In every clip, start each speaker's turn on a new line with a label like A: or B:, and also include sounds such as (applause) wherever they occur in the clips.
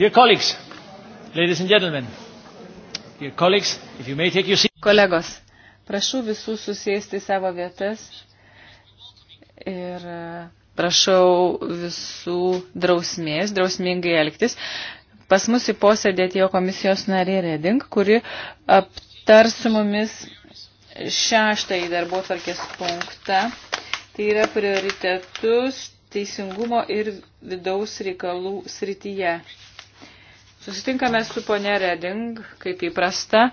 A: Dear colleagues, ladies and gentlemen, dear colleagues, if you may take your seat. Kolegos,
B: prašau visų susėsti savo vietas ir e, prašau visų drausmės, drausmingai elgtis. Pas mus į posėdį atėjo komisijos narė Reding, kuri aptars su mumis šeštąjį darbo tvarkės punktą. Tai yra prioritetus teisingumo ir vidaus reikalų srityje. Susitinkame su ponė Reding, kaip įprasta,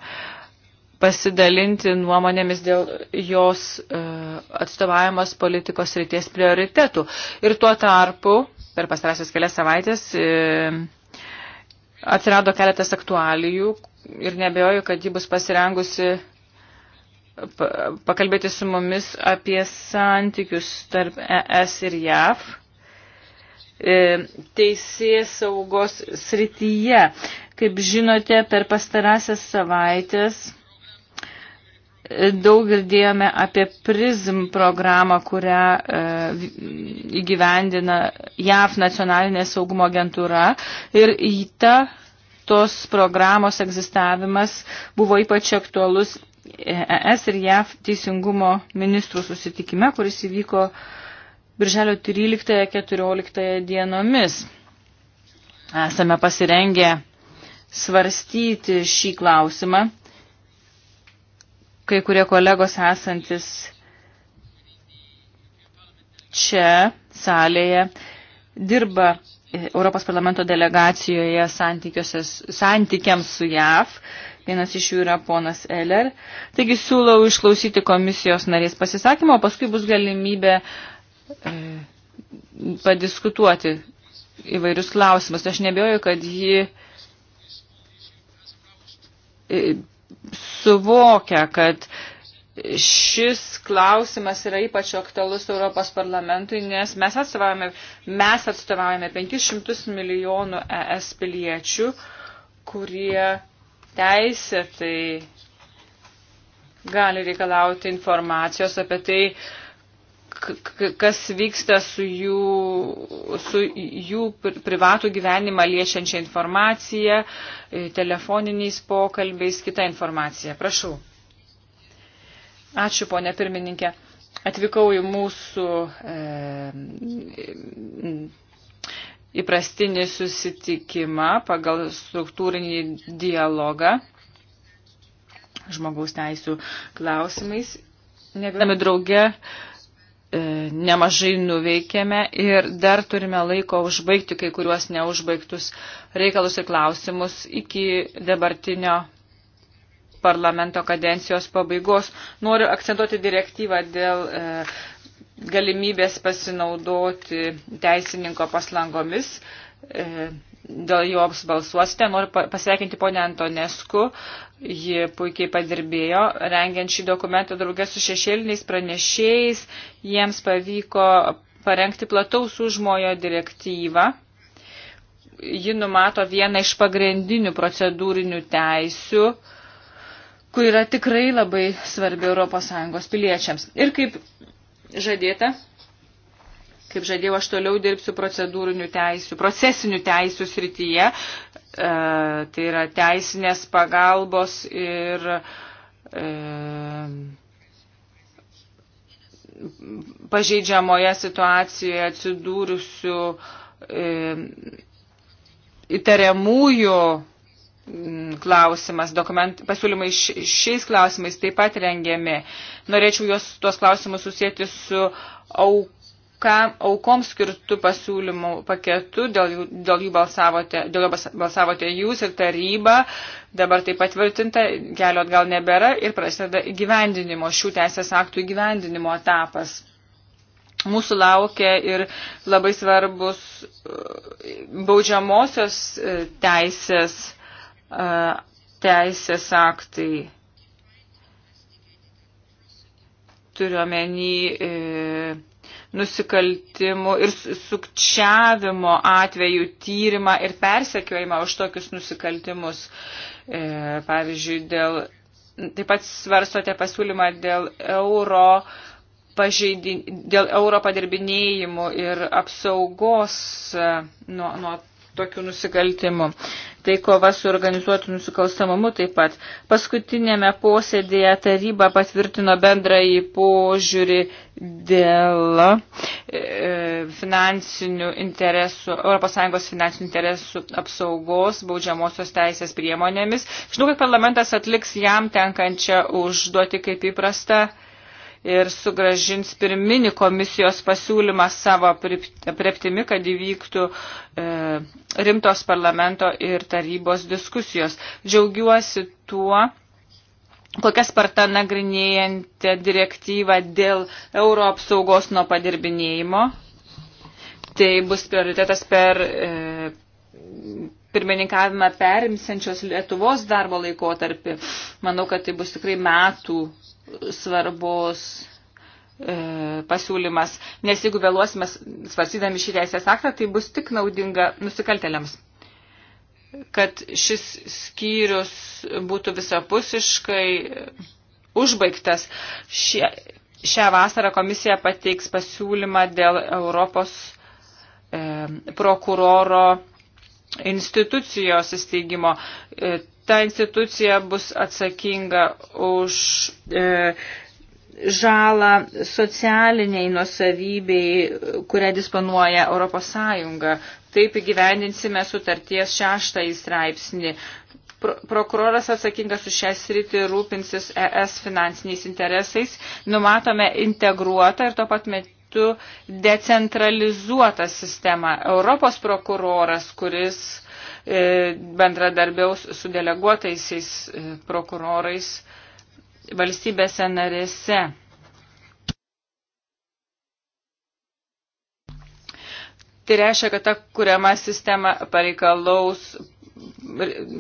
B: pasidalinti nuomonėmis dėl jos uh, e, atstovavimas politikos ryties prioritetų. Ir tuo tarpu, per pastarąsias kelias savaitės, uh, atsirado keletas aktualijų ir nebejoju, kad ji bus pasirengusi pakalbėti su mumis apie santykius tarp ES ir JAV E, teisės saugos srityje. Kaip žinote, per pastarąsias savaitės e, daug girdėjome apie PRISM programą, kurią e, įgyvendina JAF nacionalinė saugumo agentūra ir į tą tos programos egzistavimas buvo ypač aktualus ES ir JAF teisingumo ministrų susitikime, kuris įvyko uh, birželio 13-14 dienomis. Esame pasirengę svarstyti šį klausimą. Kai kurie kolegos esantis čia salėje dirba Europos parlamento delegacijoje santykiams su JAV. Vienas iš jų yra ponas Eller. Taigi siūlau išklausyti komisijos narės pasisakymą, o paskui bus galimybė uh, E, padiskutuoti įvairius klausimus. Aš nebijoju, kad ji e, suvokia, kad šis klausimas yra ypač aktualus Europos parlamentui, nes mes atstovavome, mes atstovavome 500 milijonų ES piliečių, kurie teisėtai gali reikalauti informacijos apie tai, kas vyksta su jų, su jų privatų gyvenimą liečiančia informacija, e, telefoniniais pokalbiais, kita informacija. Prašau. Ačiū, ponė pirmininkė. Atvykau į mūsų e, įprastinį susitikimą pagal struktūrinį dialogą žmogaus teisų klausimais. Negalime drauge e, E, nemažai nuveikėme ir dar turime laiko užbaigti kai kuriuos neužbaigtus reikalus ir klausimus iki dabartinio parlamento kadencijos pabaigos. Noriu akcentuoti direktyvą dėl e, galimybės pasinaudoti teisininko paslangomis. E, dėl jo apsbalsuosite. Noriu pasveikinti ponę Antonesku. Ji puikiai padirbėjo, rengiant šį dokumentą draugę su šešėliniais pranešėjais. Jiems pavyko parengti plataus užmojo direktyvą. Ji numato vieną iš pagrindinių procedūrinių teisių, kur yra tikrai labai svarbi ES piliečiams. Ir kaip žadėta, Kaip žadėjau, aš toliau dirbsiu procedūrinių teisių, procesinių teisių srityje, e, tai yra teisinės pagalbos ir e, pažeidžiamoje situacijoje atsidūrusių e, įtariamųjų klausimas, dokument, pasiūlymai šiais klausimais taip pat rengiami. Norėčiau juos, tuos klausimus susijęti su auk kam aukoms skirtų pasiūlymų paketu, dėl, jų, dėl, jų balsavote, dėl jo balsavote jūs ir taryba, dabar taip patvirtinta, kelio atgal nebėra ir prasideda gyvendinimo, šių teisės aktų gyvendinimo etapas. Mūsų laukia ir labai svarbus uh, baudžiamosios uh, teisės, uh, teisės aktai. Turiuomenį e, nusikaltimų ir sukčiavimo atvejų tyrimą ir persekiojimą už tokius nusikaltimus. E, pavyzdžiui, dėl, taip pat svarstote pasiūlymą dėl euro pažeidin, dėl euro padirbinėjimų ir apsaugos e, nuo, nuo tokių nusikaltimų. Tai kova su organizuotų nusikalstamumu taip pat. Paskutinėme posėdėje taryba patvirtino bendrąjį požiūrį dėl e, finansinių interesų, ES finansinių interesų apsaugos baudžiamosios teisės priemonėmis. Žinau, kad parlamentas atliks jam tenkančią užduoti kaip įprasta ir sugražins pirminį komisijos pasiūlymą savo preptimi, kad įvyktų e, rimtos parlamento ir tarybos diskusijos. Džiaugiuosi tuo, kokia sparta nagrinėjantė direktyva dėl euro apsaugos nuo padirbinėjimo. Tai bus prioritetas per. E, pirmininkavimą perimsiančios Lietuvos darbo laikotarpį. Manau, kad tai bus tikrai metų svarbos e, pasiūlymas, nes jeigu vėluosime svarsydami šį teisės aktą, tai bus tik naudinga nusikaltelėms. Kad šis skyrius būtų visapusiškai užbaigtas. Šie, šią vasarą komisija pateiks pasiūlymą dėl Europos e, prokuroro institucijos įsteigimo. E, ta institucija bus atsakinga už e, žalą socialiniai nusavybei, kurią disponuoja Europos Sąjunga. Taip įgyvendinsime sutarties šeštąjį straipsnį. Prokuroras atsakingas už šią sritį rūpinsis ES finansiniais interesais. Numatome integruotą ir tuo pat metu metu decentralizuotą sistemą. Europos prokuroras, kuris e, bendradarbiaus su deleguotaisiais e, prokurorais valstybėse narėse. Tai reiškia, kad ta kuriama sistema pareikalaus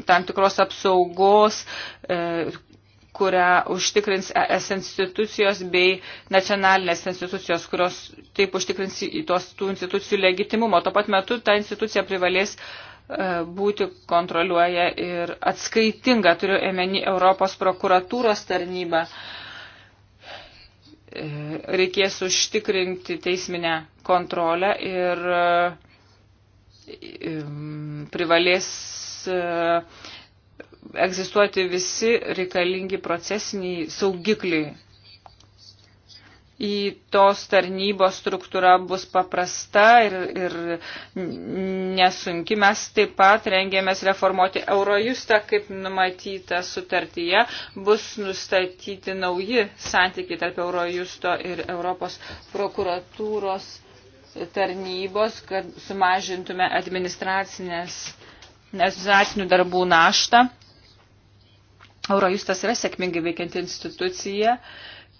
B: tam tikros apsaugos, e, kurią užtikrins ES institucijos bei nacionalinės institucijos, kurios taip užtikrins į tos tų institucijų legitimumą. Tuo pat metu ta institucija privalės e, būti kontroliuoja ir atskaitinga, turiu emeni Europos prokuratūros tarnybą. E, reikės užtikrinti teisminę kontrolę ir e, privalės uh, egzistuoti visi reikalingi procesiniai saugikliai. Į tos tarnybos struktūra bus paprasta ir, ir nesunki. Mes taip pat rengėmės reformuoti Eurojustą, kaip numatyta sutartyje. Bus nustatyti nauji santykiai tarp Eurojusto ir Europos prokuratūros tarnybos, kad sumažintume administracinės administracinių darbų naštą. Eurojustas yra sėkmingai veikianti institucija,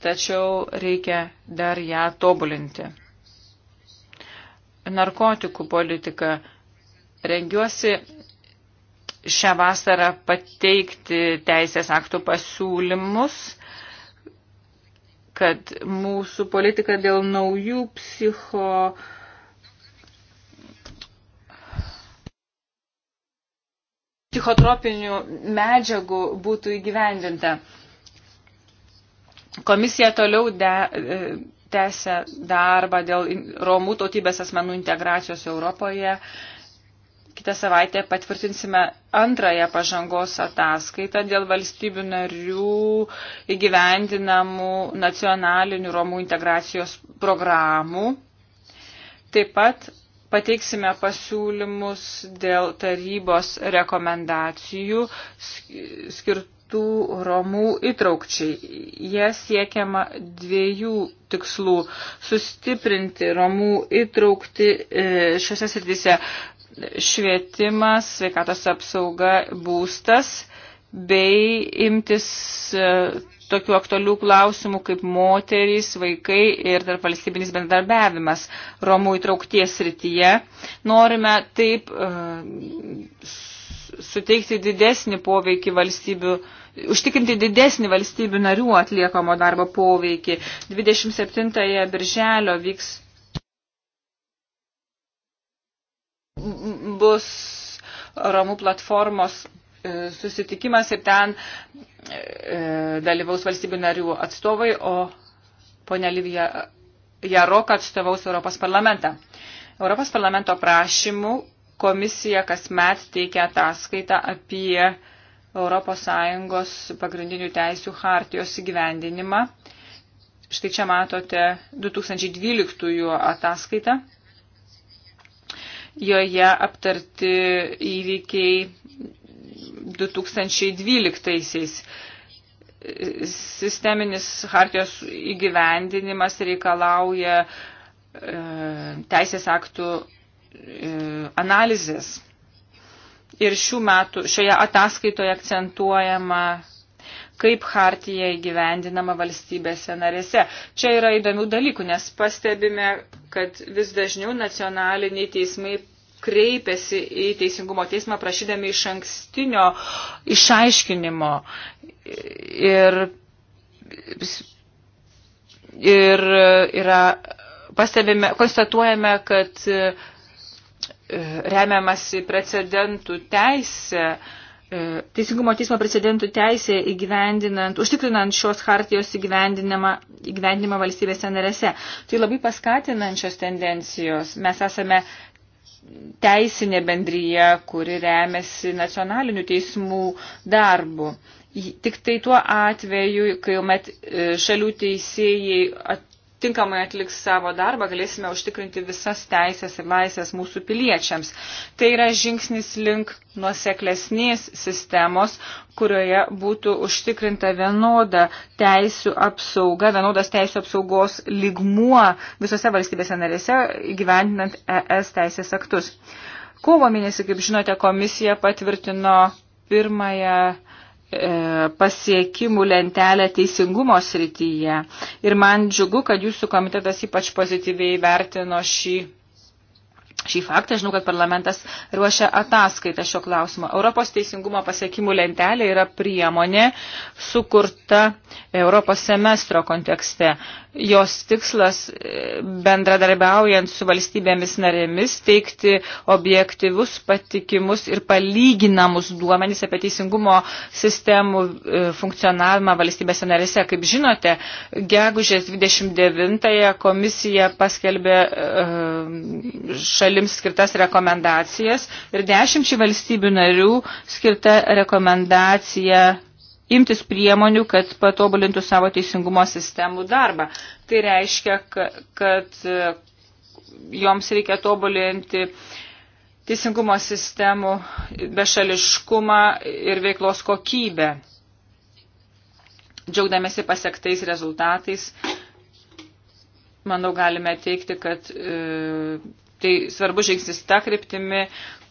B: tačiau reikia dar ją tobulinti. Narkotikų politika. Rengiuosi šią vasarą pateikti teisės aktų pasiūlymus, kad mūsų politika dėl naujų psicho psichotropinių medžiagų būtų įgyvendinta. Komisija toliau de, e, tęsia darbą dėl Romų tautybės asmenų integracijos Europoje. Kitą savaitę patvirtinsime antrąją pažangos ataskaitą dėl valstybių narių įgyvendinamų nacionalinių Romų integracijos programų. Taip pat pateiksime pasiūlymus dėl tarybos rekomendacijų skirtų Romų įtraukčiai. Jie siekiama dviejų tikslų - sustiprinti Romų įtraukti e, šiuose srityse švietimas, sveikatos apsauga, būstas bei imtis e, tokių aktualių klausimų kaip moterys, vaikai ir tarp valstybinis bendarbiavimas Romų įtraukties rytyje. Norime taip uh, suteikti didesnį poveikį valstybių, užtikrinti didesnį valstybių narių atliekamo darbo poveikį. 27 birželio vyks bus Romų platformos e, susitikimas ir ten E, dalyvaus valstybių narių atstovai, o ponia Livija Jarok atstovaus Europos parlamentą. Europos parlamento prašymų komisija kasmet teikia ataskaitą apie ES pagrindinių teisių hartijos įgyvendinimą. Štai čia matote 2012 ataskaitą. Joje aptarti įvykiai 2012-aisiais. Sisteminis hartijos įgyvendinimas reikalauja e, teisės aktų e, analizės. Ir šių metų šioje ataskaitoje akcentuojama, kaip hartija įgyvendinama valstybėse narėse. Čia yra įdomių dalykų, nes pastebime, kad vis dažniau nacionaliniai teismai kreipėsi į Teisingumo teismą prašydami iš ankstinio išaiškinimo. Ir, ir yra, pastebime, konstatuojame, kad e, remiamasi precedentų teisė, e, Teisingumo teismo precedentų teisė įgyvendinant, užtikrinant šios hartijos įgyvendinimą, įgyvendinimą valstybėse narėse. Tai labai paskatinančios tendencijos. Mes esame teisinė bendryje, kuri remiasi nacionalinių teismų darbu. Tik tai tuo atveju, kai met e, šalių teisėjai tinkamai atliks savo darbą, galėsime užtikrinti visas teisės ir laisvės mūsų piliečiams. Tai yra žingsnis link nuoseklesnės sistemos, kurioje būtų užtikrinta vienoda teisų apsauga, vienodas teisų apsaugos ligmuo visose valstybėse narėse gyvendinant ES teisės aktus. Kovo mėnesį, kaip žinote, komisija patvirtino pirmąją E, pasiekimų lentelę teisingumo srityje. Ir man džiugu, kad jūsų komitetas ypač pozityviai vertino šį šį faktą. Žinau, kad parlamentas ruošia ataskaitą šio klausimo. Europos teisingumo pasiekimų lentelė yra priemonė sukurta Europos semestro kontekste. Jos tikslas e, bendradarbiaujant su valstybėmis narėmis teikti objektyvus, patikimus ir palyginamus duomenys apie teisingumo sistemų e, funkcionavimą valstybėse narėse. Kaip žinote, gegužės 29 komisija paskelbė e, šalių šalims skirtas rekomendacijas ir dešimčiai valstybių narių skirta rekomendacija imtis priemonių, kad patobulintų savo teisingumo sistemų darbą. Tai reiškia, kad e, joms reikia tobulinti teisingumo sistemų bešališkumą ir veiklos kokybę. Džiaugdamėsi pasiektais rezultatais, manau, galime teikti, kad e, tai svarbu žingsnis tą kryptimi,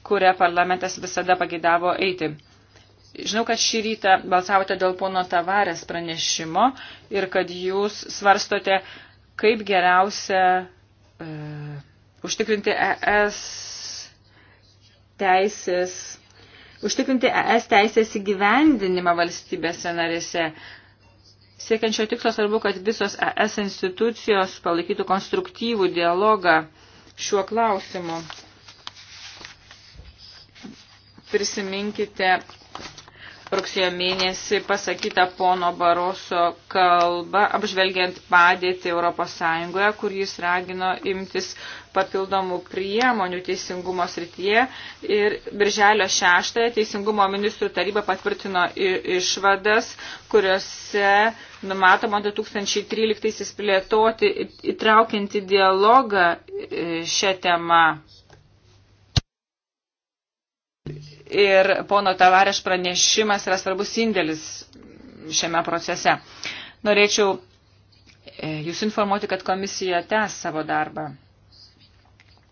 B: kurią parlamentas visada pagėdavo eiti. Žinau, kad šį rytą balsavote dėl pono Tavarės pranešimo ir kad jūs svarstote, kaip geriausia e, užtikrinti ES teisės, užtikrinti ES teisės įgyvendinimą valstybėse narėse. Siekiančio tikslo svarbu, kad visos ES institucijos palaikytų konstruktyvų dialogą šiuo klausimu. Prisiminkite rugsėjo mėnesį pasakyta pono Baroso kalba, apžvelgiant padėtį ES, kur jis ragino imtis papildomų priemonių teisingumo srityje. Ir birželio 6 teisingumo ministrų taryba patvirtino išvadas, kuriuose numatoma 2013 plėtoti įtraukianti dialogą šią temą ir pono Tavareš pranešimas yra svarbus indėlis šiame procese. Norėčiau e, jūs informuoti, kad komisija tęs savo darbą.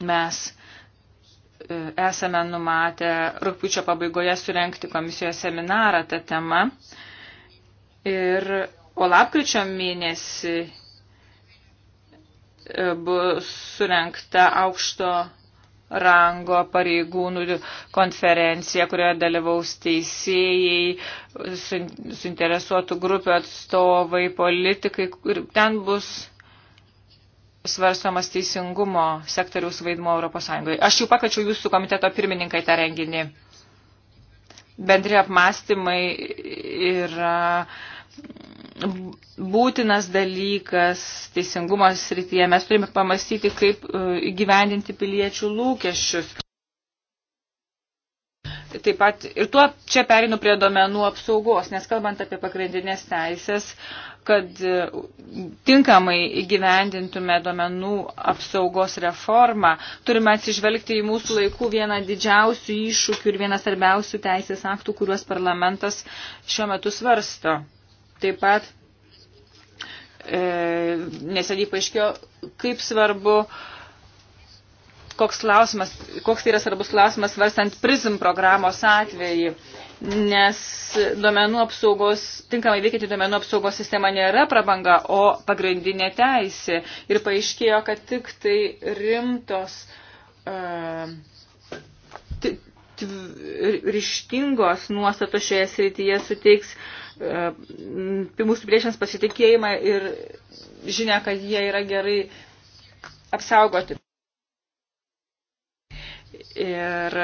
B: Mes e, esame numatę rūpiučio pabaigoje surenkti komisijoje seminarą tą temą. Ir o lapkričio mėnesį e, bus surenkta aukšto rango pareigūnų konferencija, kurioje dalyvaus teisėjai, suinteresuotų grupių atstovai, politikai. Ir ten bus svarstamas teisingumo sektoriaus vaidmo ES. Aš jau pakviečiau jūsų komiteto pirmininką į tą renginį. Bendri apmąstymai yra. Uh, būtinas dalykas teisingumo srityje. Mes turime pamastyti, kaip e, įgyvendinti piliečių lūkesčius. Taip pat ir tuo čia perinu prie domenų apsaugos, nes kalbant apie pagrindinės teisės, kad e, tinkamai įgyvendintume domenų apsaugos reformą, turime atsižvelgti į mūsų laikų vieną didžiausių iššūkių ir vieną svarbiausių teisės aktų, kuriuos parlamentas šiuo metu svarsto Taip pat e, neseniai paaiškėjo, kaip svarbu, koks, klausimas, koks tai yra svarbus klausimas varstant PRISM programos atvejį, nes duomenų apsaugos, tinkamai veikianti duomenų apsaugos sistema nėra prabanga, o pagrindinė teisė. Ir paaiškėjo, kad tik tai rimtos. E, ryštingos nuostatos šioje srityje suteiks uh, E, mūsų piliečiams pasitikėjimą ir žinia, kad jie yra gerai apsaugoti. Ir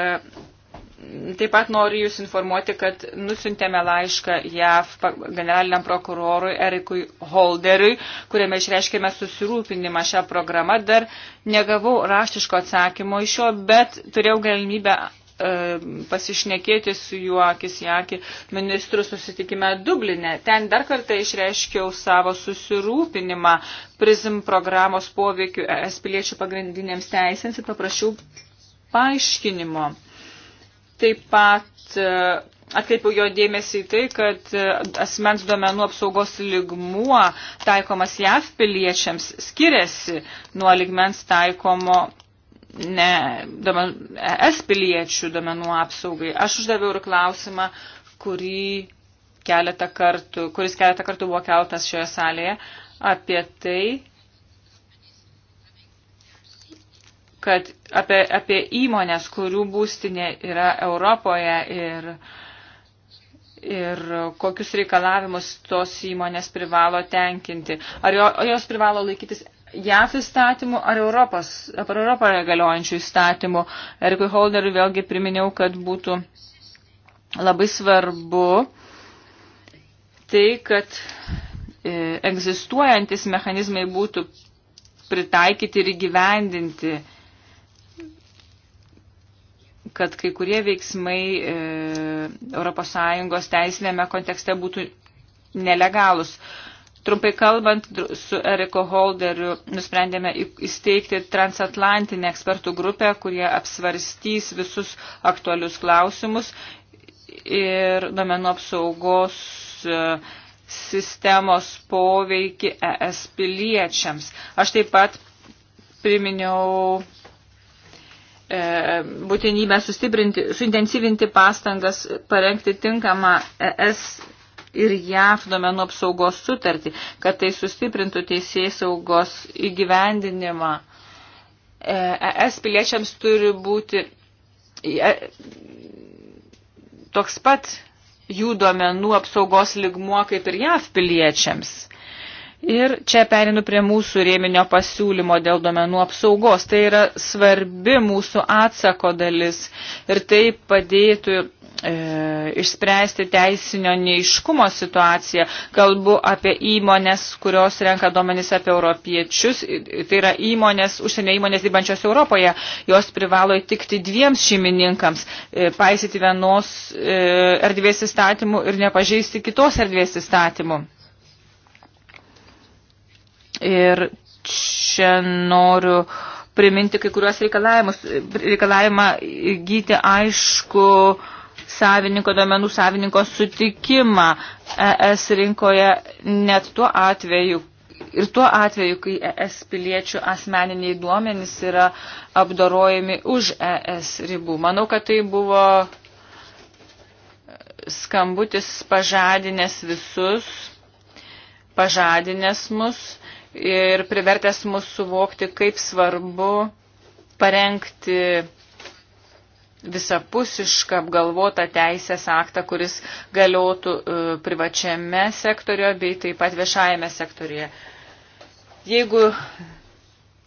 B: taip pat noriu Jūs informuoti, kad nusintėme laišką JAV generaliniam prokurorui Erikui Holderiui, kuriame išreiškėme susirūpinimą šią programą. Dar negavau raštiško atsakymo iš jo, bet turėjau galimybę E, pasišnekėti su juo akis į akį ministrų susitikime Dublinė. Ten dar kartą išreiškiau savo susirūpinimą prizm programos poveikiu es piliečių pagrindinėms teisėms ir paprašiau paaiškinimo. Taip pat e, atkreipiau jo dėmesį į tai, kad e, asmens duomenų apsaugos ligmuo taikomas JAV piliečiams skiriasi nuo ligmens taikomo ne, domen, es piliečių domenų apsaugai. Aš uždaviau ir klausimą, kurį keletą kartų, kuris keletą kartų buvo keltas šioje salėje, apie tai, kad apie, apie įmonės, kurių būstinė yra Europoje ir, ir kokius reikalavimus tos įmonės privalo tenkinti. Ar jo, jos privalo laikytis JAF įstatymų ar Europos, ar Europoje galiojančių įstatymų. Erikui Holderiui vėlgi priminiau, kad būtų labai svarbu tai, kad e, egzistuojantis mechanizmai būtų pritaikyti ir įgyvendinti, kad kai kurie veiksmai e, ES teisinėme kontekste būtų nelegalus. E, Trumpai kalbant, su Eriko Holderiu nusprendėme įsteigti transatlantinę ekspertų grupę, kurie apsvarstys visus aktualius klausimus ir domenų apsaugos e, sistemos poveikį ES piliečiams. Aš taip pat priminiau e, būtinybę sustiprinti, suintensyvinti pastangas, parengti tinkamą ES ir JAF duomenų apsaugos sutartį, kad tai sustiprintų teisėjai saugos įgyvendinimą. ES e piliečiams turi būti e, toks pat jų duomenų apsaugos ligmuo kaip ir JAF piliečiams. Ir čia perinu prie mūsų rėminio pasiūlymo dėl domenų apsaugos. Tai yra svarbi mūsų atsako dalis ir tai padėtų E, išspręsti teisinio neiškumo situaciją. Kalbu apie įmonės, kurios renka duomenys apie europiečius. Tai yra įmonės, užsienio įmonės dirbančios Europoje. Jos privalo įtikti dviems šeimininkams, e, paisyti vienos e, erdvės įstatymų ir nepažeisti kitos erdvės įstatymų. Ir čia noriu priminti kai kuriuos reikalavimus. Reikalavimą gyti aišku uh, savininko, domenų savininko sutikimą ES rinkoje net tuo atveju. Ir tuo atveju, kai ES piliečių asmeniniai duomenys yra apdorojami už ES ribų. Manau, kad tai buvo skambutis pažadinės visus, pažadinės mus ir privertęs mus suvokti, kaip svarbu parengti visapusišką apgalvotą teisės aktą, kuris galiotų e, privačiame sektorijoje bei taip pat viešajame sektorijoje. Jeigu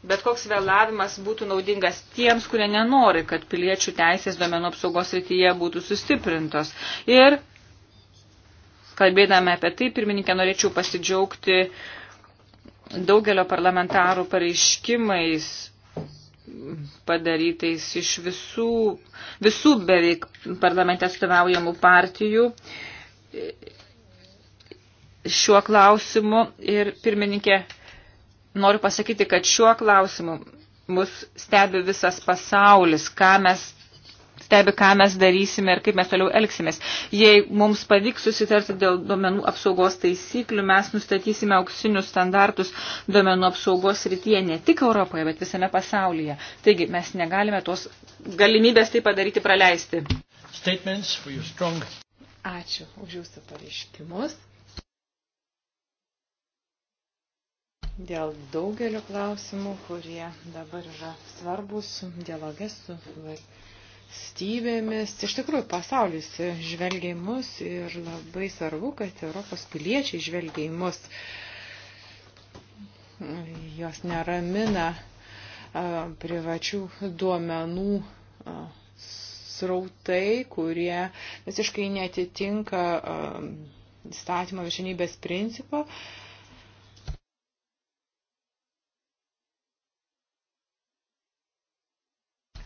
B: bet koks vėlavimas būtų naudingas tiems, kurie nenori, kad piliečių teisės domenų apsaugos rytyje būtų sustiprintos. Ir kalbėdami apie tai, pirmininkė, norėčiau pasidžiaugti daugelio parlamentarų pareiškimais padarytais iš visų, visų beveik parlamente atstovaujamų partijų šiuo klausimu. Ir pirmininkė, noriu pasakyti, kad šiuo klausimu mus stebi visas pasaulis, ką mes stebi, ką mes darysime ir kaip mes toliau elgsimės. Jei mums pavyks susitarti dėl duomenų apsaugos taisyklių, mes nustatysime auksinius standartus duomenų apsaugos rytyje ne tik Europoje, bet visame pasaulyje. Taigi mes negalime tos galimybės tai padaryti praleisti.
A: Strong...
C: Ačiū už jūsų pareiškimus. dėl daugelio klausimų, kurie dabar yra svarbus dialogės su valstybėmis. Iš tikrųjų, pasaulis žvelgia į mus ir labai svarbu, kad Europos piliečiai žvelgia į mus. Jos neramina privačių duomenų srautai, kurie visiškai netitinka įstatymo viršinybės principo.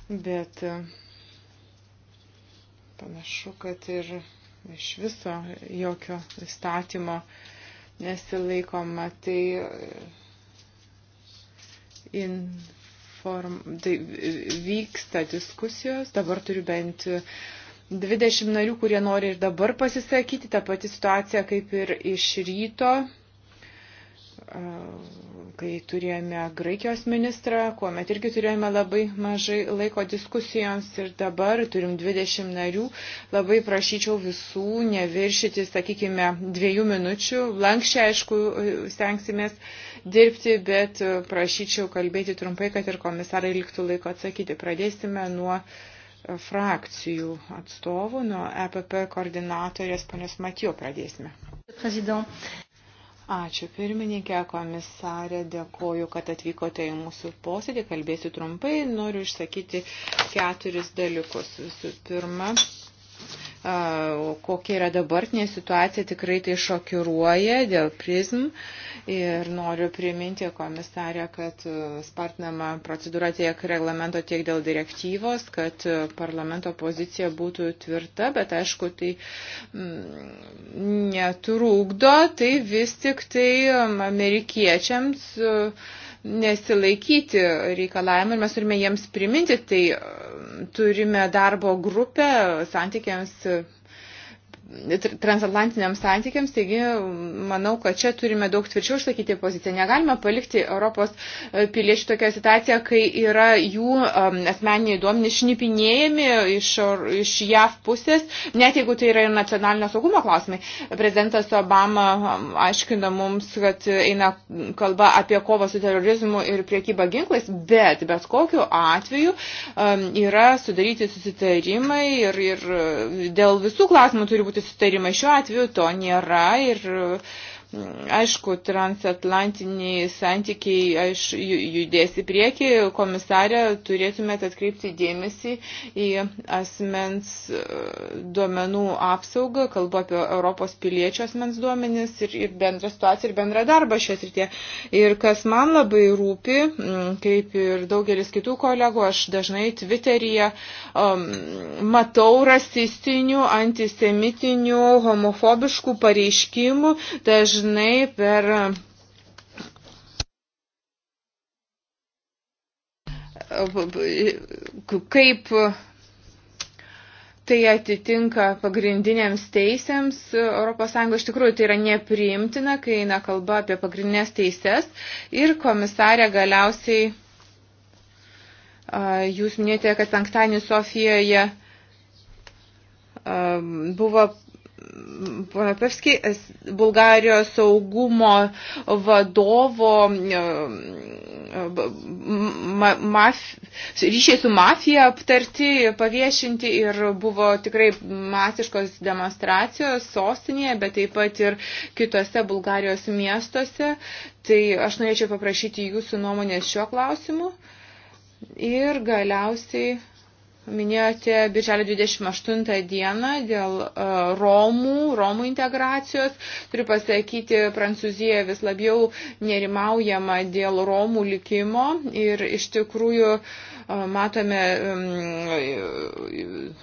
C: Bet uh, Panašu, kad ir iš viso jokio įstatymo nesilaikoma. Tai e, inform... tai vyksta diskusijos, dabar turiu bent 20 narių, kurie nori ir dabar pasisakyti, ta pati situacija kaip ir iš ryto, kai turėjome Graikijos ministrą, kuomet irgi turėjome labai mažai laiko diskusijoms ir dabar turim 20 narių, labai prašyčiau visų neviršyti, sakykime, dviejų minučių. Lankščiai, aišku, stengsimės dirbti, bet prašyčiau kalbėti trumpai, kad ir komisarai liktų laiko atsakyti. Pradėsime nuo frakcijų atstovų, nuo EPP koordinatorės ponios Matijo pradėsime. President. Ačiū pirmininkė, komisarė, dėkoju, kad atvykote į mūsų posėdį. Kalbėsiu trumpai, noriu išsakyti keturis dalykus. Visų pirma, kokia yra dabartinė situacija, tikrai tai šokiruoja dėl prizm. Ir noriu priminti komisarę, kad e, spartinama procedūra tiek reglamento, tiek dėl direktyvos, kad e, parlamento pozicija būtų tvirta, bet aišku, tai mm, netrūkdo, tai vis tik tai amerikiečiams. Uh, nesilaikyti reikalavimų ir mes turime jiems priminti, tai um, turime darbo grupę santykiams transatlantiniams santykiams, taigi manau, kad čia turime daug tvirčiau išlaikyti poziciją. Negalime palikti Europos e, piliečių tokią situaciją, kai yra jų asmeniniai duomenys šnipinėjami iš, iš JAV pusės, net jeigu tai yra ir nacionalinio saugumo klausimai. Prezidentas Obama aiškina mums, kad eina kalba apie kovą su terorizmu ir priekybą ginklais, bet bet kokiu atveju yra sudaryti susitarimai ir, ir e, dėl visų klausimų turi būti pasiekti sutarimą. Šiuo atveju to nėra ir Aišku, transatlantiniai santykiai aiš, judės į priekį. Komisarė, turėtumėte atkreipti dėmesį į asmens e, duomenų apsaugą, kalbu apie Europos piliečių asmens duomenis ir, ir bendrą situaciją ir bendrą darbą šios rytie. Ir kas man labai rūpi, kaip ir daugelis kitų kolegų, aš dažnai Twitteryje um, matau rasistinių, antisemitinių, homofobiškų pareiškimų. Daž dažnai per kaip tai atitinka pagrindinėms teisėms ES. Iš tikrųjų, tai yra nepriimtina, kai eina kalba apie pagrindinės teises. Ir komisarė galiausiai, jūs minėjote, kad penktadienį Sofijoje buvo Pana Pevski, Bulgarijos saugumo vadovo e, ma, maf, ryšiai su mafija aptarti, paviešinti ir buvo tikrai masiškos demonstracijos sostinėje, bet taip pat ir kitose Bulgarijos miestuose. Tai aš norėčiau paprašyti jūsų nuomonės šiuo klausimu. Ir galiausiai Minėjote birželio 28 dieną dėl e, Romų, Romų integracijos. Turiu pasakyti, Prancūzija vis labiau nerimaujama dėl Romų likimo ir iš tikrųjų uh, Matome,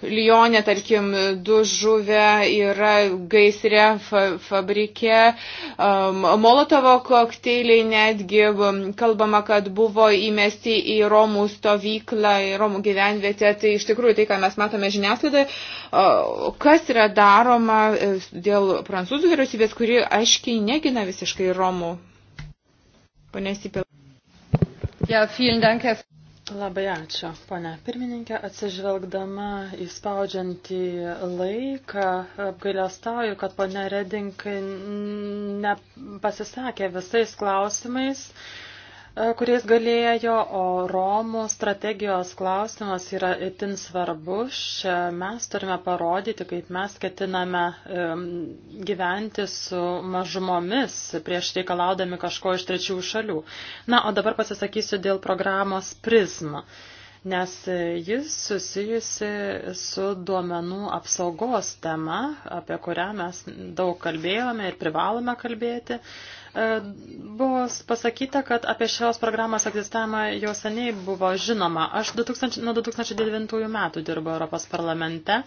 C: Lyonė, tarkim, du žuvę yra gaisre fabrike, Molotovo kokteiliai netgi, kalbama, kad buvo įmesti į Romų stovyklą, į Romų gyvenvietę. Tai iš tikrųjų tai, ką mes matome žiniasklaidoje, kas yra daroma e, dėl prancūzų vyriausybės, kuri
D: aiškiai negina visiškai Romų. Pane Sipil. Ja, vielen Dank, Herr Labai ačiū, ponia pirmininkė. Atsižvelgdama į spaudžiantį laiką, apgailestauju, kad ponia Redink nepasisakė visais klausimais. Uh, E, kuriais galėjo, o Romų strategijos klausimas yra itin svarbus. Mes turime parodyti, kaip mes ketiname e, gyventi su mažumomis prieš reikalaudami kažko iš trečiųjų šalių. Na, o dabar pasisakysiu dėl programos prizmą nes jis susijusi su duomenų apsaugos tema, apie kurią mes daug kalbėjome ir privalome kalbėti. E, buvo pasakyta, kad apie šios programos egzistavimą jau seniai buvo žinoma. Aš 2000, nuo 2009 metų dirbu Europos parlamente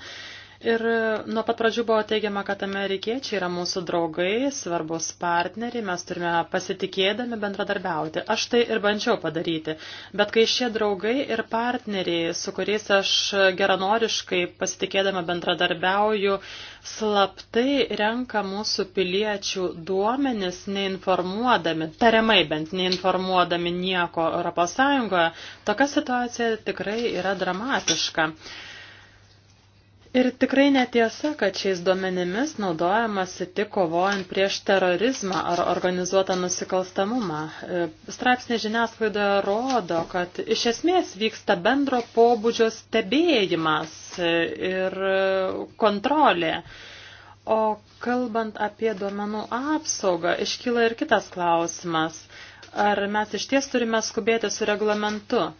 D: Ir e, nuo pat pradžių buvo teigiama, kad amerikiečiai yra mūsų draugai, svarbus partneriai, mes turime pasitikėdami bendradarbiauti. Aš tai ir bandžiau padaryti. Bet kai šie draugai ir partneriai, su kuriais aš geranoriškai pasitikėdama bendradarbiauju, slaptai renka mūsų piliečių duomenis, neinformuodami, tariamai bent neinformuodami nieko ES, tokia situacija tikrai yra dramatiška. Ir tikrai netiesa, kad šiais duomenimis naudojamasi tik kovojant prieš terorizmą ar organizuotą nusikalstamumą. E, straipsnė žiniasklaidoje rodo, kad iš esmės vyksta bendro pobūdžio stebėjimas e, ir e, kontrolė. O kalbant apie duomenų apsaugą, iškyla ir kitas klausimas. Ar mes iš ties turime skubėti su reglamentu?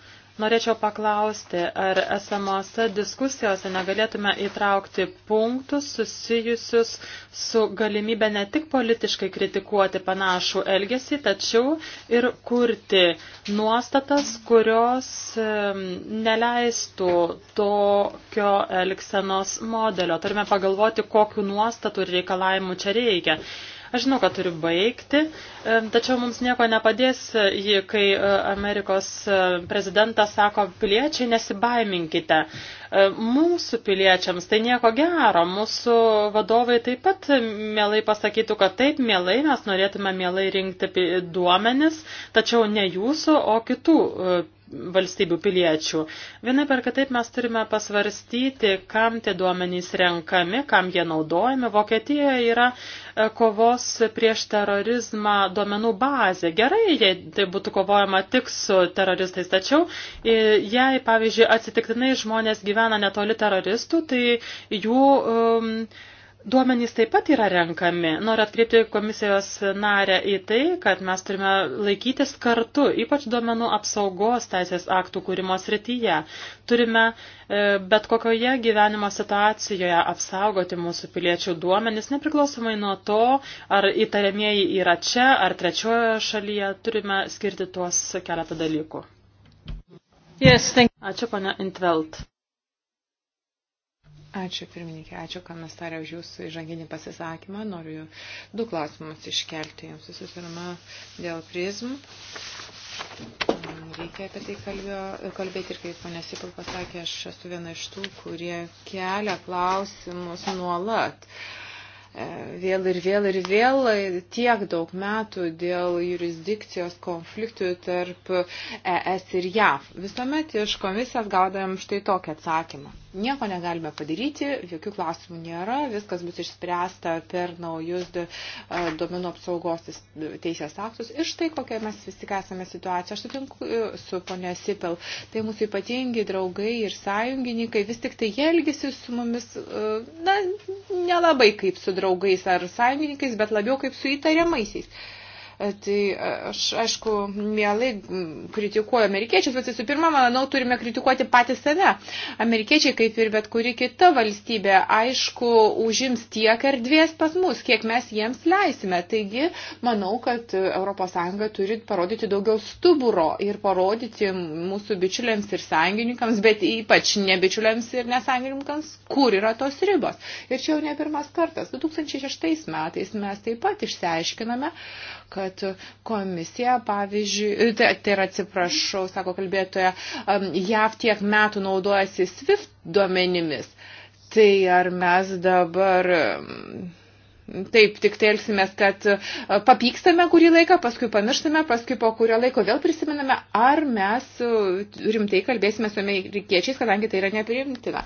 D: Norėčiau paklausti, ar esamose diskusijose negalėtume įtraukti punktus susijusius su galimybė ne tik politiškai kritikuoti panašų elgesį, tačiau ir kurti nuostatas, kurios neleistų tokio elgsenos modelio. Turime pagalvoti, kokiu nuostatų ir reikalavimu čia reikia. Aš žinau, kad turiu baigti, e, tačiau mums nieko nepadės, e, jį, kai e, Amerikos prezidentas sako, piliečiai nesibaiminkite. Mūsų piliečiams tai nieko gero, mūsų vadovai taip pat mielai pasakytų, kad taip, mielai mes norėtume mielai rinkti duomenis, tačiau ne jūsų, o kitų valstybių piliečių. Vienai per kitaip mes turime pasvarstyti, kam tie duomenys renkami, kam jie naudojami. Vokietijoje yra e, kovos prieš terorizmą duomenų bazė. Gerai, jei tai būtų kovojama tik su teroristais, tačiau e, jei, pavyzdžiui, atsitiktinai žmonės gyvena netoli teroristų, tai jų um, Duomenys taip pat yra renkami. Noriu atkreipti komisijos narę į tai, kad mes turime laikytis kartu, ypač duomenų apsaugos teisės aktų kūrimo srityje. Turime e, bet kokioje gyvenimo situacijoje apsaugoti mūsų piliečių duomenys, nepriklausomai nuo to, ar įtariamieji yra čia, ar trečiojoje šalyje. Turime skirti tuos keletą dalykų. Yes, Ačiū, ponia Intvelt.
C: Ačiū pirmininkė, ačiū komisarė už jūsų įžanginį pasisakymą. Noriu du klausimus iškelti jums. Visų pirma, dėl prizm. Reikia apie tai kalbėjo, kalbėti ir kaip ponė Sipul pasakė, aš esu viena iš tų, kurie kelia klausimus nuolat. Uh, E, vėl ir vėl ir vėl tiek daug metų dėl jurisdikcijos konfliktų tarp ES ir JAV. Visuomet iš komisijos gaudavėm štai tokį atsakymą. Nieko negalime padaryti, jokių klausimų nėra, viskas bus išspręsta per naujus e, duomenų apsaugos teisės aktus. Ir štai kokia mes vis tik esame situacija. Aš sutinku e, su ponė Sipel. Tai mūsų ypatingi draugai ir sąjungininkai vis tik tai elgesi su mumis, na, nelabai kaip su draugais draugais ar sąjungininkais, bet labiau kaip su įtariamaisiais. Uh, Tai aš, aišku, mielai kritikuoju amerikiečius, bet visų pirma, manau, turime kritikuoti patį save. Amerikiečiai, kaip ir bet kuri kita valstybė, aišku, užims tiek erdvės pas mus, kiek mes jiems leisime. Taigi, manau, kad ES turi parodyti daugiau stuburo ir parodyti mūsų bičiuliams ir sąjungininkams, bet ypač ne bičiuliams ir nesąjungininkams, kur yra tos ribos. Ir čia jau ne pirmas kartas. 2006 metais mes taip pat išsiaiškiname, kad kad komisija, pavyzdžiui, tai, tai yra atsiprašau, sako kalbėtoja, um, JAV tiek metų naudojasi SWIFT duomenimis. Tai ar mes dabar um, Taip, tik tai elgsimės, kad e, papykstame kurį laiką, paskui pamirštame, paskui po kurio laiko vėl prisimename, ar mes e, rimtai kalbėsime su amerikiečiais, kadangi tai yra nepriimtina.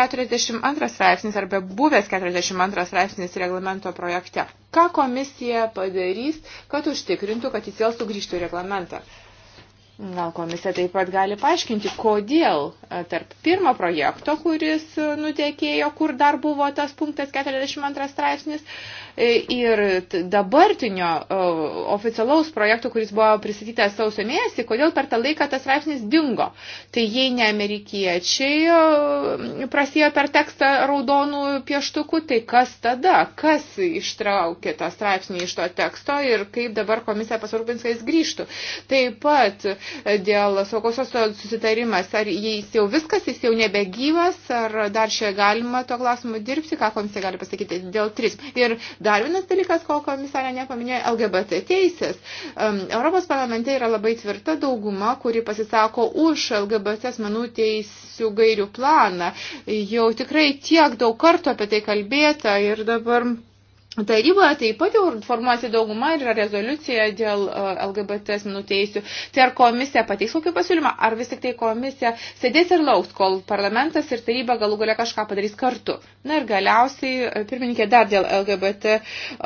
C: 42 e, straipsnis arba buvęs 42 straipsnis reglamento projekte. Ką komisija padarys, kad užtikrintų, kad jis vėl sugrįžtų į reglamentą? Gal komisija taip pat gali paaiškinti, kodėl e, tarp pirmo projekto, kuris e, nutekėjo, kur dar buvo tas punktas 42 straipsnis, e, ir dabartinio oficialaus projekto, kuris buvo pristatytas sausio mėnesį, kodėl per tą laiką tas straipsnis dingo. Tai jei ne amerikiečiai prasėjo per tekstą raudonų pieštukų, tai kas tada, kas ištraukė tą straipsnį iš to teksto ir kaip dabar komisija pasirūpins, kad jis grįžtų. Taip pat dėl saugosios susitarimas, ar jis jau viskas, jis jau nebegyvas, ar dar čia galima to klausimu dirbti, ką komisija gali pasakyti dėl tris. Ir dar vienas dalykas, ko komisarė nepaminėjo, LGBT teisės. Um, Europos parlamente yra labai tvirta dauguma, kuri pasisako už LGBT asmenų teisų gairių planą. Jau tikrai tiek daug kartų apie tai kalbėta ir dabar Taryboje taip pat jau formuojasi dauguma ir yra rezoliucija dėl e, LGBT asmenų teisių. Tai ar komisija pateiks kokį pasiūlymą, ar vis tik tai komisija sėdės ir lauks, kol parlamentas ir taryba galų galia kažką padarys kartu. Na ir galiausiai, e, pirmininkė, dar dėl LGBT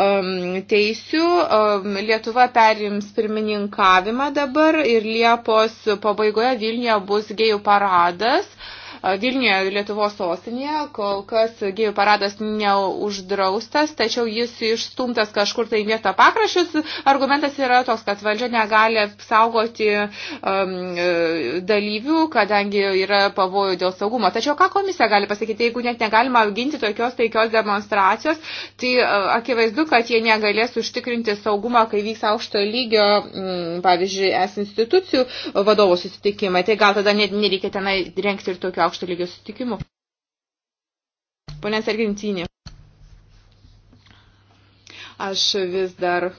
C: um, teisių. Um, Lietuva perims pirmininkavimą dabar ir Liepos pabaigoje Vilniuje bus gėjų paradas. Uh, Vilniuje, Lietuvos sostinėje, kol kas gėjų paradas neuždraustas, tačiau jis išstumtas kažkur tai vietą pakrašius. Argumentas yra toks, kad valdžia negali apsaugoti um, dalyvių, kadangi yra pavojų dėl saugumo. Tačiau ką komisija gali pasakyti, jeigu net negalima auginti tokios taikios demonstracijos, tai uh, akivaizdu, kad jie negalės užtikrinti saugumą, kai vyks aukšto lygio, mm, pavyzdžiui, es institucijų vadovo susitikimai. Tai gal tada nereikia tenai rengti ir tokio aukšto lygio sutikimų. Pone Sergentinė, aš vis dar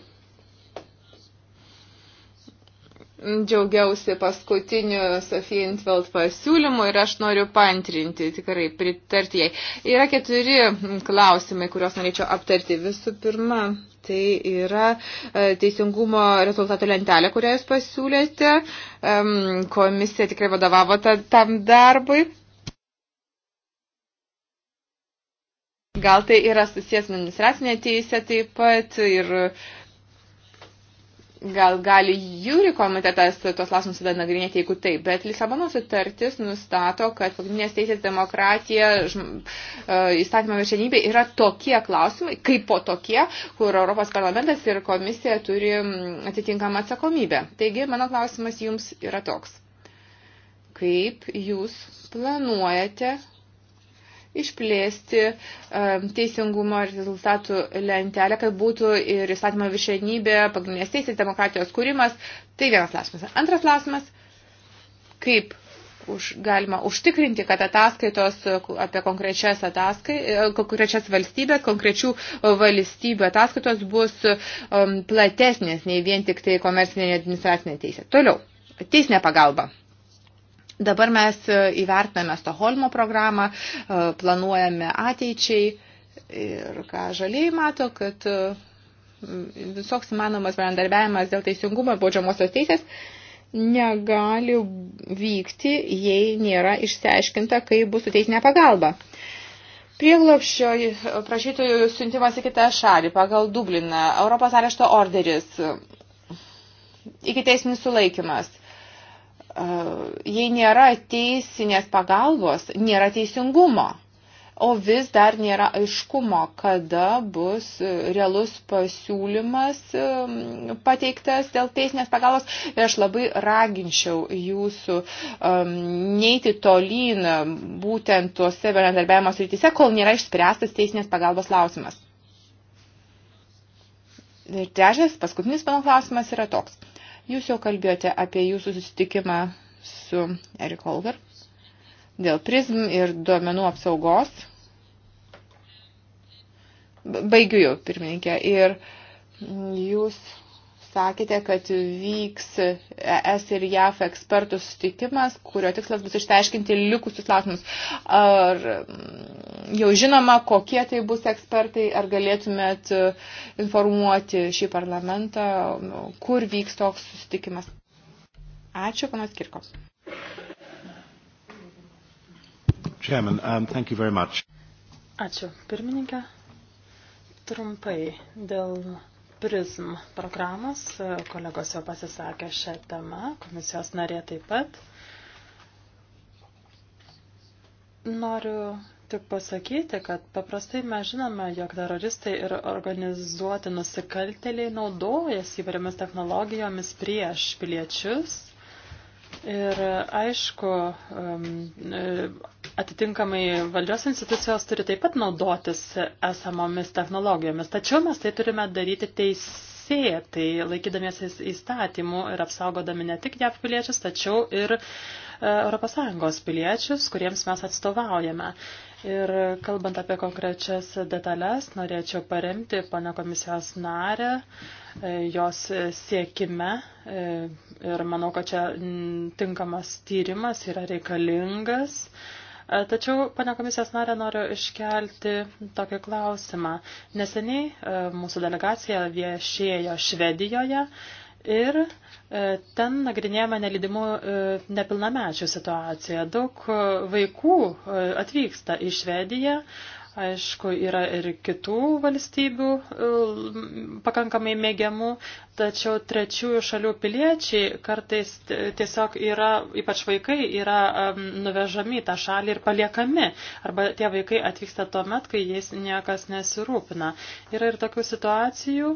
C: džiaugiausi paskutiniu Sofija Intveld pasiūlymu ir aš noriu pantrinti, tikrai pritarti jai. Yra keturi klausimai, kuriuos norėčiau aptarti. Visų pirma, tai yra e, teisingumo rezultatų lentelė, kurią jūs pasiūlėte. Komisija tikrai vadovavo tam darbui. Gal tai yra susijęs administracinė teisė taip pat ir uh, Gal gali jūri komitetas tos klausimus tada nagrinėti, jeigu taip, bet Lisabono sutartis nustato, kad pagrindinės teisės demokratija, e, įstatymo viršenybė yra tokie klausimai, kaip po tokie, kur Europos parlamentas ir komisija turi atitinkamą atsakomybę. Taigi, mano klausimas jums yra toks. Kaip jūs planuojate išplėsti teisingumo rezultatų lentelę, kad būtų ir įstatymo viršenybė, pagrindinės teisės, demokratijos kūrimas. Tai vienas klausimas. Antras klausimas, kaip už, galima užtikrinti, kad ataskaitos apie konkrečias, ataskai, e, konkrečias valstybės, konkrečių valstybių ataskaitos bus um, platesnės nei vien tik tai komercinė administracinė teisė. Toliau, teisinė pagalba. Dabar mes e, įvertiname Stoholmo programą, e, planuojame ateičiai ir ką žaliai mato, kad e, visoks įmanomas bendarbiavimas dėl teisingumo ir baudžiamosios teisės negali vykti, jei nėra išsiaiškinta, kaip bus suteisinė pagalba. Prieglopščio prašytojų siuntimas į kitą šalį pagal Dubliną, Europos arešto orderis, iki teisminis sulaikimas, E, jei nėra teisinės pagalbos, nėra teisingumo. O vis dar nėra aiškumo, kada bus realus pasiūlymas e, pateiktas dėl teisinės pagalbos. Ir aš labai raginčiau jūsų um, neiti tolyn būtent tuose bendradarbiavimo srityse, kol nėra išspręstas teisinės pagalbos klausimas. Ir trečias, paskutinis mano klausimas yra toks. Jūs jau kalbėjote apie jūsų susitikimą su Eric Holver dėl prizm ir duomenų apsaugos. Baigiu jau, pirmininkė. Ir jūs sakėte, kad vyks ES ir JAF ekspertų sutikimas, kurio tikslas bus išteiškinti likusius klausimus. Ar mm, jau žinoma, kokie tai bus ekspertai, ar galėtumėt informuoti šį parlamentą, kur vyks toks susitikimas? Ačiū, panas Kirkos.
A: Chairman, um, thank you very much.
D: Ačiū, pirmininkė. Trumpai dėl PRISM programos, kolegos jau pasisakė šią temą, komisijos narė taip pat. Noriu tik pasakyti, kad paprastai mes žinome, jog teroristai ir organizuoti nusikaltėliai naudojasi įvairiamis technologijomis prieš piliečius. Ir aišku, atitinkamai valdžios institucijos turi taip pat naudotis esamomis technologijomis. Tačiau mes tai turime daryti teisėtai, laikydamiesi įstatymų ir apsaugodami ne tik JAV piliečius, tačiau ir e, ES piliečius, kuriems mes atstovaujame. Ir kalbant apie konkrečias detalės, norėčiau paremti pana komisijos narę e, jos siekime e, ir manau, kad čia tinkamas tyrimas yra reikalingas. Tačiau, pane komisijos narė, noriu iškelti tokį klausimą. Neseniai e, mūsų delegacija viešėjo Švedijoje ir e, ten nagrinėjame nelydimų e, nepilnamečių situaciją. Daug vaikų atvyksta į Švediją, Aišku, yra ir kitų valstybių e, pakankamai mėgiamų, tačiau trečiųjų šalių piliečiai kartais tiesiog yra, ypač vaikai, yra nuvežami į tą šalį ir paliekami. Arba tie vaikai atvyksta tuo met, kai jais niekas nesirūpina. Yra ir tokių situacijų,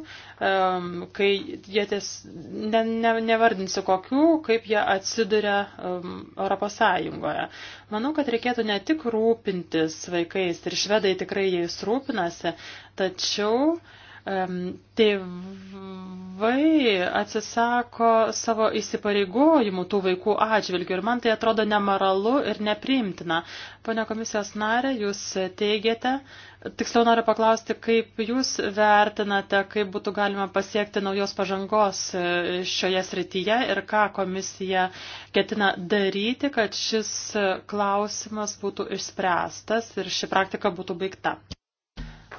D: kai jie ties, ne, ne, nevardinsiu kokių, kaip jie atsiduria Europos Sąjungoje. Manau, kad reikėtų ne tik rūpintis vaikais ir švedai tai tikrai jais rūpinasi, tačiau uh, tėvai atsisako savo įsipareigojimų tų vaikų atžvilgių ir man tai atrodo nemoralu ir nepriimtina. Pone komisijos narė, jūs teigiate, tiksliau noriu paklausti, kaip jūs vertinate, kaip būtų galima pasiekti naujos pažangos šioje srityje ir ką komisija ketina daryti, kad šis klausimas būtų išspręstas ir ši praktika būtų baigta.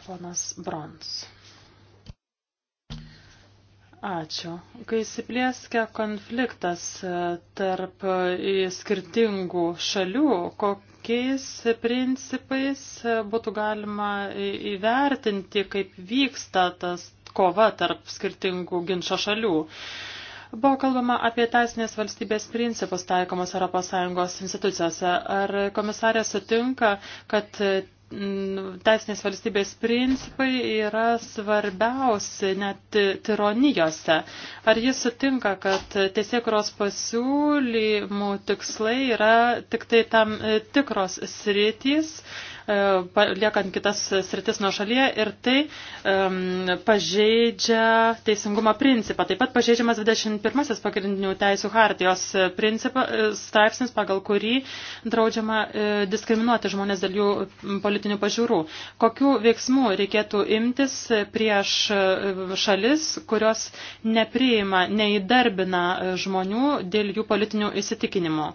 D: Ponas Brons. Ačiū. Kai įsiplėskia konfliktas e, tarp e, skirtingų šalių, kokiais principais e, būtų galima įvertinti, kaip vyksta tas kova tarp skirtingų ginčio šalių? Buvo kalbama apie teisinės valstybės principus taikomus ES institucijose. Ar komisarė sutinka, kad teisinės valstybės principai yra svarbiausi net tironijose. Ar jis sutinka, kad tiesiekros pasiūlymų tikslai yra tik tai tam e, tikros sritys E, liekant kitas sritis nuo šalyje ir tai um, pažeidžia teisingumo principą. Taip pat pažeidžiamas 21 pagrindinių teisų hartijos principas, e, straipsnis, pagal kurį draudžiama e, diskriminuoti žmonės dėl jų politinių pažiūrų. Kokių veiksmų reikėtų imtis prieš šalis, kurios nepriima, neįdarbina žmonių dėl jų politinių įsitikinimų?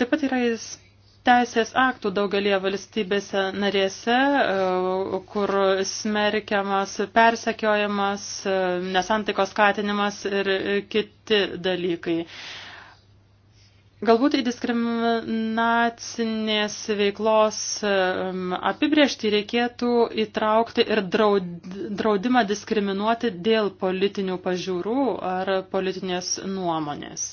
D: Taip pat yra teisės aktų daugelie valstybėse narėse, e, kur smerkiamas persekiojimas, e, nesantaikos skatinimas ir e, kiti dalykai. Galbūt į diskriminacinės veiklos apibriežtį reikėtų įtraukti ir draudimą diskriminuoti dėl politinių pažiūrų ar politinės nuomonės.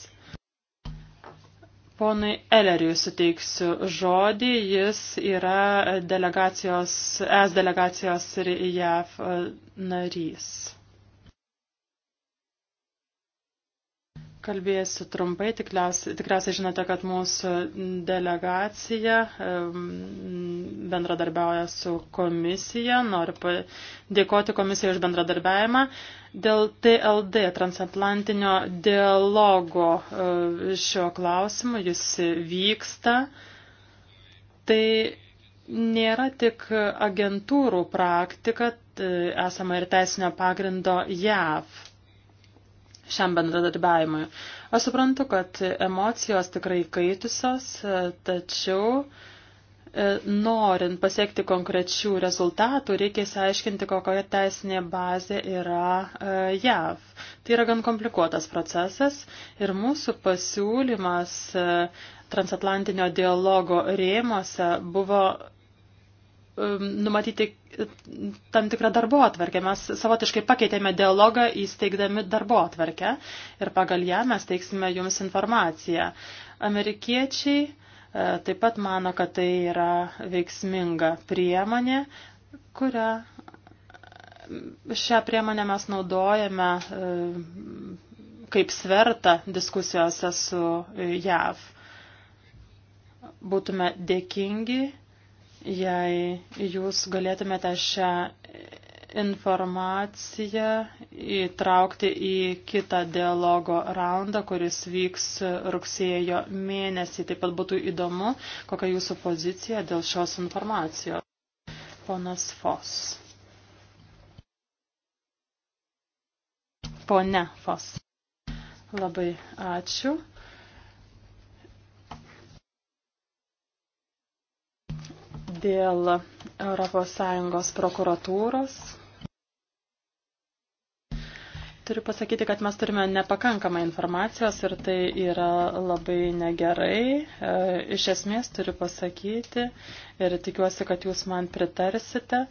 D: Ponui Eleriui suteiksiu žodį, jis yra delegacijos, es delegacijos ir JAV e, narys. Kalbėsiu trumpai, tikriausiai žinote, kad mūsų delegacija bendradarbiauja su komisija, noriu dėkoti komisijai už bendradarbiavimą. Dėl TLD, transatlantinio dialogo e, šio klausimu, jis vyksta. Tai nėra tik agentūrų praktika, esama ir teisinio pagrindo JAV šiam bendradarbiavimui. Aš suprantu, kad emocijos tikrai kaitusios, tačiau e, norint pasiekti konkrečių rezultatų, reikia įsiaiškinti, kokia teisinė bazė yra e, JAV. Tai yra gan komplikuotas procesas ir mūsų pasiūlymas e, transatlantinio dialogo rėmose buvo numatyti tam tikrą darbo atvarkę. Mes savotiškai pakeitėme dialogą įsteigdami darbo atvarkę ir pagal ją mes teiksime jums informaciją. Amerikiečiai e, taip pat mano, kad tai yra veiksminga priemonė, kurią šią priemonę mes naudojame e, kaip svertą diskusijose su e, JAV. Būtume dėkingi jei jūs galėtumėte šią informaciją įtraukti į kitą dialogo raundą, kuris vyks rugsėjo mėnesį. Taip pat būtų įdomu, kokia jūsų pozicija dėl šios informacijos. Ponas Fos. Pone Fos. Labai ačiū. dėl ES prokuratūros. Turiu pasakyti, kad mes turime nepakankamą informacijos ir tai yra labai negerai. E, iš esmės turiu pasakyti ir tikiuosi, kad jūs man pritarsite,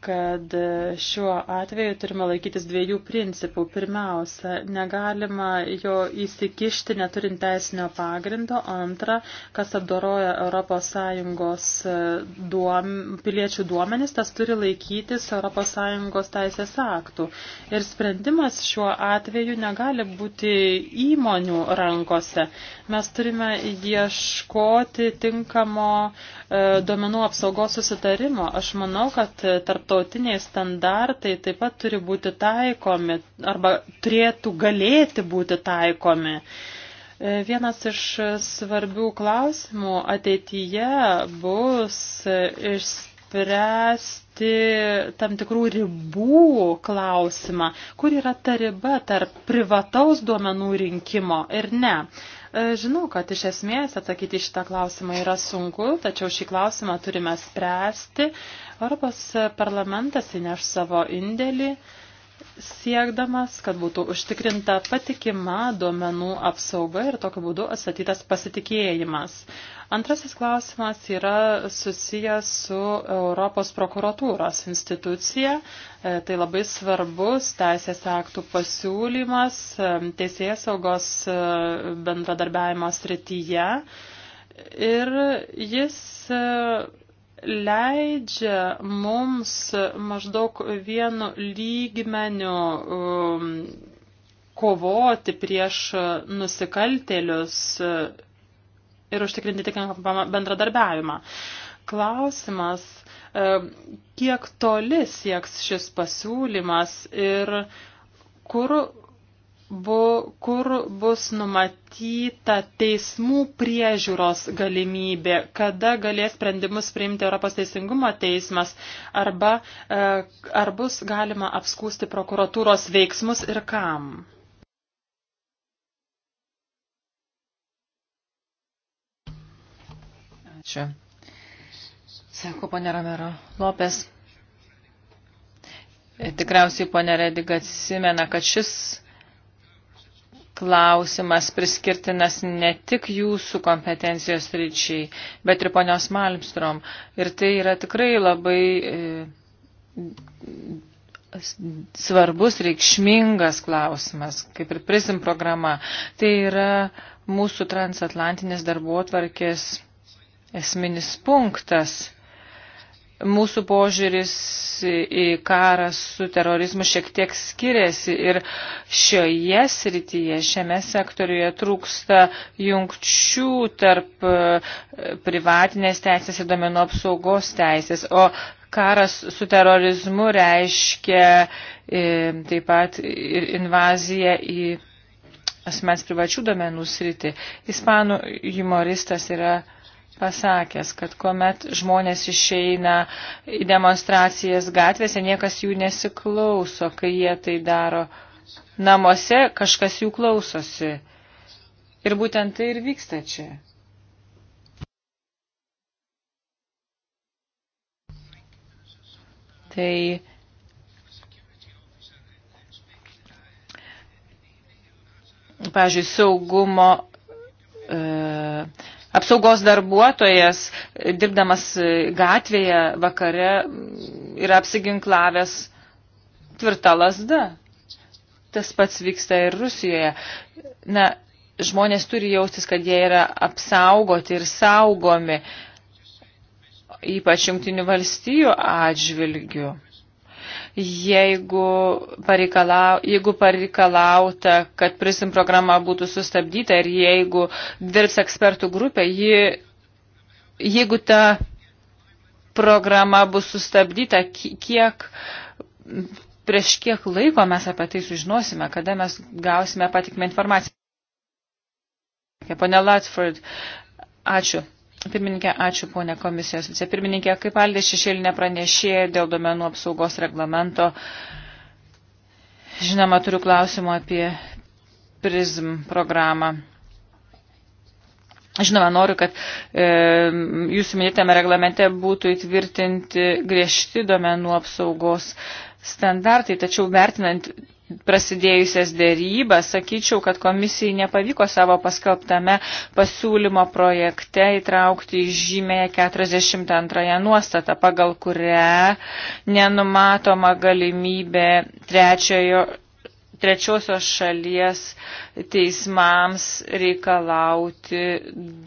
D: kad šiuo atveju turime laikytis dviejų principų. Pirmiausia, negalima jo įsikišti neturint teisinio pagrindo. Antra, kas apdoroja ES e, duom, piliečių duomenis, tas turi laikytis ES teisės aktų. Ir sprendimas šiuo atveju negali būti įmonių rankose. Mes turime ieškoti tinkamo e, duomenų apsaugos susitarimo. Aš manau, kad tarp tarptautiniai standartai taip pat turi būti taikomi arba turėtų galėti būti taikomi. E, vienas iš svarbių klausimų ateityje bus išspręsti tam tikrų ribų klausimą, kur yra ta riba tarp privataus duomenų rinkimo ir ne. E, žinau, kad iš esmės atsakyti šitą klausimą yra sunku, tačiau šį klausimą turime spręsti. Europos parlamentas įneš savo indėlį siekdamas, kad būtų užtikrinta patikima duomenų apsauga ir tokiu būdu atstatytas pasitikėjimas. Antrasis klausimas yra susijęs su Europos prokuratūros institucija. E, tai labai svarbus teisės aktų pasiūlymas e, teisėjas saugos e, bendradarbiavimo srityje. Ir jis leidžia mums maždaug vienu lygmeniu um, kovoti prieš nusikaltėlius uh, ir užtikrinti tinkamą bendradarbiavimą. Klausimas, um, kiek toli sieks šis pasiūlymas ir kur bu, kur bus numatyta teismų priežiūros galimybė, kada galės sprendimus priimti Europos teisingumo teismas, arba e, ar bus galima apskūsti prokuratūros veiksmus ir kam.
B: Ačiū. Sako ponė Romero Lopes. E, tikriausiai ponė Rediga atsimena, kad šis klausimas priskirtinas ne tik jūsų kompetencijos ryčiai, bet ir ponios Malmstrom. Ir tai yra tikrai labai e, svarbus, reikšmingas klausimas, kaip ir prisim programa. Tai yra mūsų transatlantinės darbuotvarkės esminis punktas mūsų požiūris į karą su terorizmu šiek tiek skiriasi ir šioje srityje, šiame sektoriuje trūksta jungčių tarp e, privatinės teisės ir domenų apsaugos teisės, o karas su terorizmu reiškia e, taip pat ir invaziją į asmens privačių domenų sritį. Ispanų humoristas yra pasakęs, kad kuomet žmonės išeina į demonstracijas gatvėse, niekas jų nesiklauso, kai jie tai daro namuose, kažkas jų klausosi. Ir būtent tai ir vyksta čia. Tai Pavyzdžiui, saugumo e, apsaugos darbuotojas, dirbdamas gatvėje vakare, yra apsiginklavęs tvirta lasda. Tas pats vyksta ir Rusijoje. Na, žmonės turi jaustis, kad jie yra apsaugoti ir saugomi, ypač jungtinių valstijų atžvilgių jeigu, pareikalau, jeigu pareikalauta, kad prisim programa būtų sustabdyta ir jeigu dirbs ekspertų grupė, ji, jeigu ta programa bus sustabdyta, kiek, prieš kiek laiko mes apie tai sužinosime, kada mes gausime patikimą informaciją. Pone Latford, ačiū. Pirmininkė, ačiū ponė komisijos vicepirmininkė. Kaip Aldė šešėlinė pranešė dėl domenų apsaugos reglamento, žinoma, turiu klausimų apie PRISM programą. Žinoma, noriu, kad e, jūsų minėtame reglamente būtų įtvirtinti griežti domenų apsaugos standartai, tačiau vertinant prasidėjusias dėrybas, sakyčiau, kad komisijai nepavyko savo paskelbtame pasiūlymo projekte įtraukti žymėje 42 nuostatą, pagal kurią nenumatoma galimybė trečiojo, trečiosios šalies teismams reikalauti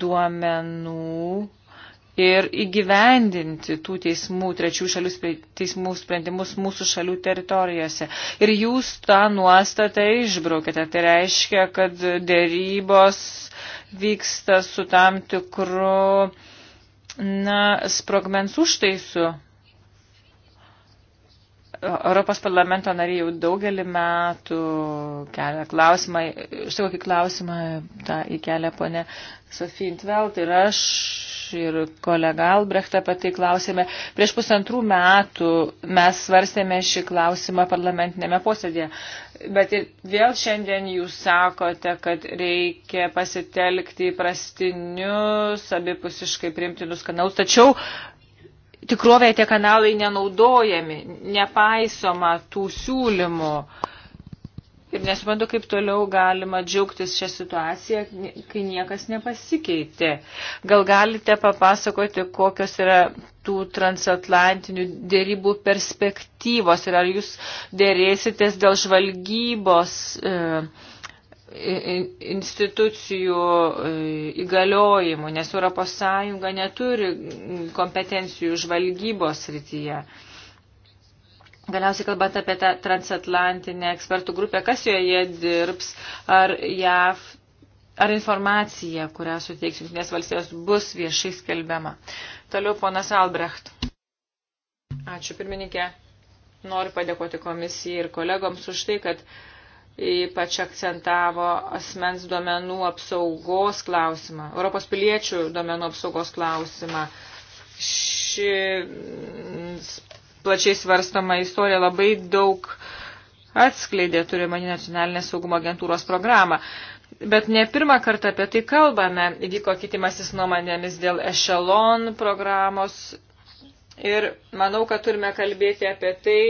B: duomenų ir įgyvendinti tų teismų, trečių šalių teismų sprendimus mūsų šalių teritorijose. Ir jūs tą nuostatą išbraukėte. Tai reiškia, kad dėrybos vyksta su tam tikru na, sprogmens užtaisu. Europos parlamento nariai jau daugelį metų kelia klausimą, štai kokį klausimą tą įkelia ponė Sofija Intvelt ir aš ir kolega Albrecht apie tai klausėme. Prieš pusantrų metų mes svarstėme šį klausimą parlamentinėme posėdėje. Bet vėl šiandien jūs sakote, kad reikia pasitelkti prastinius, abipusiškai primtinus kanalus. Tačiau tikrovėje tie kanalai nenaudojami, nepaisoma tų siūlymų. Uh, Ir nesuprantu, kaip toliau galima džiaugtis šią situaciją, kai niekas nepasikeitė. Gal galite papasakoti, kokios yra tų transatlantinių dėrybų perspektyvos ir ar jūs dėrėsitės dėl žvalgybos e, institucijų e, įgaliojimų, nes ES neturi kompetencijų žvalgybos rytyje. E, Galiausiai kalbant apie tą transatlantinę ekspertų grupę, kas joje dirbs, ar JAV, ar informacija, kurią suteiks Junktinės valstijos, bus viešai skelbiama. Toliau ponas Albrecht. Ačiū pirmininkė. Noriu padėkoti komisijai ir kolegoms už tai, kad ypač akcentavo asmens duomenų apsaugos klausimą, Europos piliečių duomenų apsaugos klausimą. Šis plačiai svarstama istorija labai daug atskleidė, turime nacionalinės saugumo agentūros programą. Bet ne pirmą kartą apie tai kalbame. Įvyko kitimasis nuomonėmis dėl ešelon programos. Ir manau, kad turime kalbėti apie tai,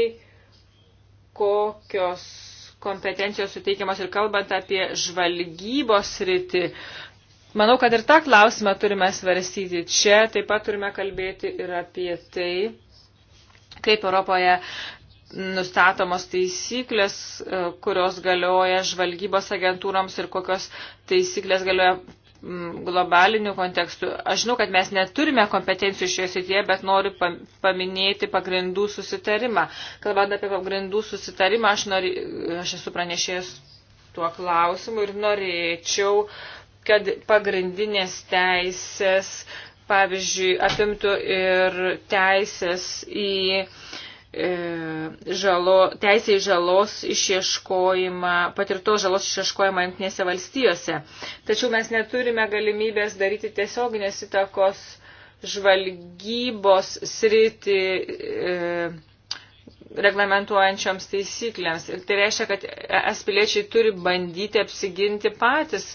B: kokios kompetencijos suteikiamos ir kalbant apie žvalgybos rytį. Manau, kad ir tą klausimą turime svarstyti čia. Taip pat turime kalbėti ir apie tai, kaip Europoje nustatomos taisyklės, e, kurios galioja žvalgybos agentūroms ir kokios taisyklės galioja mm, globaliniu kontekstu. Aš žinau, kad mes neturime kompetencijų šioje srityje, bet noriu paminėti pagrindų susitarimą. Kalbant apie pagrindų susitarimą, aš, nori, aš esu pranešėjęs tuo klausimu ir norėčiau, kad pagrindinės teisės uh, pavyzdžiui, apimtų ir teisės į e, žalo, teisė į žalos išieškojimą, patirtos žalos išieškojimą jungtinėse valstijose. Tačiau mes neturime galimybės daryti tiesioginės įtakos žvalgybos sritį e, reglamentuojančioms taisyklėms. Ir tai reiškia, kad es piliečiai turi bandyti apsiginti patys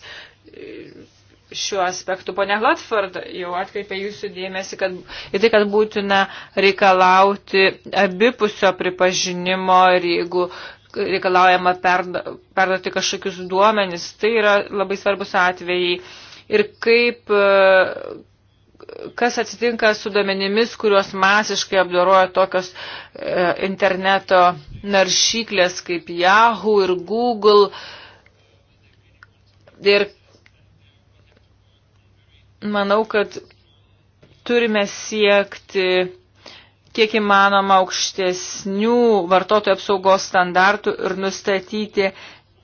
B: šiuo aspektu. Pone Glatford jau atkreipė jūsų dėmesį kad, į tai, kad būtina reikalauti abipusio pripažinimo ir jeigu reikalaujama perduoti kažkokius duomenis, tai yra labai svarbus atvejai. Ir kaip, kas atsitinka su duomenimis, kuriuos masiškai apdoroja tokios e, interneto naršyklės kaip Yahoo ir Google. Ir manau, kad turime siekti kiek įmanoma aukštesnių vartotojų apsaugos standartų ir nustatyti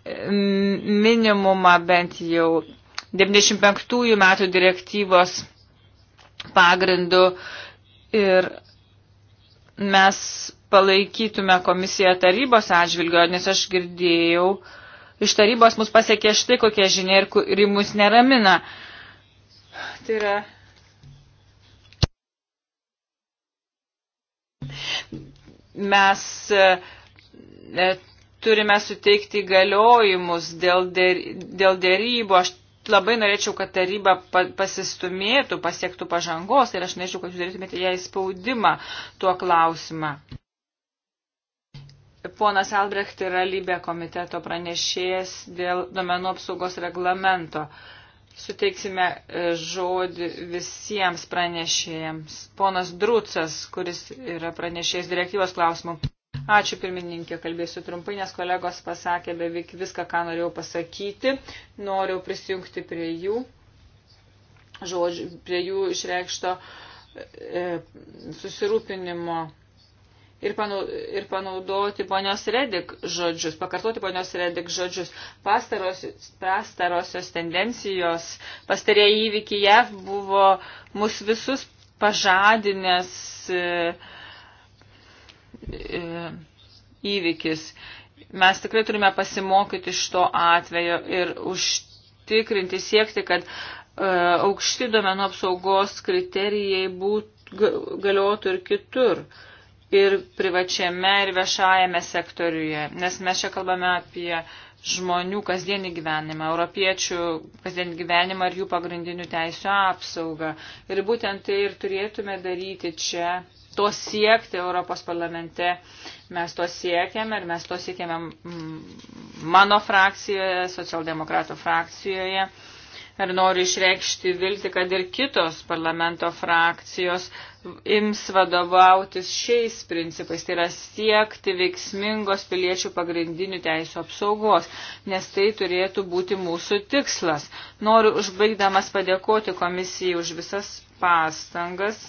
B: minimumą bent jau 95 metų direktyvos pagrindų ir mes palaikytume komisiją tarybos atžvilgio, nes aš girdėjau, iš tarybos mus pasiekė štai kokie žinia ir, ir mus neramina. Uh, Tai yra mes e, turime suteikti galiojimus dėl, dėry, dėl dėrybų. Aš labai norėčiau, kad taryba pasistumėtų, pasiektų pažangos ir aš norėčiau, kad jūs darytumėte ją įspaudimą tuo klausimą. Ponas Albrecht yra lybė komiteto pranešėjas dėl domenų apsaugos reglamento. Uh, suteiksime e, žodį visiems pranešėjams. Ponas Drūcas, kuris yra pranešėjas direktyvos klausimų. Ačiū pirmininkė, kalbėsiu trumpai, nes kolegos pasakė beveik viską, ką norėjau pasakyti. Noriu prisijungti prie jų, žodžių, prie jų išreikšto e, susirūpinimo ir, panau, ir panaudoti ponios Redik žodžius, pakartoti ponios Redik žodžius. Pastarosios, pastarosios tendencijos, pastarėjai įvykiai JAV buvo mus visus pažadinęs e, e, įvykis. Mes tikrai turime pasimokyti iš to atvejo ir užtikrinti, siekti, kad e, aukšti domenų apsaugos kriterijai būtų galiotų ir kitur. Uh, ir privačiame, ir viešajame sektoriuje, nes mes čia kalbame apie žmonių kasdienį gyvenimą, europiečių kasdienį gyvenimą ir jų pagrindinių teisų apsaugą. Ir būtent tai ir turėtume daryti čia, to siekti Europos parlamente. Mes to siekiame ir mes to siekiame mano frakcijoje, socialdemokratų frakcijoje ir noriu išreikšti vilti, kad ir kitos parlamento frakcijos ims vadovautis šiais principais, tai yra siekti veiksmingos piliečių pagrindinių teisų apsaugos, nes tai turėtų būti mūsų tikslas. Noriu užbaigdamas padėkoti komisijai už visas pastangas,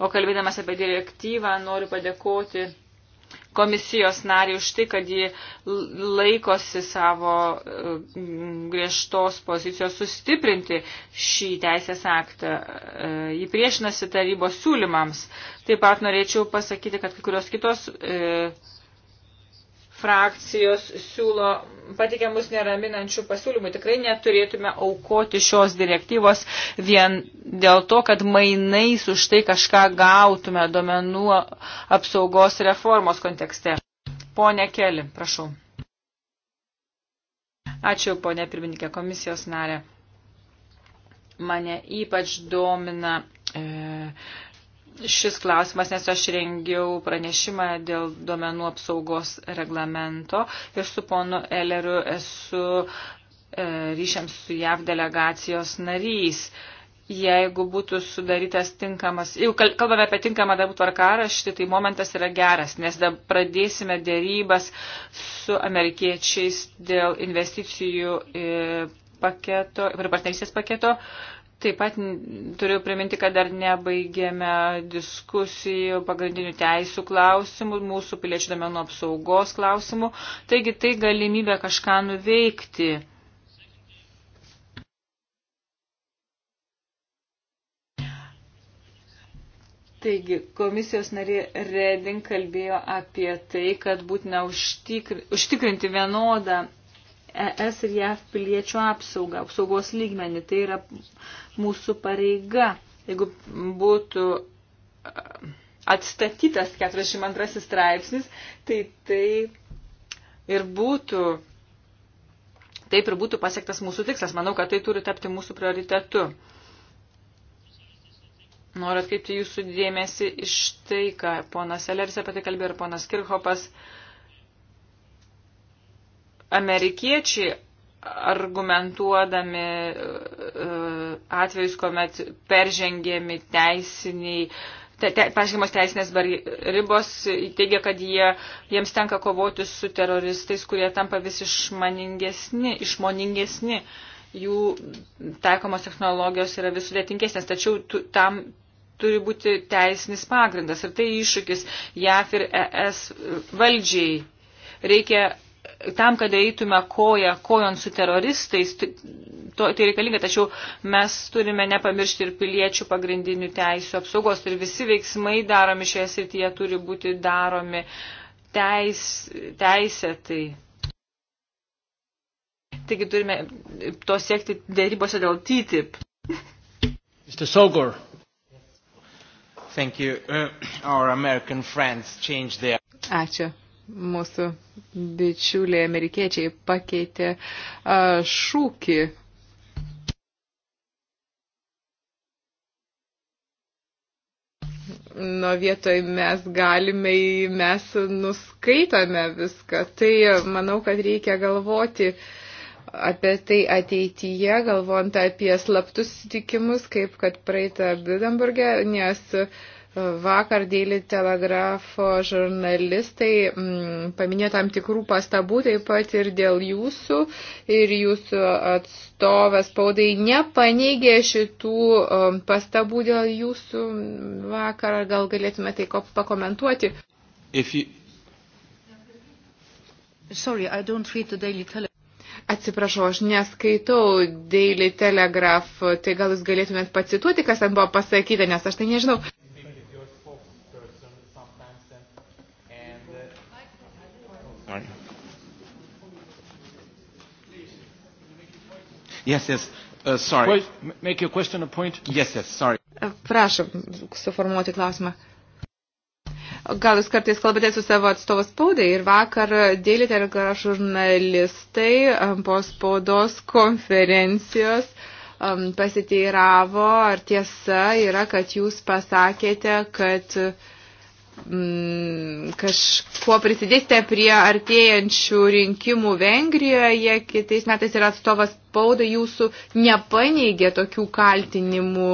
B: o kalbėdamas apie direktyvą noriu padėkoti komisijos narį už tai, kad ji laikosi savo e, griežtos pozicijos sustiprinti šį teisės aktą. E, ji priešinasi tarybos siūlymams. Taip pat norėčiau pasakyti, kad kai kurios kitos. E, frakcijos siūlo patikiamus neraminančių pasiūlymų. Tikrai neturėtume aukoti šios direktyvos vien dėl to, kad mainais už tai kažką gautume domenų apsaugos reformos kontekste. Pone Keli, prašau. Ačiū, ponė pirmininkė, komisijos narė. Mane ypač domina e, šis klausimas, nes aš rengiau pranešimą dėl duomenų apsaugos reglamento ir su ponu Elleriu esu e, ryšiams su JAV delegacijos narys. Jeigu būtų sudarytas tinkamas, jau kalbame apie tinkamą darbų tvarkaraštį, tai momentas yra geras, nes dabar pradėsime dėrybas su amerikiečiais dėl investicijų paketo ir partnerystės paketo. paketo Taip pat turiu priminti, kad dar nebaigėme diskusijų pagrindinių teisų klausimų, mūsų piliečių domenų apsaugos klausimų. Taigi tai galimybė kažką nuveikti. Taigi, komisijos narė Reding kalbėjo apie tai, kad būtina užtikrinti vienodą ES ir JAV piliečių apsaugą, apsaugos lygmenį. Tai yra mūsų pareiga. Jeigu būtų e, atstatytas 42 straipsnis, tai tai ir būtų, taip ir būtų pasiektas mūsų tikslas. Manau, kad tai turi tapti mūsų prioritetu. Noriu atkreipti jūsų dėmesį iš tai, ką ponas Eleris apie tai kalbėjo ir ponas Kirchhopas. Uh, amerikiečiai argumentuodami e, e, atvejus, kuomet peržengėmi teisiniai, te, te, pažymos teisinės ribos, teigia, kad jie, jiems tenka kovoti su teroristais, kurie tampa vis išmaningesni, išmoningesni. Jų taikomos technologijos yra vis sudėtingesnės, tačiau tu, tam turi būti teisinis pagrindas. Ir tai iššūkis JAF ir ES valdžiai. Reikia tam, kad eitume koją kojon su teroristais, to, tai reikalinga, tačiau mes turime nepamiršti ir piliečių pagrindinių teisų apsaugos ir visi veiksmai daromi šioje srityje turi būti daromi teis, teisėtai. Taigi turime to siekti dėrybose dėl TTIP.
A: Mr. Sogor. Thank you. Uh, our American friends changed their...
C: Ačiū mūsų bičiuliai amerikiečiai pakeitė šūkį nuo vietoj mes galime, mes nuskaitome viską. Tai manau, kad reikia galvoti apie tai ateityje, galvojant apie slaptus sutikimus, kaip kad praeitą Bidenburgė, nes uh, Vakar dėlį telegrafo žurnalistai m, mm, paminė tam tikrų pastabų, taip pat ir dėl jūsų ir jūsų atstovas spaudai nepaneigė šitų mm, pastabų dėl jūsų vakar. Gal galėtume tai pakomentuoti? If you... Sorry, I don't read the Daily Telegraph. Atsiprašau, aš neskaitau Daily Telegraph, tai gal jūs galėtumėt pacituoti, kas ten buvo pasakyta, nes aš tai nežinau.
A: Yes, yes. Uh, sorry. Wait, make your question a point. Yes, yes, sorry.
C: Uh, prašom suformuoti klausimą. Gal jūs kartais kalbate su savo atstovas spaudai ir vakar dėlį telegraf žurnalistai um, po spaudos konferencijos um, pasiteiravo, ar tiesa yra, kad jūs pasakėte, kad uh, Mm, kažkuo prisidėsite prie artėjančių rinkimų Vengrijoje, kitais metais yra atstovas spauda jūsų nepaneigė tokių kaltinimų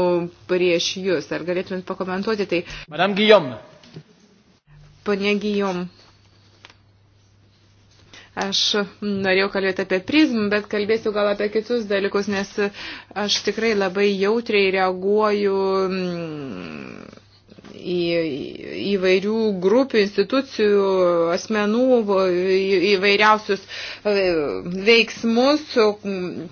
C: prieš jūs. Ar galėtumėt pakomentuoti tai? Madame Guillaume. Pane Guillaume. Aš norėjau kalbėti apie prizmą, bet kalbėsiu gal apie kitus dalykus, nes aš tikrai labai jautriai reaguoju mm, į įvairių grupių, institucijų, asmenų, įvairiausius e, veiksmus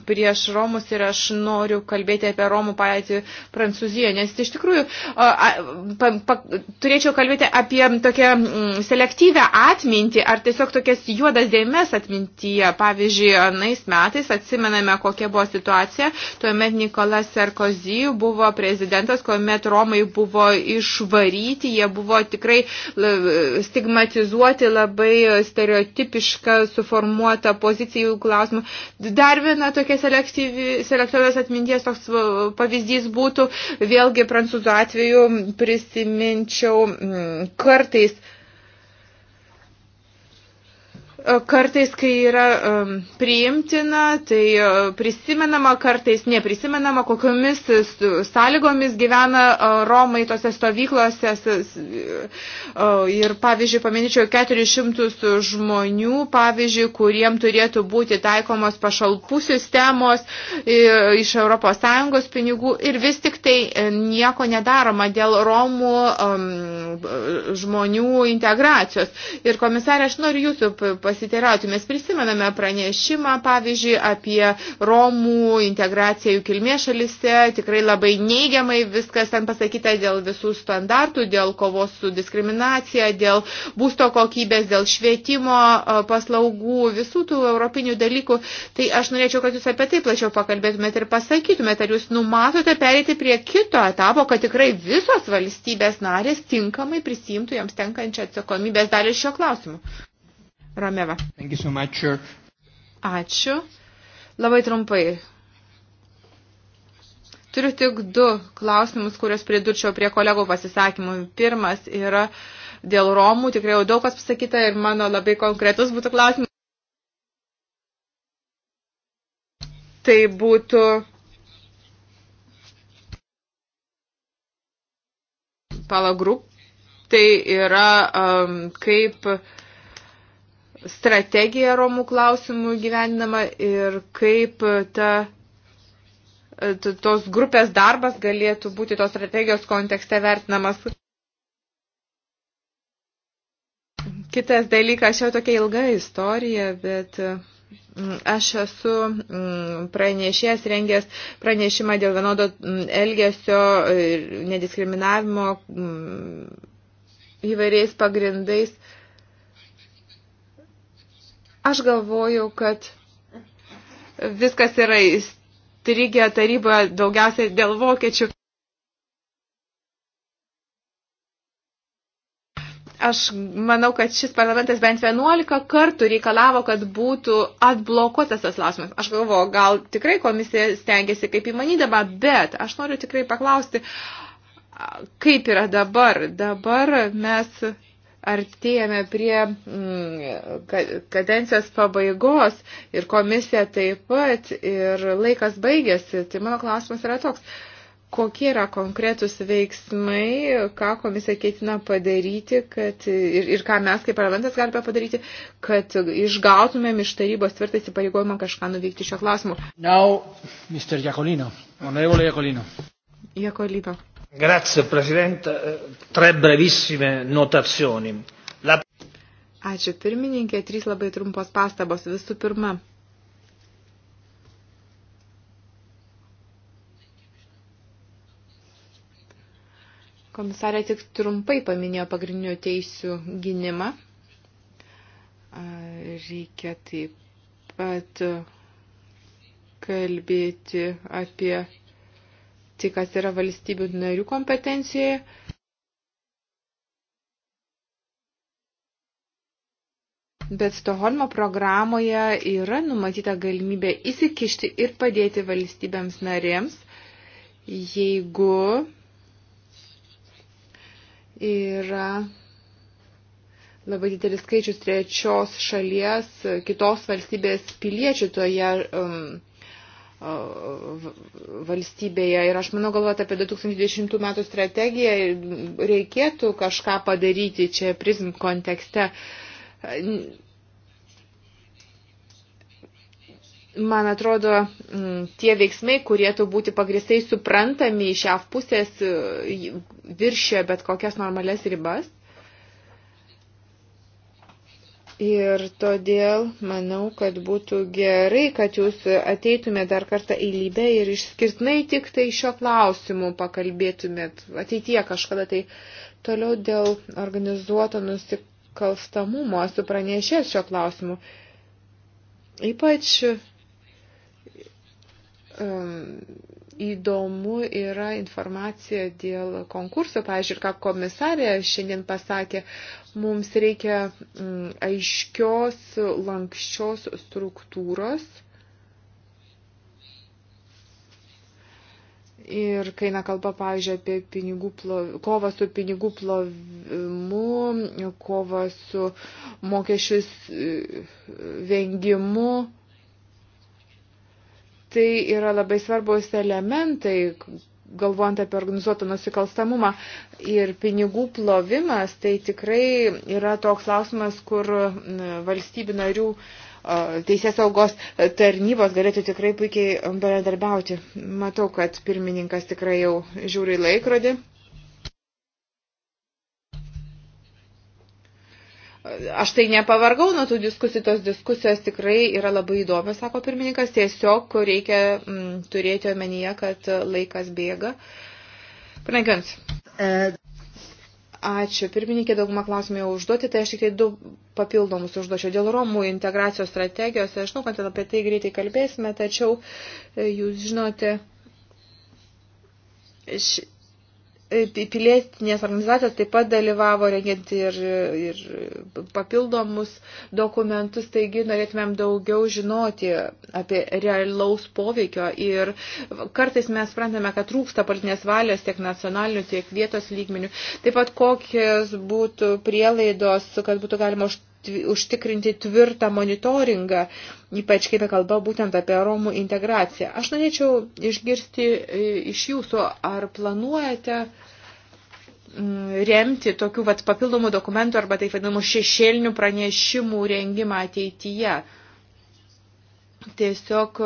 C: prieš Romus ir aš noriu kalbėti apie Romų patį Prancūziją, nes iš tikrųjų a, pa, pa, turėčiau kalbėti apie tokią mm, selektyvę atmintį ar tiesiog tokias juodas dėmes atmintyje. Pavyzdžiui, anais metais atsimename, kokia buvo situacija, tuomet Nikolas Sarkozy buvo prezidentas, kuomet Romai buvo išvažiuoti varyti, jie buvo tikrai stigmatizuoti labai stereotipišką suformuotą pozicijų klausimą. Dar viena tokia selektyvios atminties toks pavyzdys būtų, vėlgi prancūzų atveju prisiminčiau kartais E, kartais, kai yra e, priimtina, tai e, prisimenama, kartais neprisimenama, kokiomis sąlygomis gyvena Romai tose stovyklose. Ir, pavyzdžiui, paminėčiau 400 žmonių, pavyzdžiui, kuriem turėtų būti taikomos pašalpų sistemos iš ES pinigų ir vis tik tai nieko nedaroma dėl Romų žmonių integracijos. Ir komisarė, aš noriu jūsų pasakyti pasiteirauti. Mes prisimename pranešimą, pavyzdžiui, apie Romų integraciją jų kilmės šalise. Tikrai labai neigiamai viskas ten pasakyta dėl visų standartų, dėl kovos su diskriminacija, dėl būsto kokybės, dėl švietimo e, paslaugų, visų tų europinių dalykų. Tai aš norėčiau, kad jūs apie tai plačiau pakalbėtumėte ir pasakytumėte, ar jūs numatote perėti prie kito etapo, kad tikrai visos valstybės narės tinkamai prisimtų joms tenkančią atsakomybės dalį šio klausimu. Rameva.
A: So much, sir.
C: Ačiū. Labai trumpai. Turiu tik du klausimus, kuriuos pridurčiau prie kolegų pasisakymų. Pirmas yra dėl Romų, tikrai jau daug kas pasakyta ir mano labai konkretus būtų klausimas. Tai būtų palagrup, tai yra um, kaip uh, strategija Romų klausimų gyvendinama ir kaip ta tos grupės darbas galėtų būti tos strategijos kontekste vertinamas. Kitas dalykas, čia tokia ilga istorija, bet mm, aš esu mm, pranešėjęs, rengęs pranešimą dėl vienodo mm, elgesio ir nediskriminavimo įvairiais pagrindais. Aš galvoju, kad viskas yra įstrigę taryboje daugiausiai dėl vokiečių. aš manau, kad šis parlamentas bent 11 kartų reikalavo, kad būtų atblokuotas tas klausimas. Aš galvoju, gal tikrai komisija stengiasi kaip įmanydama, bet aš noriu tikrai paklausti, kaip yra dabar. Dabar mes artėjame prie mm, kadencijos pabaigos ir komisija taip pat ir laikas baigėsi. Tai mano klausimas yra toks. Kokie yra konkretus veiksmai, ką komisija ketina padaryti kad, ir, ir ką mes kaip parlamentas galime padaryti, kad išgautumėm iš tarybos tvirtą įsipareigojimą kažką nuveikti šio klausimu? Now,
A: Mr. Jacolino, honorable Jacolino.
C: Jacolino.
A: Grazie, Presidente. Eh, tre brevissime notazioni. La...
C: Ačiū pirmininkė, trys labai trumpos pastabos. Visų pirma, Komisarė tik trumpai paminėjo pagrindinių teisių gynimą. Reikia taip pat kalbėti apie tai, kas yra valstybių narių kompetencijoje. Bet Stoholmo programoje yra numatyta galimybė įsikišti ir padėti valstybėms narėms, jeigu yra labai didelis skaičius trečios šalies, kitos valstybės piliečių toje um, valstybėje. Ir aš manau, galvot apie 2020 metų strategiją, reikėtų kažką padaryti čia prism kontekste. Man atrodo, tie veiksmai, kurie turėtų būti pagristai suprantami iš jav pusės, viršė bet kokias normales ribas. Ir todėl manau, kad būtų gerai, kad jūs ateitumėt dar kartą į lybę ir išskirtinai tik tai šio klausimu pakalbėtumėt ateitie kažkada. Tai toliau dėl organizuoto nusikalstamumo esu pranešęs šio klausimu. Ypač um, įdomu yra informacija dėl konkurso. Pavyzdžiui, ką komisarė šiandien pasakė, mums reikia mm, aiškios, lankščios struktūros. Ir kai eina kalba, pavyzdžiui, apie pinigų plov... kovą su pinigų plovimu, kovą su mokesčius e, vengimu, tai yra labai svarbus elementai, galvojant apie organizuotą nusikalstamumą ir pinigų plovimas, tai tikrai yra toks klausimas, kur valstybių narių teisės saugos tarnybos galėtų tikrai puikiai bendradarbiauti. Matau, kad pirmininkas tikrai jau žiūri laikrodį. Aš tai nepavargau nuo tų diskusijų, tos diskusijos tikrai yra labai įdomios, sako pirmininkas, tiesiog reikia m, mm, turėti omenyje, kad laikas bėga. Pranekins. E, Ačiū. Pirmininkė daugumą klausimų jau užduoti, tai aš tik tai du papildomus užduočiau. Dėl Romų integracijos strategijos, aš žinau, kad apie tai greitai kalbėsime, tačiau e, jūs žinote, š Tai pilietinės organizacijos taip pat dalyvavo rengiant ir, ir papildomus dokumentus, taigi norėtumėm daugiau žinoti apie realaus poveikio ir kartais mes sprantame, kad trūksta politinės valios tiek nacionalinių, tiek vietos lygmenių. Taip pat kokios būtų prielaidos, kad būtų galima užtikrinti užtikrinti tvirtą monitoringą, ypač kaip kalba būtent apie Romų integraciją. Aš norėčiau išgirsti e, iš jūsų, ar planuojate remti tokių vat, papildomų dokumentų arba taip vadinamų šešėlinių pranešimų rengimą ateityje. Tiesiog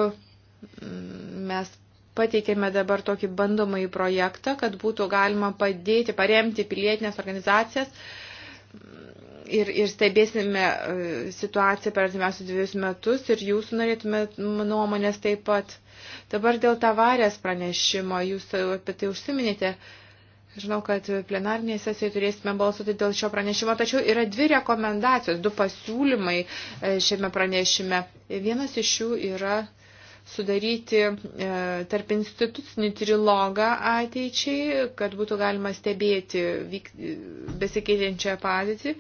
C: mes pateikėme dabar tokį bandomąjį projektą, kad būtų galima padėti, paremti pilietinės organizacijas, ir, ir stebėsime e, situaciją per artimiausius dviejus metus ir jūsų norėtume nuomonės taip pat. Dabar dėl tavarės pranešimo, jūs apie tai užsiminėte. Žinau, kad plenarnėje sesijoje turėsime balsuoti dėl šio pranešimo, tačiau yra dvi rekomendacijos, du pasiūlymai e, šiame pranešime. Vienas iš jų yra sudaryti e, tarp institucinį trilogą ateičiai, kad būtų galima stebėti besikeitinčią padėtį.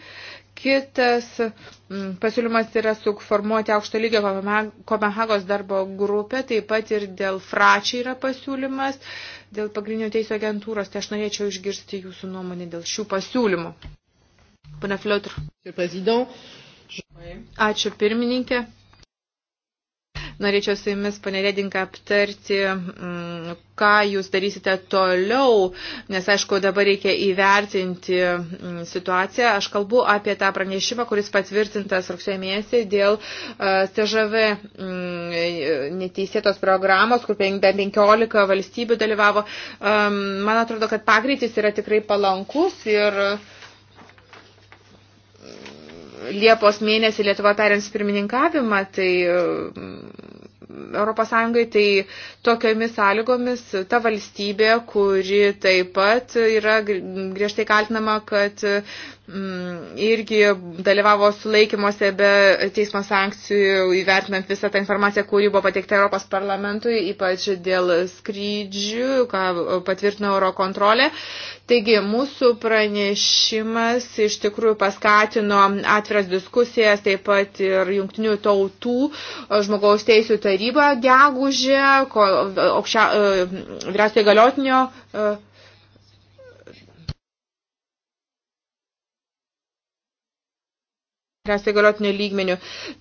C: Kitas pasiūlymas yra suformuoti aukšto lygio Kopenhagos darbo grupę, taip pat ir dėl fračiai yra pasiūlymas, dėl pagrindinio teisų agentūros. Tai aš norėčiau išgirsti jūsų nuomonę dėl šių pasiūlymų. Pane Fliotr. Ačiū pirmininkė. Norėčiau su jumis, ponė Redinka, aptarti, mm, ką jūs darysite toliau, nes, aišku, dabar reikia įvertinti mm, situaciją. Aš kalbu apie tą pranešimą, kuris patvirtintas rugsėjo mėnesį dėl e, CŽV mm, neteisėtos programos, kur 15 valstybių dalyvavo. Man atrodo, kad pagreitis yra tikrai palankus ir Liepos mėnesį Lietuva perims pirmininkavimą, tai ES, tai tokiomis sąlygomis ta valstybė, kuri taip pat yra griežtai kaltinama, kad Mm, irgi dalyvavo sulaikymuose be teismo sankcijų, įvertinant visą tą informaciją, kuri buvo pateikta Europos parlamentui, ypač dėl skrydžių, ką patvirtino Eurokontrolė. Taigi mūsų pranešimas iš tikrųjų paskatino atviras diskusijas, taip pat ir jungtinių tautų e, žmogaus teisų taryba gegužė, aukščia, e, vyriausiojo galiotinio e, nes įgaliotinio lygmenių.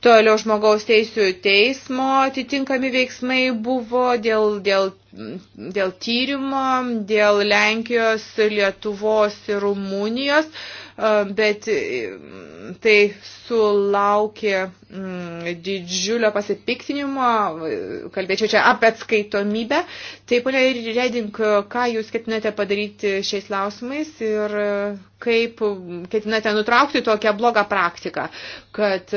C: Toliau žmogaus teisų teismo atitinkami veiksmai buvo dėl, dėl, dėl tyrimo, dėl Lenkijos, Lietuvos ir Rumunijos, bet e, tai sulaukė mm, didžiulio pasipiktinimo, e, kalbėčiau čia apie atskaitomybę. Taip, ponia Redink, ką jūs ketinate padaryti šiais klausimais ir kaip ketinate nutraukti tokią blogą praktiką, kad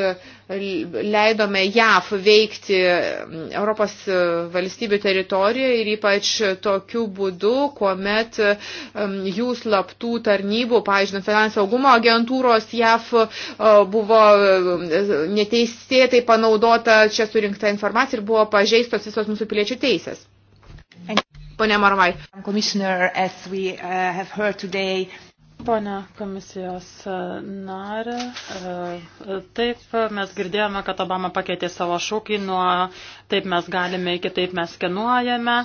C: leidome JAV veikti Europos valstybių teritorijoje ir ypač tokiu būdu, kuomet jų slaptų tarnybų, pavyzdžiui, finansų saugumo agentūros JAV e, buvo e, neteisėtai panaudota čia surinkta informacija ir buvo pažeistos visos mūsų piliečių teisės. Pone Marvai.
D: Commissioner, as we uh, have heard today, Pone komisijos narė, e, taip mes girdėjome, kad Obama pakeitė savo šūkį nuo taip mes galime iki taip mes skenuojame,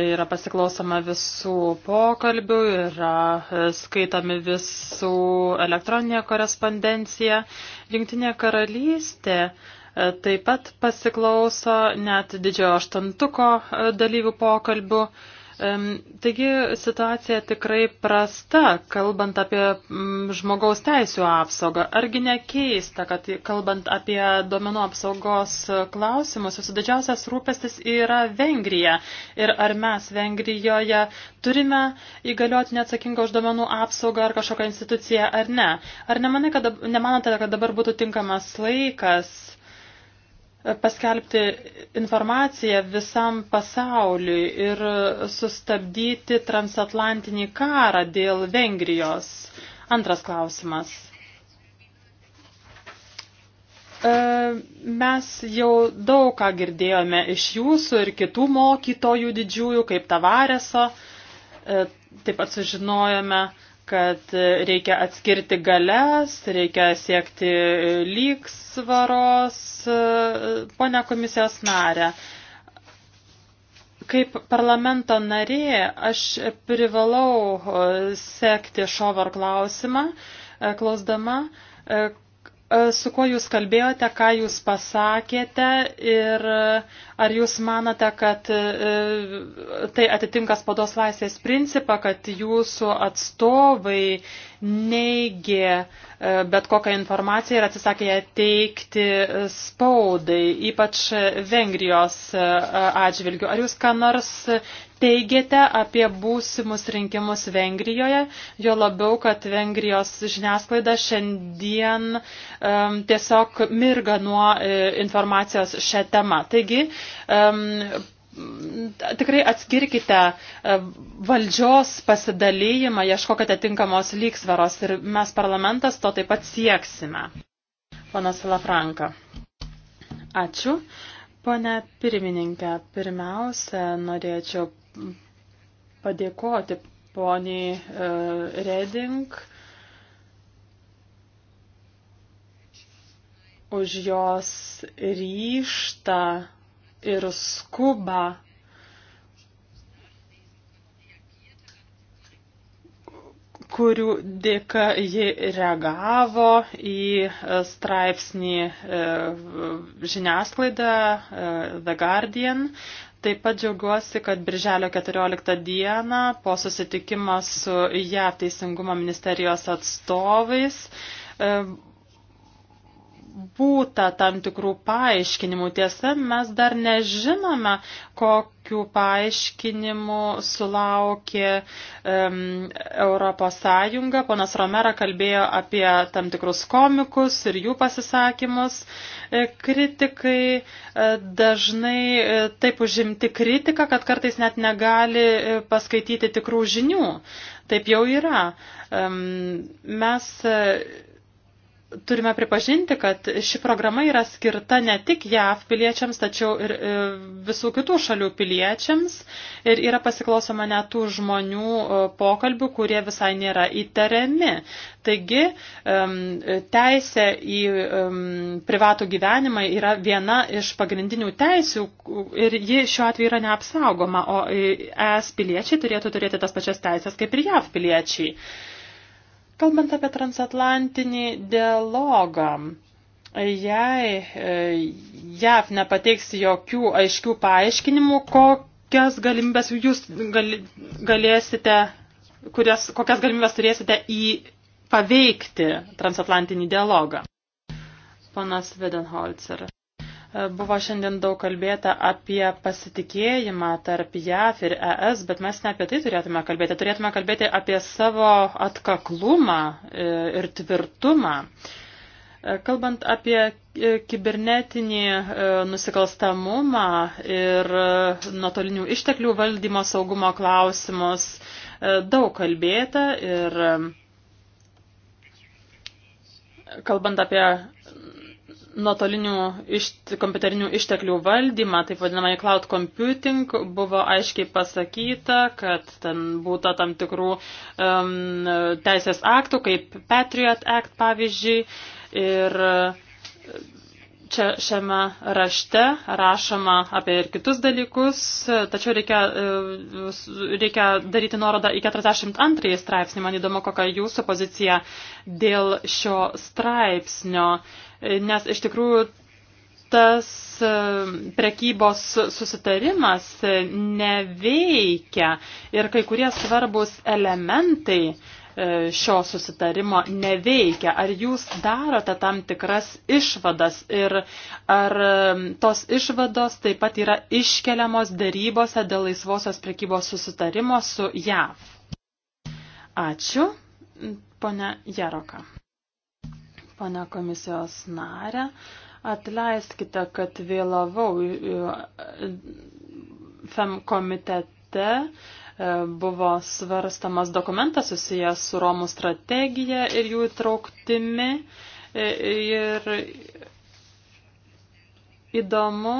D: yra pasiklausoma visų pokalbių, yra e, skaitami visų elektroninė korespondencija. Jungtinė karalystė e, taip pat pasiklauso net didžiojo aštantuko dalyvių pokalbių. Taigi situacija tikrai prasta, kalbant apie mm, žmogaus teisų apsaugą. Argi nekeista, kad kalbant apie domenų apsaugos klausimus, jūsų didžiausias rūpestis yra Vengrija. Ir ar mes Vengrijoje turime įgalioti neatsakingą už domenų apsaugą ar kažkokią instituciją ar ne? Ar nemanai, kad, nemanote, kad dabar būtų tinkamas laikas paskelbti informaciją visam pasauliui ir sustabdyti transatlantinį karą dėl Vengrijos? Antras klausimas. E, mes jau daug ką girdėjome iš jūsų ir kitų mokytojų didžiųjų, kaip Tavareso. E, taip pat sužinojome, kad reikia atskirti galias, reikia siekti lygsvaros. Pone komisijos narė, kaip parlamento narė aš privalau sekti šovar klausimą, klausdama, E, su kuo jūs kalbėjote, ką jūs pasakėte ir ar jūs manate, kad e, tai atitinka spados laisvės principą, kad jūsų atstovai neigė e, bet kokią informaciją ir atsisakė ją teikti spaudai, ypač Vengrijos atžvilgių. Ar jūs ką nors teigiate apie būsimus rinkimus Vengrijoje, jo labiau, kad Vengrijos žiniasklaida šiandien um, tiesiog mirga nuo uh, informacijos šią temą. Taigi, um, tikrai atskirkite e, valdžios pasidalyjimą, ieškokite tinkamos lygsvaros ir mes parlamentas to taip pat sieksime. Panas Lafranka. Ačiū. Pone pirmininkė, pirmiausia, norėčiau padėkoti poniai e, Reding už jos ryštą ir skubą kurių dėka ji reagavo į e, straipsnį e, žiniasklaidą The Guardian. Taip pat džiaugiuosi, kad Birželio 14 dieną po susitikimo su JAV Teisingumo ministerijos atstovais e, būta tam tikrų paaiškinimų. Tiesa, mes dar nežinome, kokiu paaiškinimu sulaukė um, Europos Sąjunga. Ponas Romera kalbėjo apie tam tikrus komikus ir jų pasisakymus. E, kritikai e, dažnai e, taip užimti kritiką, kad kartais net negali paskaityti tikrų žinių. Taip jau yra. Um, mes turime pripažinti, kad ši programa yra skirta ne tik JAV piliečiams, tačiau ir e, visų kitų šalių piliečiams. Ir yra pasiklausoma net tų žmonių e, pokalbių, kurie visai nėra įtariami. Taigi, teisė į privatų gyvenimą yra viena iš pagrindinių teisių ir ji šiuo atveju yra neapsaugoma, o e, ES piliečiai turėtų turėti tas pačias teisės kaip ir JAV piliečiai. Kalbant apie transatlantinį dialogą, jei e, JAV nepateiks jokių aiškių paaiškinimų, kokias galimybės jūs gali, galėsite, kurias, kokias galimybės turėsite į paveikti transatlantinį dialogą. Panas Vedenholzer. Buvo šiandien daug kalbėta apie pasitikėjimą tarp JAF ir ES, bet mes ne apie tai turėtume kalbėti. Turėtume kalbėti apie savo atkaklumą e, ir tvirtumą. E, kalbant apie e, kibernetinį nusikalstamumą ir nuotolinių išteklių valdymo saugumo klausimus, daug kalbėta ir kalbant apie nuotolinių išt, kompiuterinių išteklių valdymą, taip vadinamąjį cloud computing, buvo aiškiai pasakyta, kad ten būta tam tikrų um, teisės aktų, kaip Patriot Act pavyzdžiui. Ir čia šiame rašte rašoma apie ir kitus dalykus, tačiau reikia, e, reikia daryti nuorodą į 42 straipsnį. Man įdomu, kokia jūsų pozicija dėl šio straipsnio. Uh, nes iš tikrųjų tas e, prekybos susitarimas neveikia ir kai kurie svarbus elementai e, šio susitarimo neveikia. Ar jūs darote tam tikras išvadas ir ar e, tos išvados taip pat yra iškeliamos darybose dėl laisvosios prekybos susitarimo su JAV? Ačiū, ponia Jaroka. Pane komisijos narė, atleiskite, kad vėlavau e, FEM komitete e, buvo svarstamas dokumentas susijęs su Romų strategija ir jų įtrauktimi. E, ir įdomu,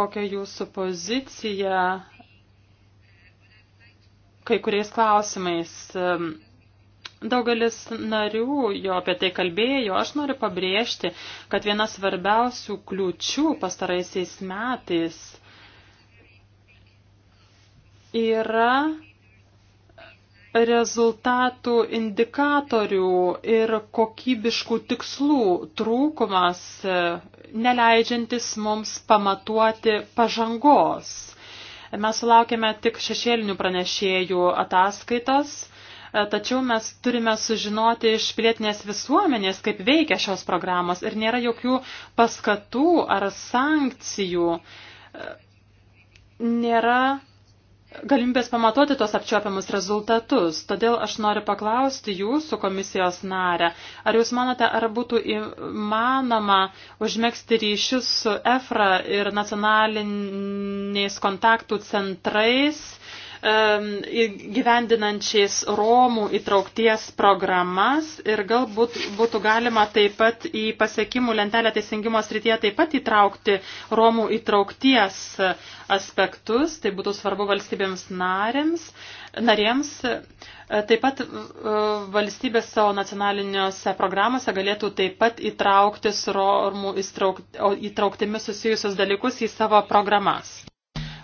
D: kokia jūsų pozicija kai kuriais klausimais. Daugelis narių jo apie tai kalbėjo. Aš noriu pabrėžti, kad viena svarbiausių kliučių pastaraisiais metais yra rezultatų indikatorių ir kokybiškų tikslų trūkumas, neleidžiantis mums pamatuoti pažangos. Mes sulaukėme tik šešėlinių pranešėjų ataskaitas E, tačiau mes turime sužinoti iš pilietinės visuomenės, kaip veikia šios programos ir nėra jokių paskatų ar sankcijų. E, nėra galimybės pamatuoti tos apčiopiamus rezultatus. Todėl aš noriu paklausti jūsų komisijos narę, ar jūs manote, ar būtų įmanoma užmėgsti ryšius su EFRA ir nacionaliniais kontaktų centrais, Um, gyvendinančiais Romų įtraukties programas ir galbūt būtų galima taip pat į pasiekimų lentelę teisingumo srityje taip pat įtraukti Romų įtraukties aspektus, tai būtų svarbu valstybėms narėms, narėms. Taip pat uh, valstybės savo nacionaliniuose programuose galėtų taip pat įtraukti su Romų įtrauktimi susijusius dalykus į savo programas.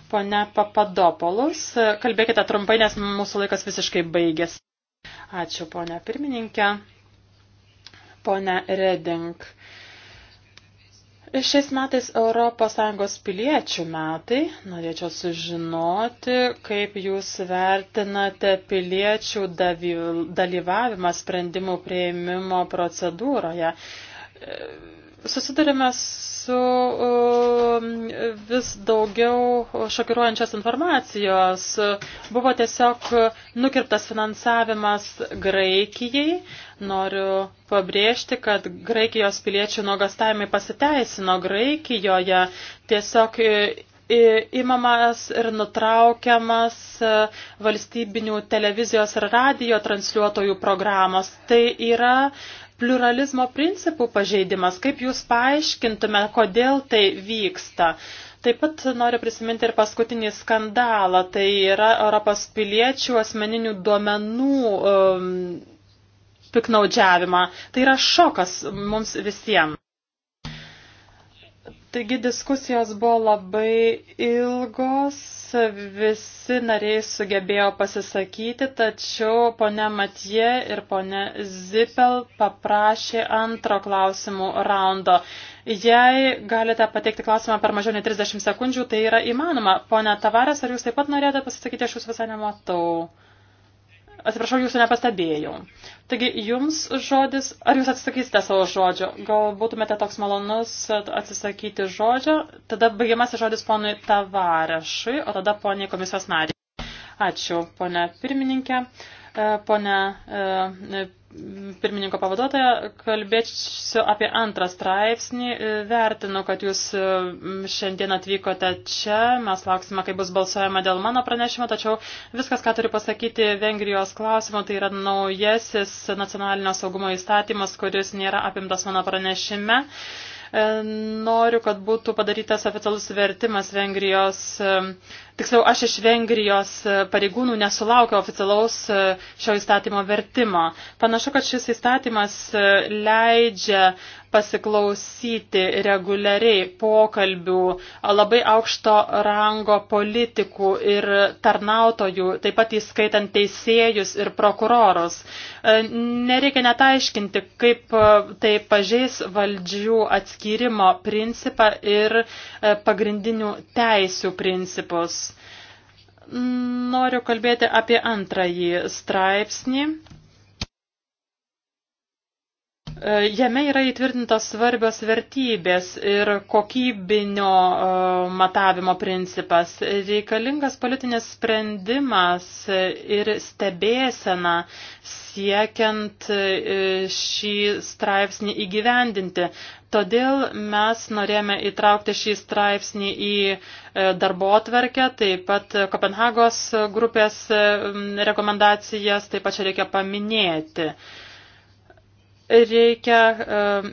D: Pone Papadopoulos, kalbėkite trumpai, nes mūsų laikas visiškai baigės. Ačiū, ponė pirmininkė. Pone Reding. Šiais metais ES piliečių metai. Norėčiau sužinoti, kaip jūs vertinate piliečių dalyvavimą sprendimų prieimimo procedūroje Susidurime su um, vis daugiau šokiruojančios informacijos. Buvo tiesiog nukirptas finansavimas Graikijai. Noriu pabrėžti, kad Graikijos piliečių nuogastavimai pasiteisino Graikijoje. Tiesiog e, imamas ir nutraukiamas e, valstybinių televizijos ir radio transliuotojų programos. Tai yra pluralizmo principų pažeidimas. Kaip jūs paaiškintume, kodėl tai vyksta? Taip pat noriu prisiminti ir paskutinį skandalą. Tai yra Europos piliečių asmeninių duomenų um, piknaudžiavimą. Tai yra šokas mums visiems. Taigi diskusijos buvo labai ilgos, visi nariai sugebėjo pasisakyti, tačiau ponia Matie ir ponia Zipel paprašė antro klausimų raundo. Jei galite pateikti klausimą per mažiau nei 30 sekundžių, tai yra įmanoma. Pone Tavares, ar jūs taip pat norėjote pasisakyti, aš jūs visai nematau. Atsiprašau, jūsų nepastebėjau. Taigi, jums žodis, ar jūs atsisakysite savo žodžio? Gal būtumėte toks malonus atsisakyti žodžio? Tada baigiamasi žodis ponui Tavarešui, o tada poniai komisijos nariai. Ačiū, ponia pirmininkė. E, Pone pirmininko pavaduotoja, kalbėsiu apie antrą straipsnį. Vertinu, kad jūs šiandien atvykote čia. Mes lauksime, kai bus balsuojama dėl mano pranešimo, tačiau viskas, ką turiu pasakyti Vengrijos klausimu, tai yra naujasis nacionalinio saugumo įstatymas, kuris nėra apimtas mano pranešime. E, noriu, kad būtų padarytas oficialus vertimas Vengrijos e, tiksliau aš iš Vengrijos e, pareigūnų nesulaukiau oficialaus e, šio įstatymo vertimo. Panašu, kad šis įstatymas e, leidžia pasiklausyti reguliariai pokalbių labai aukšto rango politikų ir tarnautojų, taip pat įskaitant teisėjus ir prokurorus. Nereikia netaiškinti, kaip tai pažeis valdžių atskyrimo principą ir pagrindinių teisių principus noriu kalbėti apie antrąjį straipsnį E, jame yra įtvirtintos svarbios vertybės ir kokybinio e, matavimo principas. Reikalingas politinis sprendimas ir stebėsena siekiant e, šį straipsnį įgyvendinti. Todėl mes norėjome įtraukti šį straipsnį į darbo atverkę, taip pat Kopenhagos grupės rekomendacijas, taip pat čia reikia paminėti. Reikia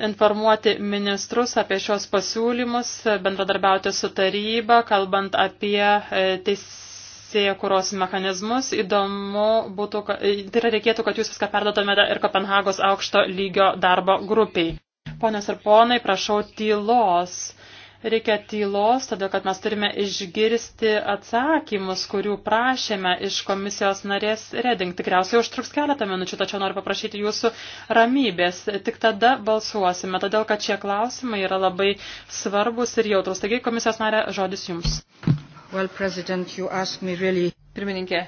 D: informuoti ministrus apie šios pasiūlymus, bendradarbiauti su taryba, kalbant apie e, teisėkuros mechanizmus. Įdomu būtų, e, tai yra reikėtų, kad jūs viską perdotumėte ir Kopenhagos aukšto lygio darbo grupiai. Ponios ir ponai, prašau tylos reikia tylos, todėl kad mes turime išgirsti atsakymus, kurių prašėme iš komisijos narės Reding. Tikriausiai užtruks keletą minučių, tačiau noriu paprašyti jūsų ramybės. Tik tada balsuosime, todėl kad šie klausimai yra labai svarbus ir jautrus. Taigi, komisijos narė, žodis jums. Well, President, you asked me really... Pirmininkė,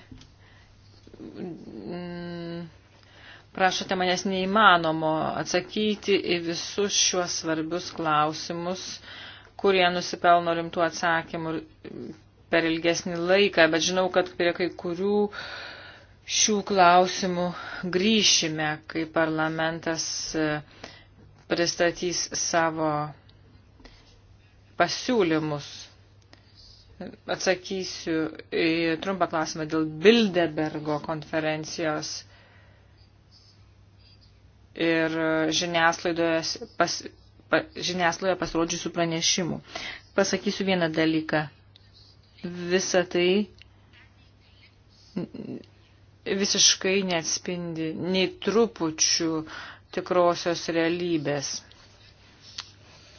B: prašote manęs neįmanomo atsakyti į visus šiuos svarbius klausimus. Uh, kurie nusipelno rimtų atsakymų per ilgesnį laiką, bet žinau, kad prie kai kurių šių klausimų grįšime, kai parlamentas e, pristatys savo pasiūlymus. Atsakysiu į trumpą klausimą dėl Bildebergo konferencijos ir žiniasklaidoje pas, žiniasklaidoje pasirodžiusių pranešimų. Pasakysiu vieną dalyką. Visa tai visiškai neatspindi nei trupučių tikrosios realybės.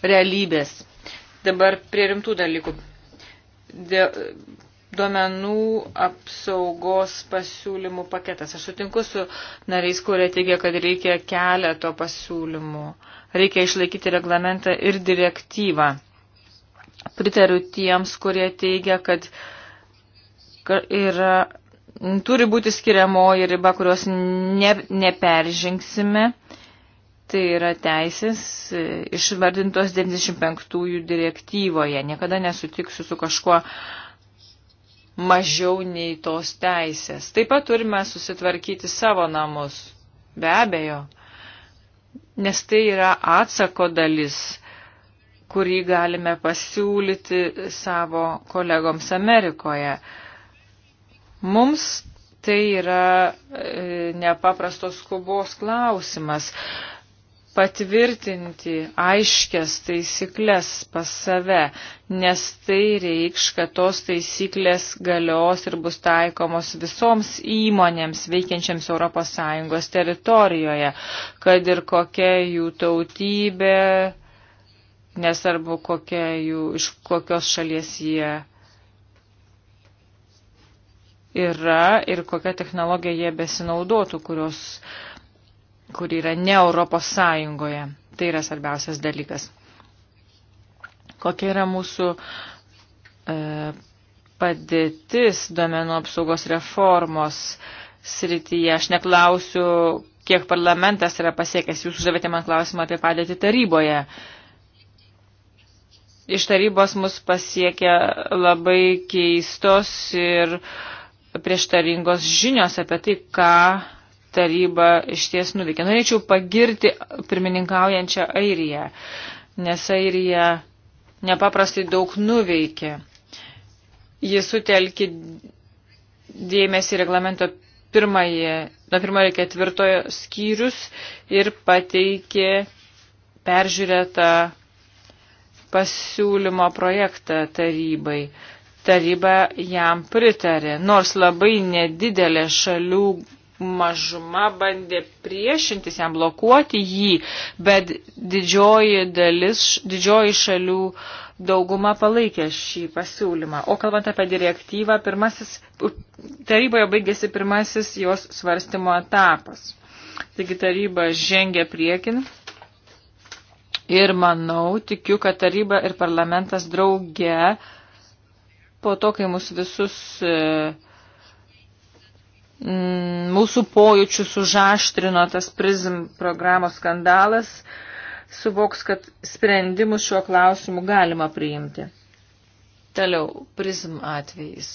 B: Realybės. Dabar prie rimtų dalykų. Dėl, duomenų apsaugos pasiūlymų paketas. Aš sutinku su nariais, kurie teigia, kad reikia keleto pasiūlymų. Reikia išlaikyti reglamentą ir direktyvą. Pritariu tiems, kurie teigia, kad yra, turi būti skiriamoji riba, kurios ne, neperžingsime. Tai yra teisės e, išvardintos 95-ųjų direktyvoje. Niekada nesutiksiu su kažkuo uh, mažiau nei tos teisės. Taip pat turime susitvarkyti savo namus, be abejo, nes tai yra atsako dalis, kurį galime pasiūlyti savo kolegoms Amerikoje. Mums tai yra e, nepaprastos skubos klausimas. E, patvirtinti aiškias taisyklės pas save, nes tai reikš, kad tos taisyklės galios ir bus taikomos visoms įmonėms veikiančiams ES teritorijoje, kad ir kokia jų tautybė, nesvarbu kokia jų, iš kokios šalies jie yra ir kokią technologiją jie besinaudotų, kurios uh, kuri yra ne Europos Sąjungoje. Tai yra svarbiausias dalykas. Kokia yra mūsų e, padėtis domenų apsaugos reformos srityje? Aš neklausiu, kiek parlamentas yra pasiekęs. Jūs uždavėte man klausimą apie padėtį taryboje. Iš tarybos mus pasiekia labai keistos ir prieštaringos žinios apie tai, ką taryba išties nuveikė. Norėčiau pagirti pirmininkaujančią Airiją, nes Airija nepaprastai daug nuveikė. Jis sutelkė dėmesį reglamento pirmąjį, nuo pirmojo iki ketvirtojo skyrius ir pateikė peržiūrėtą pasiūlymo projektą tarybai taryba jam pritarė, nors labai nedidelė šalių mažuma bandė priešintis jam, blokuoti jį, bet didžioji dalis, didžioji šalių dauguma palaikė šį pasiūlymą. O kalbant apie direktyvą, pirmasis, taryboje baigėsi pirmasis jos svarstymo etapas. Taigi taryba žengia priekin. Ir manau, tikiu, kad taryba ir parlamentas drauge po to, kai mus visus uh, Mm, mūsų pojūčius užaštrino tas prizm programos skandalas, suvoks, kad sprendimus šiuo klausimu galima priimti. Toliau, prizm atvejais.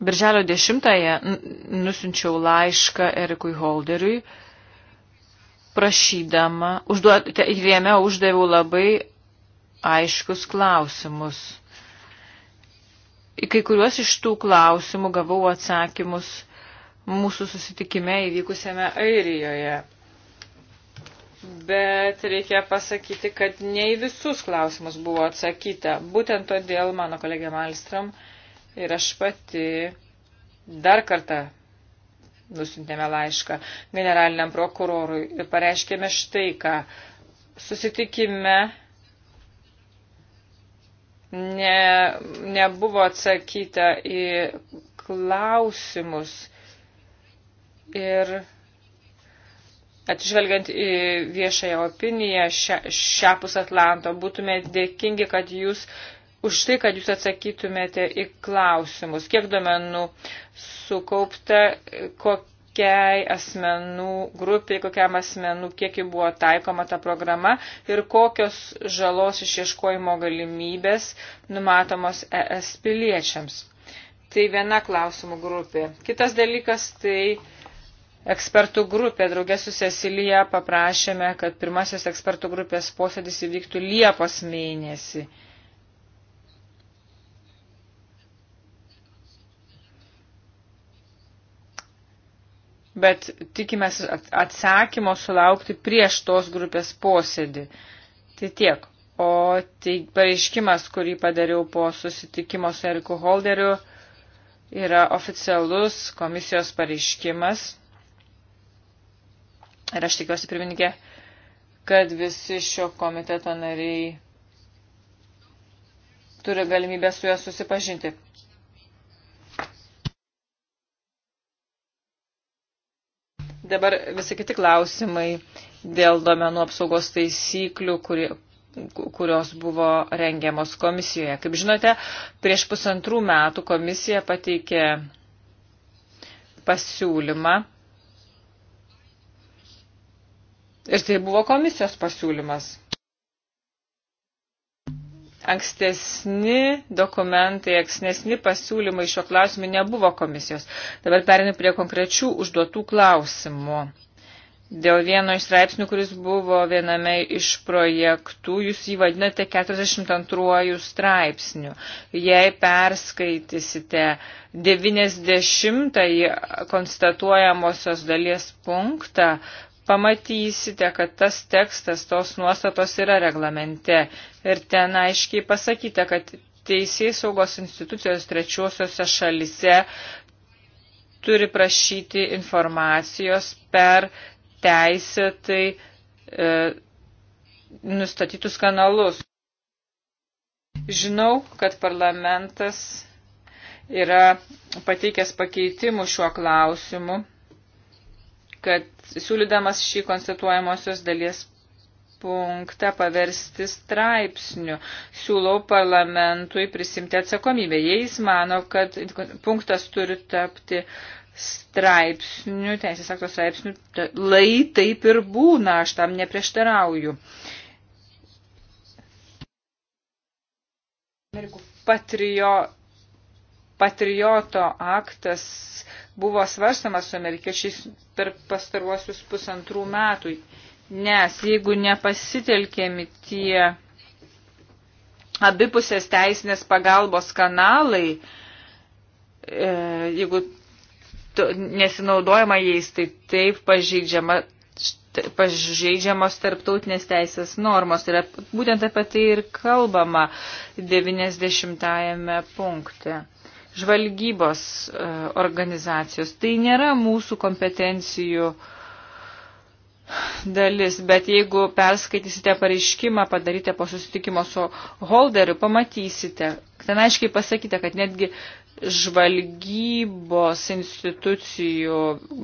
B: Birželio 10-ąją nusinčiau laišką Erikui Holderiui, prašydama, užduot, jame uždaviau labai aiškius klausimus. Į kai kuriuos iš tų klausimų gavau atsakymus mūsų susitikime įvykusiame Airijoje. Bet reikia pasakyti, kad ne į visus klausimus buvo atsakyta. Būtent todėl mano kolegė Malstrom ir aš pati dar kartą nusintėme laišką generaliniam prokurorui ir pareiškėme štai ką. Susitikime ne, nebuvo atsakyta į klausimus. Ir Atsižvelgiant į viešąją opiniją šiapus Atlanto, būtume dėkingi, kad jūs už tai, kad jūs atsakytumėte į klausimus, kiek duomenų sukaupta, kok, kokiai asmenų grupiai, kokiam asmenų kiekiai buvo taikoma ta programa ir kokios žalos išieškojimo galimybės numatomos ES piliečiams. Tai viena klausimų grupė. Kitas dalykas tai ekspertų grupė. Draugė su Cecilija paprašėme, kad pirmasis ekspertų grupės posėdis įvyktų Liepos mėnesį. bet tikimės atsakymo sulaukti prieš tos grupės posėdį. Tai tiek. O tai pareiškimas, kurį padariau po susitikimo su Eriku Holderiu, yra oficialus komisijos pareiškimas. Ir aš tikiuosi, pirmininkė, kad visi šio komiteto nariai turi galimybę su juo susipažinti. Dabar visi kiti klausimai dėl domenų apsaugos taisyklių, kurie, kurios buvo rengiamos komisijoje. Kaip žinote, prieš pusantrų metų komisija pateikė pasiūlymą. Ir tai buvo komisijos pasiūlymas ankstesni dokumentai, ankstesni pasiūlymai šio klausimu nebuvo komisijos. Dabar perinu prie konkrečių užduotų klausimų. Dėl vieno iš straipsnių, kuris buvo viename iš projektų, jūs jį vadinate 42 straipsnių. Jei perskaitysite 90 konstatuojamosios dalies punktą, pamatysite, kad tas tekstas, tos nuostatos yra reglamente. Ir ten aiškiai pasakyta, kad teisėjai saugos institucijos trečiuosiuose šalise turi prašyti informacijos per teisėtai e, nustatytus kanalus. Žinau, kad parlamentas yra pateikęs pakeitimų šiuo klausimu kad siūlydamas šį konstatuojamosios dalies punktą paversti straipsniu. Siūlau parlamentui prisimti atsakomybę. Jei jis mano, kad punktas turi tapti straipsniu, teisės akto straipsniu,
C: lai taip ir
B: būna, aš tam neprieštarauju. Patrijo patrioto aktas buvo svarstamas su amerikiečiais per pastaruosius pusantrų metų. Nes jeigu nepasitelkėmi tie abipusės teisinės pagalbos kanalai, e, jeigu nesinaudojama jais, tai taip pažeidžiama pažeidžiamos tarptautinės teisės normos. Ir tai būtent apie tai ir kalbama 90-ame punkte žvalgybos e, organizacijos. Tai nėra mūsų kompetencijų dalis, bet jeigu perskaitysite pareiškimą padarytą po susitikimo su holderiu, pamatysite, ten aiškiai pasakyta, kad netgi žvalgybos institucijų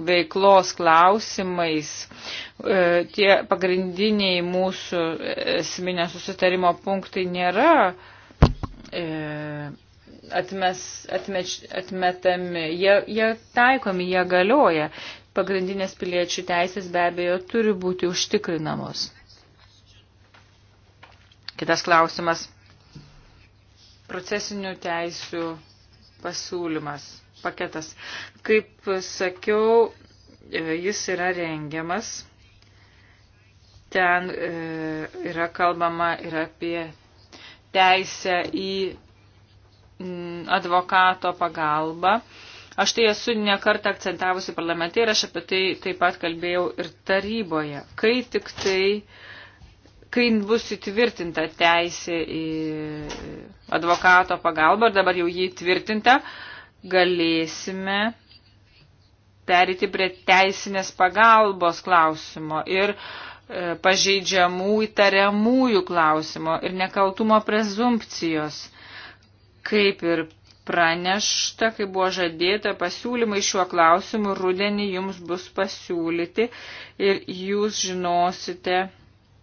B: veiklos klausimais e, tie pagrindiniai mūsų esminio susitarimo punktai nėra e, atmes, atmeč, atmetami, jie, jie taikomi, jie galioja. Pagrindinės piliečių teisės be abejo turi būti užtikrinamos. Kitas klausimas. Procesinių teisių pasiūlymas, paketas. Kaip sakiau, e, jis yra rengiamas. Ten e, yra kalbama ir apie teisę į Mm, advokato pagalba. Aš tai esu nekartą akcentavusi parlamente ir aš apie tai taip pat kalbėjau ir taryboje. Kai tik tai, kai bus įtvirtinta teisė į advokato pagalbą, ir dabar jau jį įtvirtinta, galėsime perėti prie teisinės pagalbos klausimo ir e, pažeidžiamų įtariamųjų klausimo ir nekaltumo prezumpcijos Kaip ir pranešta, kaip buvo žadėta, pasiūlymai šiuo klausimu rudenį jums bus pasiūlyti ir jūs žinosite,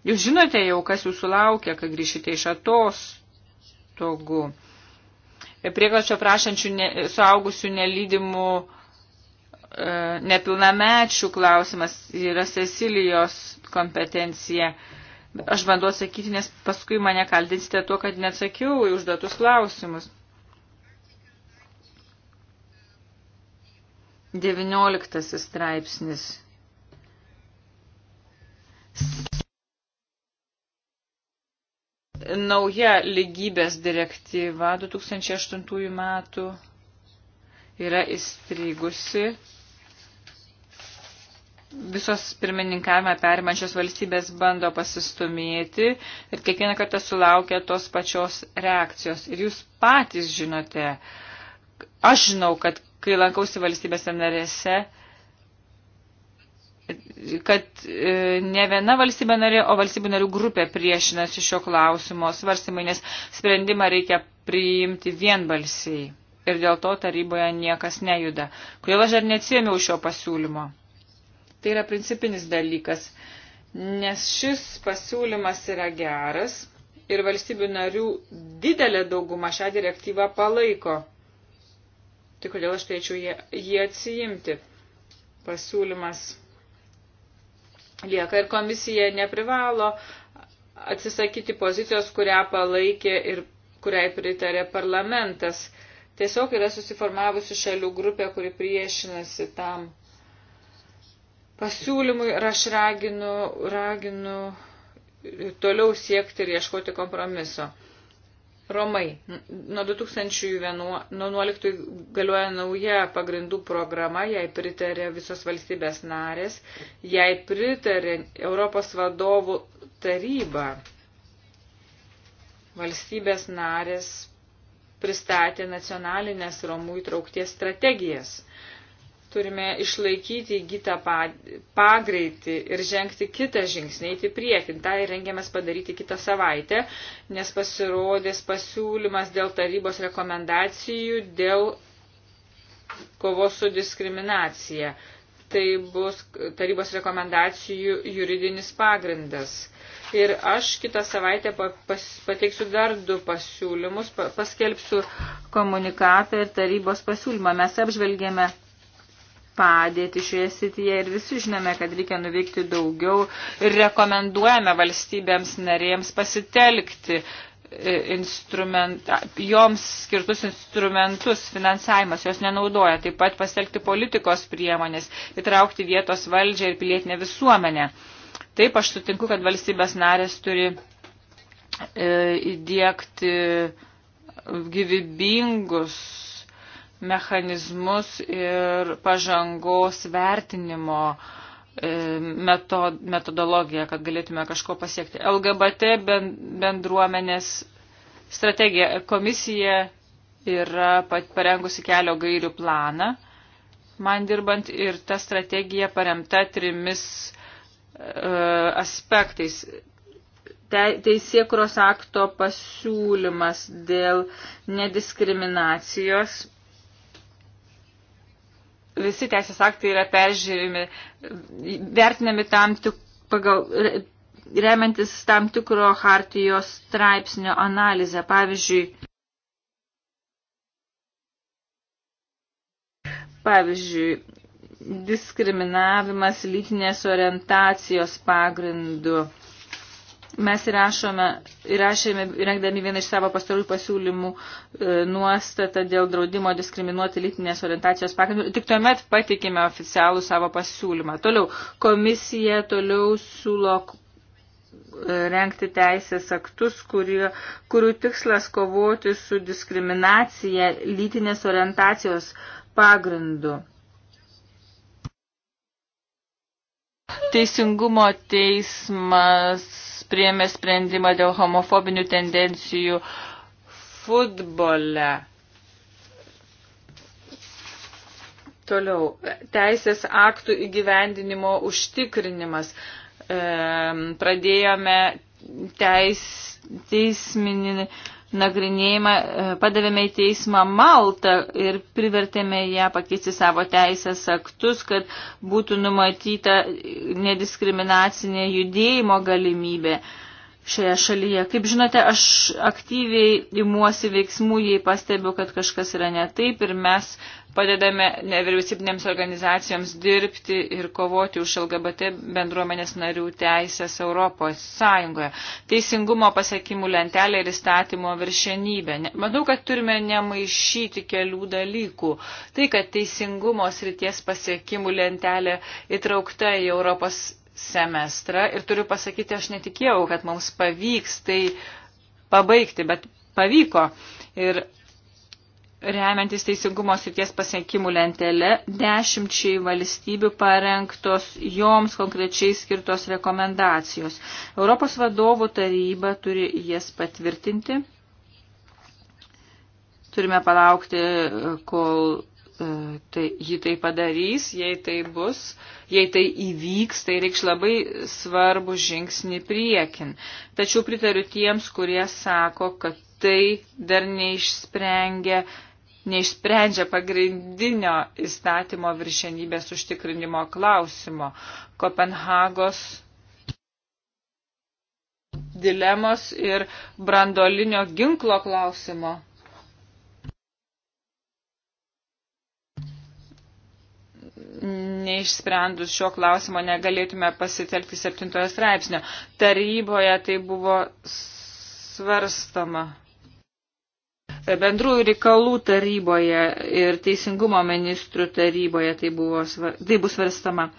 B: jūs žinote jau, kas jūsų laukia, kai grįšite iš atostogų. Prieglačio prašančių ne, suaugusių nelydimų e, nepilnamečių klausimas yra Cecilijos kompetencija. E, Aš bandu atsakyti, nes paskui mane kaldinsite tuo, kad neatsakiau į užduotus klausimus. 19 straipsnis. Nauja lygybės direktyva 2008 metų yra įstrigusi visos pirmininkavimą perimančios valstybės bando pasistumėti ir kiekvieną kartą sulaukia tos pačios reakcijos. Ir jūs patys žinote, aš žinau, kad kai lankausi valstybėse narėse, kad e, ne viena valstybė narė, o valstybių narių grupė priešinasi šio klausimo svarstymai, nes sprendimą reikia priimti vienbalsiai. Ir dėl to taryboje niekas nejuda. Kodėl aš dar neatsėmiau šio pasiūlymo? Tai yra principinis dalykas, nes šis pasiūlymas yra geras ir valstybių narių didelė dauguma šią direktyvą palaiko. Tai kodėl aš turėčiau jį, jį atsijimti? Pasiūlymas lieka ir komisija neprivalo atsisakyti pozicijos, kurią palaikė ir kuriai pritarė parlamentas. Tiesiog yra susiformavusi šalių grupė, kuri priešinasi tam pasiūlymui ir aš raginu, raginu toliau siekti ir ieškoti kompromiso. Romai. Nuo 2011 galioja nauja pagrindų programa, jai pritarė visos valstybės narės, jai pritarė Europos vadovų taryba. Valstybės narės pristatė nacionalinės Romų įtraukties strategijas. Turime išlaikyti įgytą pagreitį ir žengti kitą žingsnį, eiti priekin. Tai rengiamės padaryti kitą savaitę, nes pasirodės pasiūlymas dėl tarybos rekomendacijų dėl kovos su diskriminacija. Tai bus tarybos rekomendacijų juridinis pagrindas. Ir aš kitą savaitę pas, pateiksiu dar du pasiūlymus, paskelbsiu komunikatą ir tarybos pasiūlymą. Mes apžvelgėme padėti šioje srityje ir visi žinome, kad reikia nuveikti daugiau ir rekomenduojame valstybėms narėms pasitelkti e, instrument, joms skirtus instrumentus, finansavimas, jos nenaudoja, taip pat pasitelkti politikos priemonės, įtraukti vietos valdžią ir pilietinę visuomenę. Taip, aš sutinku, kad valstybės narės turi e, įdėkti gyvybingus mechanizmus ir pažangos vertinimo e, metod, metodologiją, kad galėtume kažko pasiekti. LGBT bendruomenės strategija. Komisija yra parengusi kelio gairių planą man dirbant ir ta strategija paremta trimis e, aspektais. Teisėkuros akto pasiūlymas dėl nediskriminacijos visi teisės aktai yra peržiūrimi, vertinami tam tik pagal remiantis tam tikro hartijos straipsnio analizę. Pavyzdžiui, pavyzdžiui, diskriminavimas lytinės orientacijos pagrindu Mes įrašome, įrašėme, rengdami vieną iš savo pastarųjų pasiūlymų e, nuostatą dėl draudimo diskriminuoti lytinės orientacijos pagrindų. Tik tuomet patikime oficialų savo pasiūlymą. Toliau, komisija toliau siūlo e, rengti teisės aktus, kurie, kurių tikslas kovoti su diskriminacija lytinės orientacijos pagrindu. Teisingumo teismas priėmė sprendimą dėl homofobinių tendencijų futbole. Toliau, teisės aktų įgyvendinimo užtikrinimas. E, pradėjome teis, teisminį nagrinėjimą e, padavėme į teismą Maltą ir privertėme ją pakeisti savo teisės aktus, kad būtų numatyta nediskriminacinė judėjimo galimybė. Uh, šioje šalyje. Kaip žinote, aš aktyviai imuosi veiksmų, jei pastebiu, kad kažkas yra ne taip ir mes padedame nevyriausybinėms organizacijoms dirbti ir kovoti už LGBT bendruomenės narių teisės Europos Sąjungoje. Teisingumo pasiekimų lentelė ir įstatymo viršenybė. Manau, kad turime nemaišyti kelių dalykų. Tai, kad teisingumo srities pasiekimų lentelė įtraukta į Europos semestrą ir turiu pasakyti, aš netikėjau, kad mums pavyks tai pabaigti, bet pavyko. Ir remiantis teisingumo srities pasiekimų lentelė, dešimčiai valstybių parengtos joms konkrečiai skirtos rekomendacijos. Europos vadovų taryba turi jas patvirtinti. Turime palaukti, kol E, tai, ji tai padarys, jei tai bus, jei tai įvyks, tai reikš labai svarbu žingsnį priekin. Tačiau pritariu tiems, kurie sako, kad tai dar neišsprengia, neišsprendžia pagrindinio įstatymo viršenybės užtikrinimo klausimo. Kopenhagos dilemos ir brandolinio ginklo klausimo. neišsprendus šio klausimo negalėtume pasitelkti septintojo straipsnio. Taryboje tai buvo svarstama. Bendrųjų reikalų taryboje ir teisingumo ministrų taryboje tai, buvo, tai bus svarstama.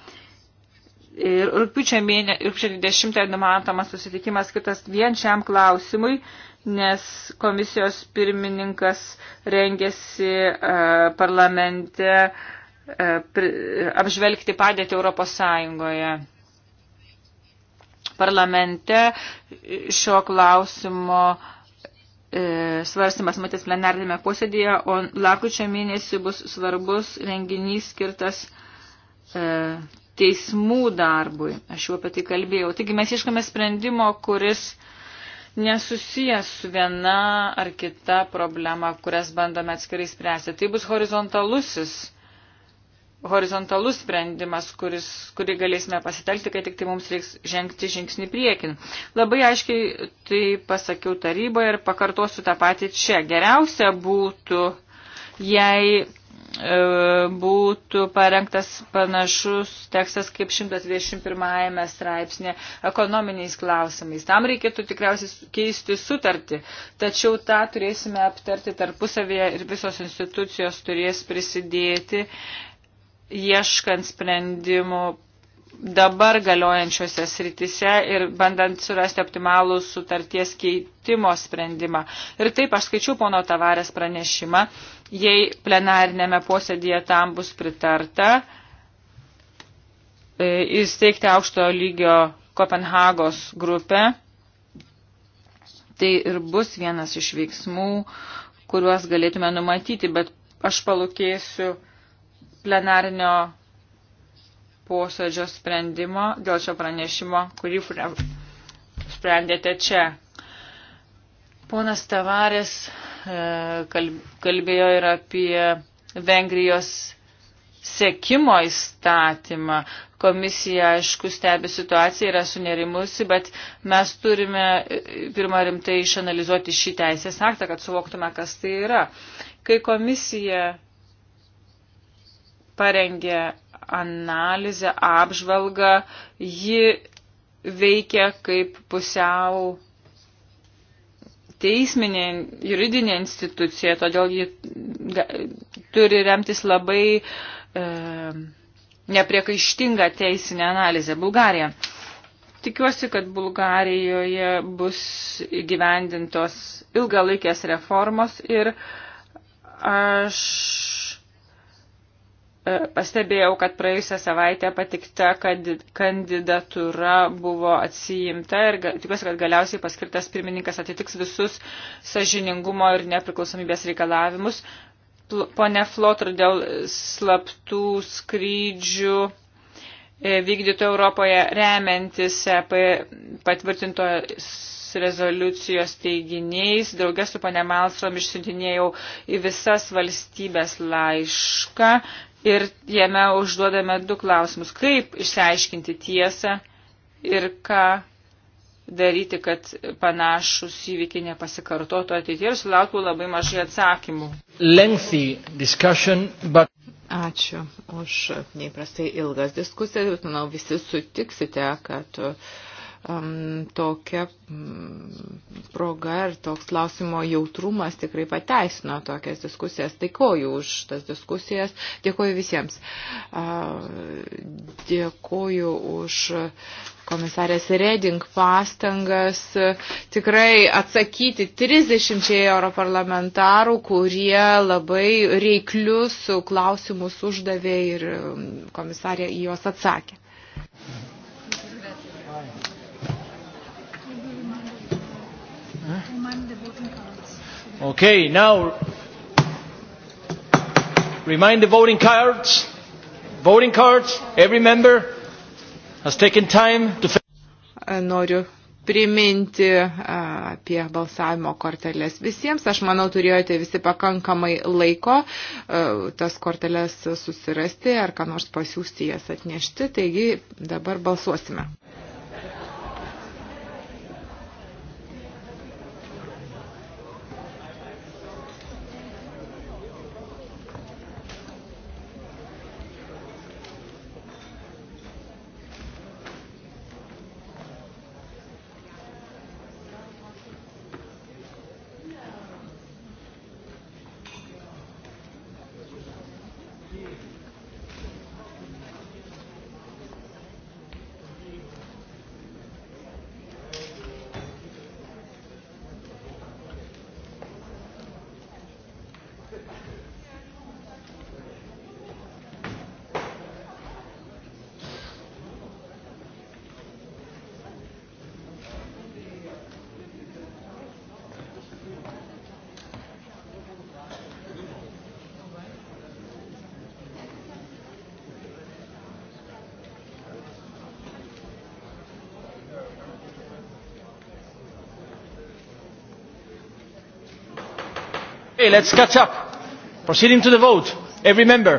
B: Ir rūpiučio mėne, rūpiučio 20 numatomas susitikimas kitas vien šiam klausimui, nes komisijos pirmininkas rengėsi uh, parlamente uh, E, apžvelgti padėtį Europos Sąjungoje. Parlamente šio klausimo e, svarstymas matės plenarinėme posėdėje, o lakučio mėnesį bus svarbus renginys skirtas e, teismų darbui. Aš jau apie tai kalbėjau. Taigi mes ieškame sprendimo, kuris nesusijęs su viena ar kita problema, kurias bandome atskirai spręsti. Tai bus horizontalusis horizontalus sprendimas, kuris, kurį galėsime pasitelkti, kai tik tai mums reiks žengti žingsnį priekin. Labai aiškiai tai pasakiau taryboje ir pakartosiu tą patį čia. Geriausia būtų, jei e, būtų parengtas panašus tekstas kaip 121 straipsnė ekonominiais klausimais. Tam reikėtų tikriausiai keisti sutartį, tačiau tą turėsime aptarti tarpusavėje ir visos institucijos turės prisidėti ieškant sprendimų dabar galiojančiose sritise ir bandant surasti optimalų sutarties keitimo sprendimą. Ir taip aš skaičiu pono Tavarės pranešimą, jei plenarinėme posėdėje tam bus pritarta, e, įsteigti aukšto lygio Kopenhagos grupę. Tai ir bus vienas iš veiksmų, kuriuos galėtume numatyti, bet aš palūkėsiu plenarinio posėdžio sprendimo dėl šio pranešimo, kurį sprendėte čia. Ponas Tavarės e, kalbėjo ir apie Vengrijos sekimo įstatymą. Komisija, aišku, stebi situaciją, yra sunerimusi, bet mes turime e, pirmą rimtai išanalizuoti šį teisės aktą, kad suvoktume, kas tai yra. Kai komisija parengė analizę, apžvalgą, ji veikia kaip pusiau teisminė juridinė institucija, todėl ji turi remtis labai e, nepriekaištingą teisinę analizę. Bulgarija. Tikiuosi, kad Bulgarijoje bus įgyvendintos ilgalaikės reformos ir aš Pastebėjau, kad praėjusią savaitę patikta kandidatūra buvo atsijimta ir tikiuosi, kad galiausiai paskirtas pirmininkas atitiks visus sažiningumo ir nepriklausomybės reikalavimus. Pone Flotr, dėl slaptų skrydžių e, vykdyto Europoje remiantis e patvirtintos rezoliucijos teiginiais. Draugės su pane Malstrom išsintinėjau į visas valstybės laišką, ir jame užduodame du klausimus. Kaip išsiaiškinti tiesą ir ką daryti, kad panašus įvykiai nepasikartotų ateityje ir sulaukiu labai mažai atsakymų.
A: But... Ačiū
C: už neįprastai ilgas diskusijas, manau visi sutiksite, kad uh, um, tokia um, proga ir toks klausimo jautrumas tikrai pateisino tokias diskusijas. Dėkoju už tas diskusijas, dėkoju visiems. Uh, dėkoju už komisarės Reding pastangas tikrai atsakyti 30 europarlamentarų, kurie labai reiklius klausimus uždavė ir mm, komisarė į juos atsakė. Thank you.
A: Okay, now remind the voting cards. Voting cards, every member has taken time to.
C: Noriu priminti apie balsavimo korteles visiems. Aš manau, turėjote visi pakankamai laiko tas korteles susirasti ar ką nors pasiūsti jas atnešti. Taigi dabar balsuosime.
A: let's catch up. Proceeding to the vote. Every member.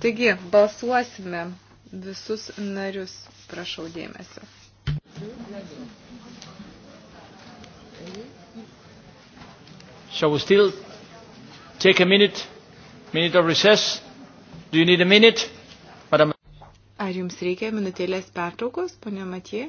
C: Taigi, balsuosime visus narius. Prašau dėmesio.
A: Shall we still take a minute? Minute of recess? Do you need a minute? Madam.
C: Ar jums reikia minutėlės pertraukos, ponia Matija?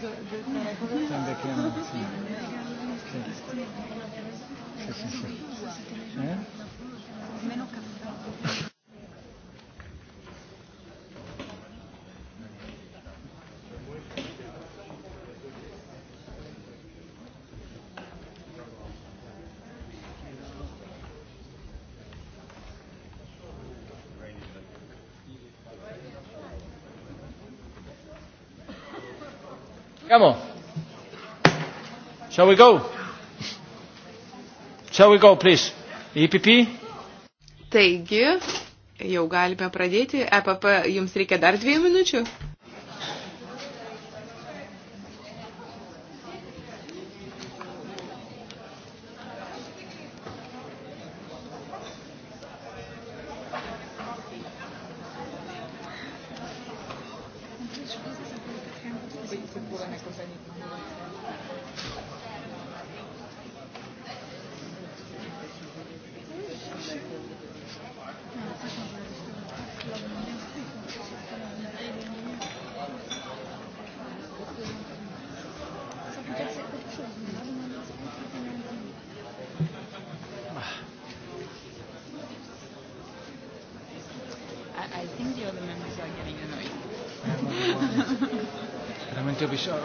C: Santa Chiama, sì. Sì, sì, sì. sì. Eh? Meno
A: caffè. Come on. Shall we go? Shall we go, please? EPP?
C: Taigi, jau galime pradėti. EPP, jums reikia dar dviejų minučių?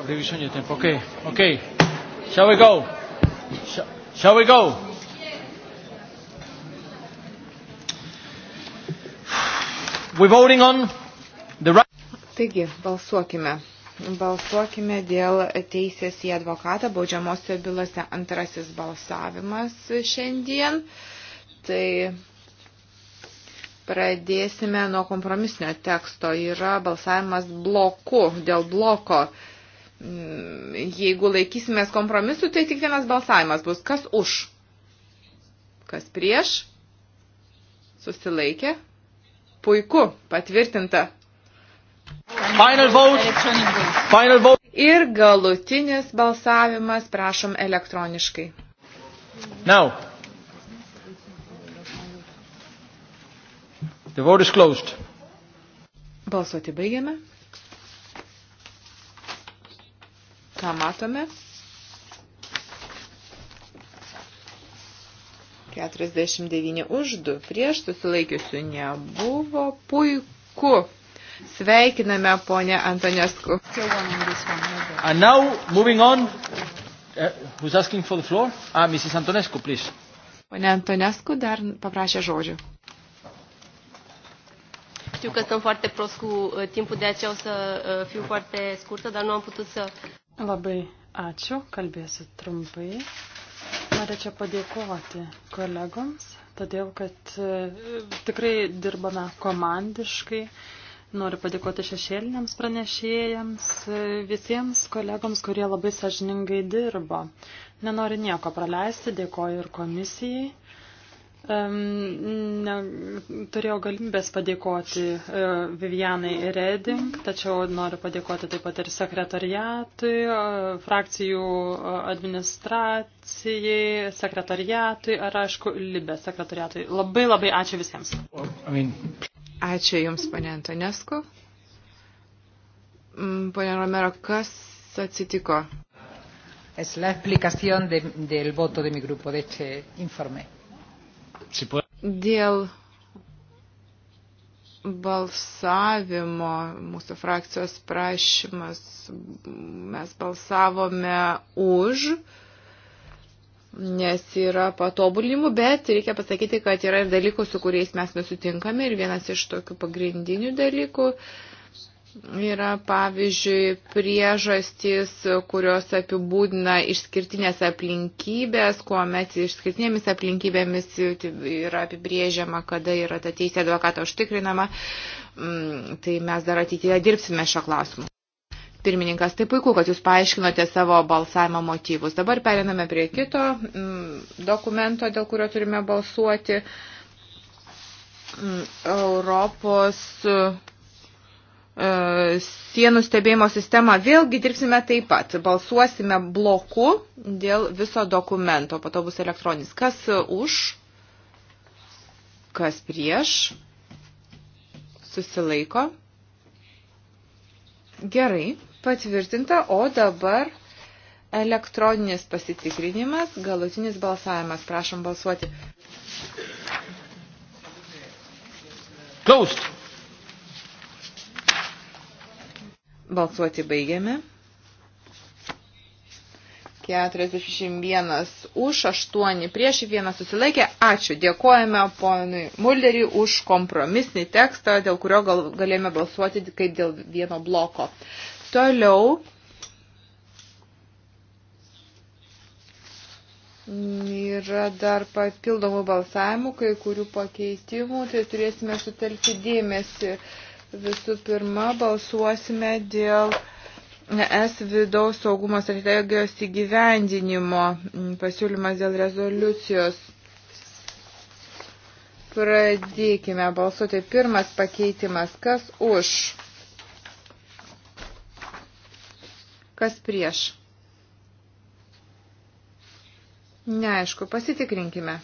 A: revisione di tempo. Ok, ok. Shall we go? Shall we go? We're voting on the right.
C: Taigi, balsuokime. Balsuokime dėl teisės į advokatą baudžiamosios bylose antrasis balsavimas šiandien. Tai pradėsime nuo kompromisinio teksto. Yra balsavimas bloku, dėl bloko jeigu laikysimės kompromisų, tai tik vienas balsavimas bus. Kas už? Kas prieš? Susilaikė? Puiku, patvirtinta. Final vote. Final vote. Ir galutinis balsavimas, prašom, elektroniškai.
A: Now. The vote is closed.
C: Balsuoti baigiame. ką matome. 49 už 2 prieš susilaikiusių nebuvo puiku. Sveikiname ponę Antoniesku.
A: And now moving on. Uh, who's asking for the floor? Ah, Mrs. Antonescu, please.
C: Pone Antonescu dar paprašė žodžių. Știu că sunt foarte prost
B: cu uh, timpul, de aceea o să uh, fiu foarte scurtă, dar nu am putut să
D: Labai ačiū, kalbėsiu trumpai. Norėčiau padėkoti kolegoms, todėl kad e, tikrai dirbame komandiškai. Noriu padėkoti šešėliniams pranešėjams, e, visiems kolegoms, kurie labai sažiningai dirbo. Nenoriu nieko praleisti, dėkoju ir komisijai. Ne, turėjau galimybės padėkoti e, Vivianai Reding, tačiau noriu padėkoti taip pat ir sekretariatui, e, frakcijų e, administracijai, sekretariatui ar, aišku, Libės sekretariatui. Labai labai ačiū visiems.
C: Ačiū Jums, ponė Antonesku. Mm, ponė Romero, kas atsitiko? Es la explicación de, del voto de mi grupo de este informe. Dėl balsavimo mūsų frakcijos prašymas mes balsavome už, nes yra patobulimų, bet reikia pasakyti, kad yra ir dalykų, su kuriais mes nesutinkame ir vienas iš tokių pagrindinių dalykų uh, Yra, pavyzdžiui, priežastys, kurios apibūdina išskirtinės aplinkybės, kuomet išskirtinėmis aplinkybėmis yra apibrėžiama, kada yra ta teisė advokato užtikrinama. Mm, tai mes dar ateityje dirbsime šio klausimu. Pirmininkas, tai puiku, kad jūs paaiškinote savo balsavimo motyvus. Dabar periname prie kito mm, dokumento, dėl kurio turime balsuoti. Mm, Europos E, sienų stebėjimo sistemą. Vėlgi dirbsime taip pat. Balsuosime bloku dėl viso dokumento. Po to bus elektroninis. Kas už, kas prieš, susilaiko. Gerai, patvirtinta. O dabar elektroninis pasitikrinimas, galutinis balsavimas. Prašom balsuoti. Closed. Balsuoti baigiame. 41 už, 8 prieš, 1 susilaikė. Ačiū. Dėkojame ponui Mulderiui už kompromisinį tekstą, dėl kurio gal, galėjome balsuoti kaip dėl vieno bloko. Toliau. Yra dar papildomų balsavimų, kai kurių pakeitimų, tai turėsime sutelkti dėmesį. Uh, Visų pirma, balsuosime dėl es vidaus saugumo strategijos įgyvendinimo mm, pasiūlymas dėl rezoliucijos. Pradėkime balsuoti. Pirmas pakeitimas. Kas už? Kas prieš? Neaišku, pasitikrinkime.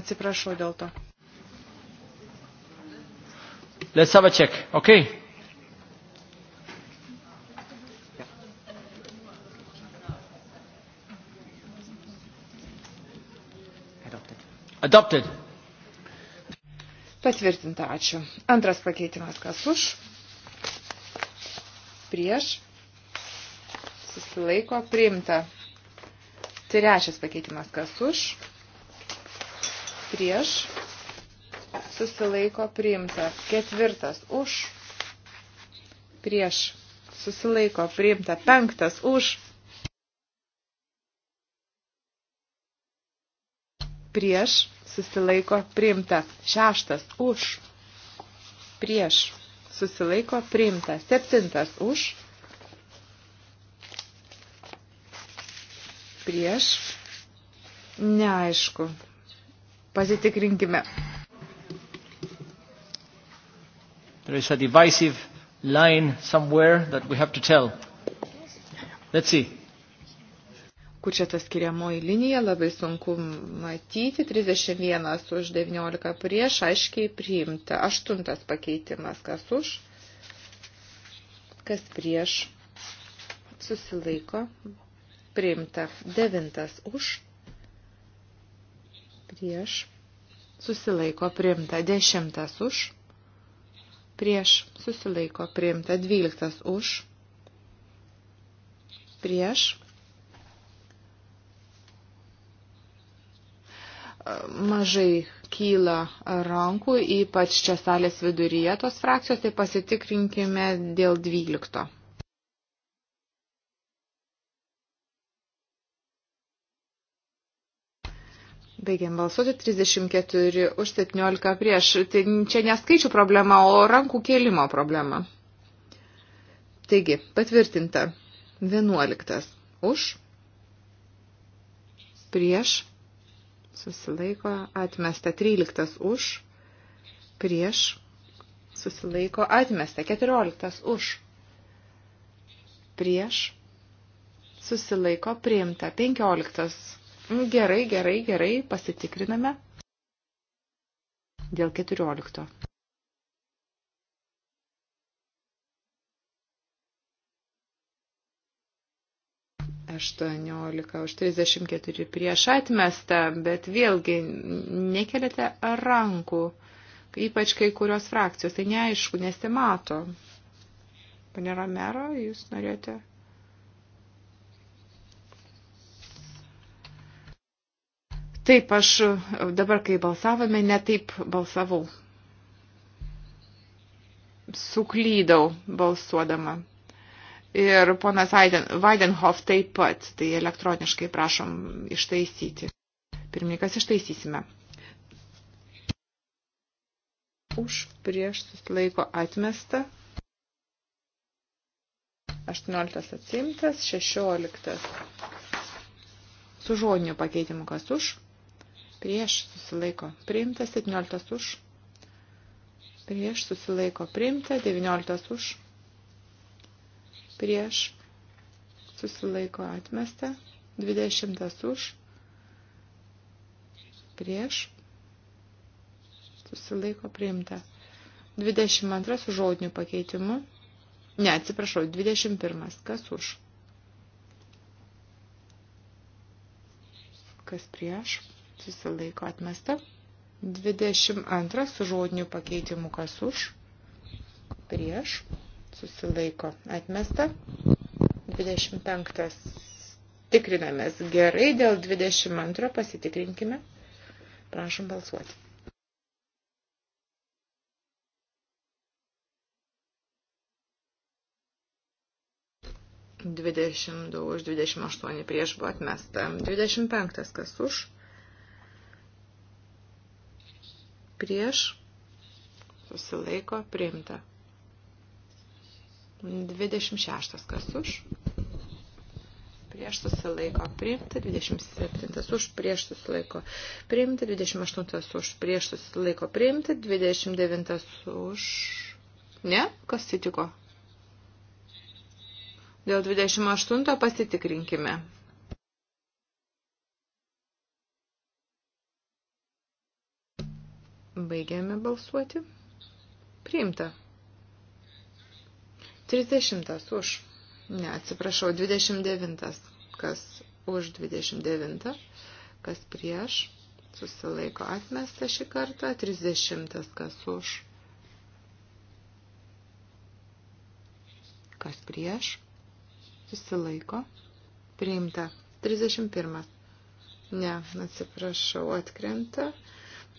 C: Atsiprašau dėl to.
A: Let's have a check, okay? Adopted. Adopted.
C: Patvirtinta, ačiū. Antras pakeitimas, kas už? Prieš. Susilaiko, priimta. Trečias pakeitimas, kas už? Prieš susilaiko priimta. Ketvirtas už, prieš susilaiko priimta. Penktas už, prieš susilaiko priimta. Šeštas už, prieš susilaiko priimta. Septintas už, prieš, neaišku. Pasitikrinkime.
A: There is a divisive line somewhere that we have to tell. Let's see.
C: Kur čia ta skiriamoji linija, labai sunku matyti. 31 už 19 prieš, aiškiai priimta. Aštuntas pakeitimas, kas už, kas prieš. Susilaiko, priimta. Devintas už, prieš. Susilaiko, priimta. Dešimtas už prieš susilaiko priimta 12 už, prieš. Mažai kyla rankų, ypač čia salės viduryje tos frakcijos, tai pasitikrinkime dėl 12. Baigiam balsuoti 34 už 17 prieš. Tai čia neskaičių problema, o rankų kėlimo problema. Taigi, patvirtinta. 11. Už. Prieš. Susilaiko. Atmesta. 13. Už. Prieš. Susilaiko. Atmesta. 14. Už. Prieš. Susilaiko. Priimta. 15 Gerai, gerai, gerai, pasitikriname dėl 14. Aštuoniolika už 34 prieš atmestą, bet vėlgi nekeliate rankų, ypač kai kurios frakcijos, tai neaišku, nesimato. Pane Romero, jūs norėjote? Taip, aš e, dabar, kai balsavome, netaip balsavau. Suklydau balsuodama. Ir ponas Vaidenhof taip pat, tai elektroniškai prašom ištaisyti. Pirmininkas ištaisysime už prieš susilaiko atmesta. 18 atsimtas, 16 su žodiniu pakeitimu kas už, prieš susilaiko priimta, 17 už, prieš susilaiko priimta, 19 už, prieš susilaiko atmesta, 20 už, prieš susilaiko priimta. 22 su žodiniu pakeitimu. Ne, atsiprašau, 21. Kas už? Kas prieš? susilaiko atmesta. 22 su žodiniu pakeitimu kas už, prieš, susilaiko atmesta. 25 tikrinamės gerai, dėl 22 pasitikrinkime. Prašom balsuoti. Dvidešimt du už, dvidešimt aštuoni prieš buvo atmesta. Dvidešimt penktas kas už prieš, susilaiko, priimta. 26. Kas už? Prieš susilaiko priimta, 27 už, prieš susilaiko priimta, 28 už, prieš susilaiko priimta, 29 už. Ne? Kas atsitiko? Dėl 28 pasitikrinkime. Baigiame balsuoti. Priimta. 30 už. Ne, atsiprašau, 29. Kas už 29, kas prieš. Susilaiko atmesta šį kartą. 30 kas už. Kas prieš. Susilaiko. Priimta. 31. Ne, atsiprašau, atkrenta.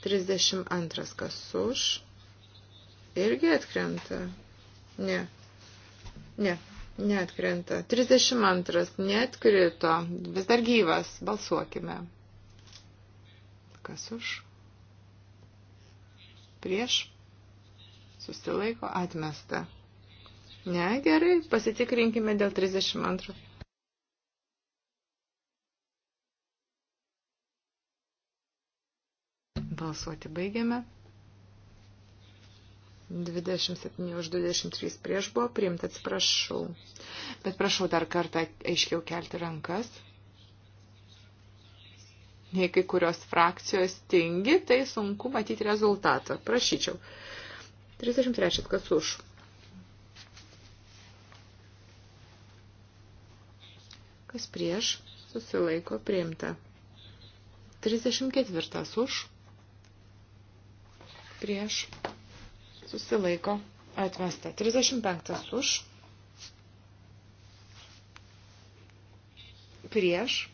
C: 32 kas už. Irgi atkrenta. Ne. Ne. Neatkrenta. 32. Neatkrito. Vis dar gyvas. Balsuokime. Kas už? Prieš? Susilaiko atmesta. Ne, gerai. Pasitikrinkime dėl 32. Balsuoti baigiame. 27 už 23 prieš buvo priimta, atsiprašau. Bet prašau dar kartą aiškiau kelti rankas. Jei kai kurios frakcijos tingi, tai sunku matyti rezultatą. Prašyčiau. 33 kas už. Kas prieš? Susilaiko priimta. 34 už prieš susilaiko atmesta. 35 už prieš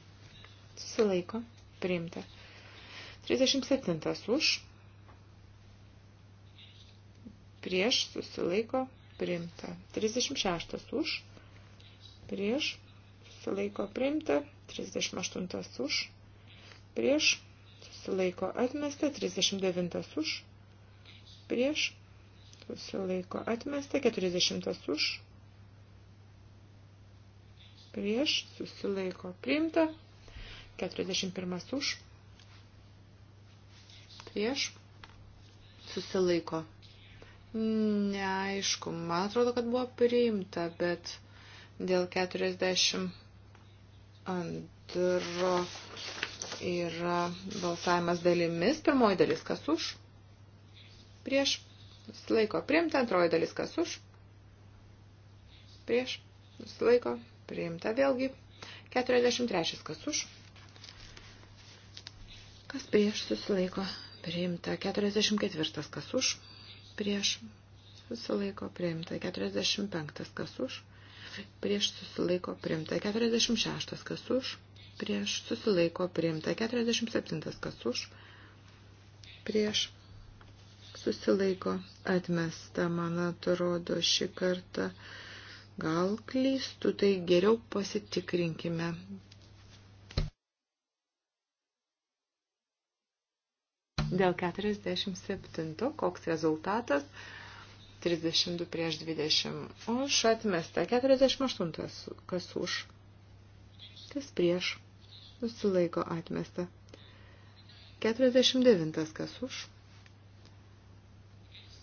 C: susilaiko priimta. 37 už prieš susilaiko priimta. 36 už prieš susilaiko priimta. 38 už prieš susilaiko atmesta. 39 už prieš, susilaiko atmesta, 40 už, prieš, susilaiko priimta, 41 už, prieš, susilaiko. Neaišku, man atrodo, kad buvo priimta, bet dėl 40 antro yra balsavimas dalimis. Pirmoji dalis, kas už, prieš, susilaiko priimta, antroji dalis kas už, prieš, susilaiko priimta vėlgi, 43 kas už, kas prieš, susilaiko priimta, 44 kas už, prieš, susilaiko priimta, 45 kas už, prieš susilaiko priimta, 46 kas už, prieš susilaiko priimta, 47 kas už, prieš susilaiko atmesta, man atrodo, šį kartą. Gal klystų, tai geriau pasitikrinkime. Dėl 47, koks rezultatas? 32 prieš 20 už atmesta, 48 kas už, kas prieš, susilaiko atmesta, 49 kas už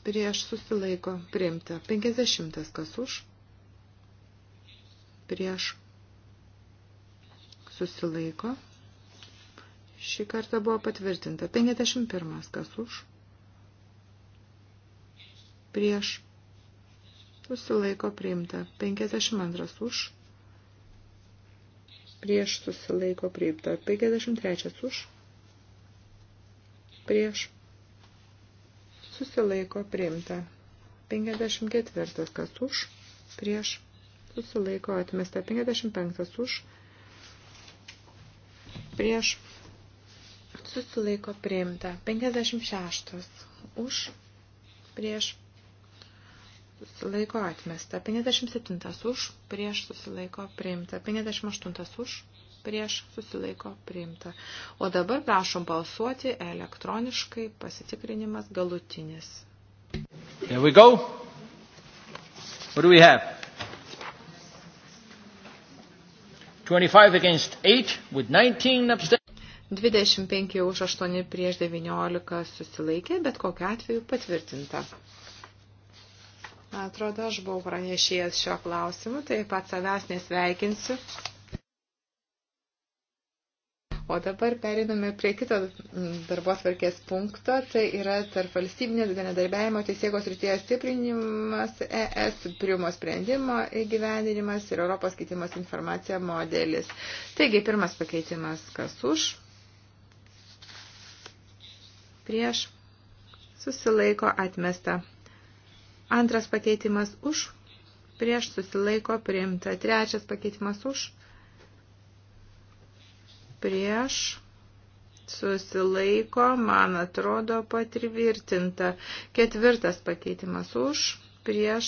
C: prieš susilaiko priimta. 50 kas už, prieš susilaiko. Šį kartą buvo patvirtinta. 51 kas už, prieš susilaiko priimta. 52 už, prieš susilaiko priimta. 53 už, prieš susilaiko priimta. 54 kas už, prieš, susilaiko atmesta. 55 už, prieš, susilaiko priimta. 56 už, prieš, susilaiko atmesta. 57 už, prieš, susilaiko priimta. 58 už, prieš susilaiko priimta. O dabar prašom balsuoti elektroniškai, pasitikrinimas galutinis.
A: Here we go. What do we have? 25 against
C: 8 with 19 abstentions. 25 už 8 prieš 19 susilaikė, bet kokiu atveju patvirtinta. Atrodo, aš buvau pranešėjęs šio klausimu, taip pat savęs nesveikinsiu. O dabar periname prie kito darbos varkės punkto, tai yra tarp valstybinės bendradarbiavimo teisėgos rytyje stiprinimas, ES priumo sprendimo įgyvendinimas ir Europos keitimas informacija modelis. Taigi, pirmas pakeitimas, kas už, prieš, susilaiko atmesta. Antras pakeitimas už, prieš susilaiko priimta. Trečias pakeitimas už, prieš, susilaiko, man atrodo patvirtinta. Ketvirtas pakeitimas už, prieš,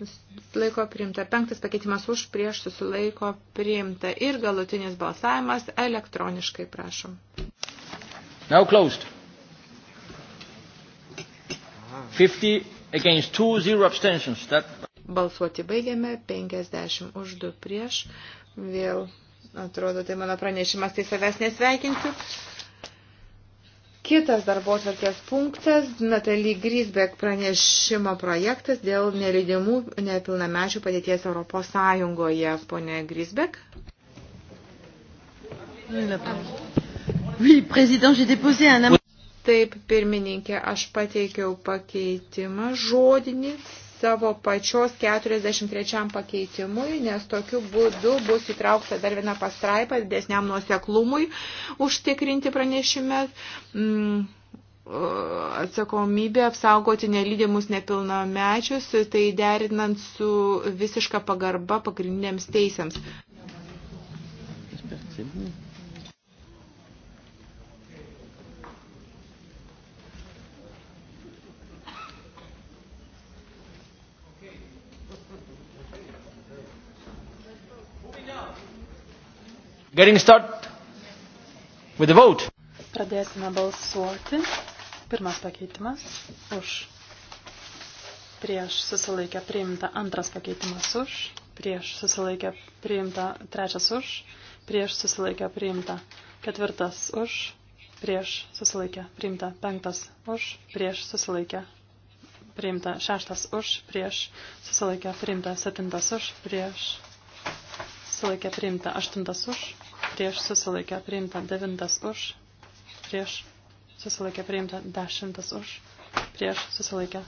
C: susilaiko priimta. Penktas pakeitimas už, prieš, susilaiko priimta. Ir galutinis balsavimas elektroniškai, prašom.
A: Now closed. 50 against 2, 0 abstentions. That...
C: Balsuoti baigiame, 50 už 2 prieš, vėl Atrodo, tai mano pranešimas, tai savęs nesveikinsiu. Kitas darbo atvarkės punktas – Natalie Grisbeck pranešimo projektas dėl nelydimų nepilnamečių padėties Europos Sąjungoje. Pone Grisbeck. Taip, pirmininkė, aš pateikiau pakeitimą žodinis savo pačios 43 pakeitimui, nes tokiu būdu bus įtraukta dar viena pastraipa didesniam nuoseklumui užtikrinti pranešime. Mm atsakomybė apsaugoti nelydimus nepilnamečius, tai derinant su visiška pagarba pagrindiniams teisėms.
A: Merci. Getting start with the vote.
D: Pradėsime balsuoti. Pirmas pakeitimas už. Prieš susilaikę priimta antras pakeitimas už. Prieš susilaikę priimta trečias už. Prieš susilaikę priimta ketvirtas už. Prieš susilaikę priimta penktas už. Prieš susilaikę priimta šeštas už. Prieš susilaikę priimta septintas už. Prieš susilaikę priimta aštuntas už prieš susilaikę priimta, devintas už, prieš susilaikę priimta, dešimtas už, prieš susilaikę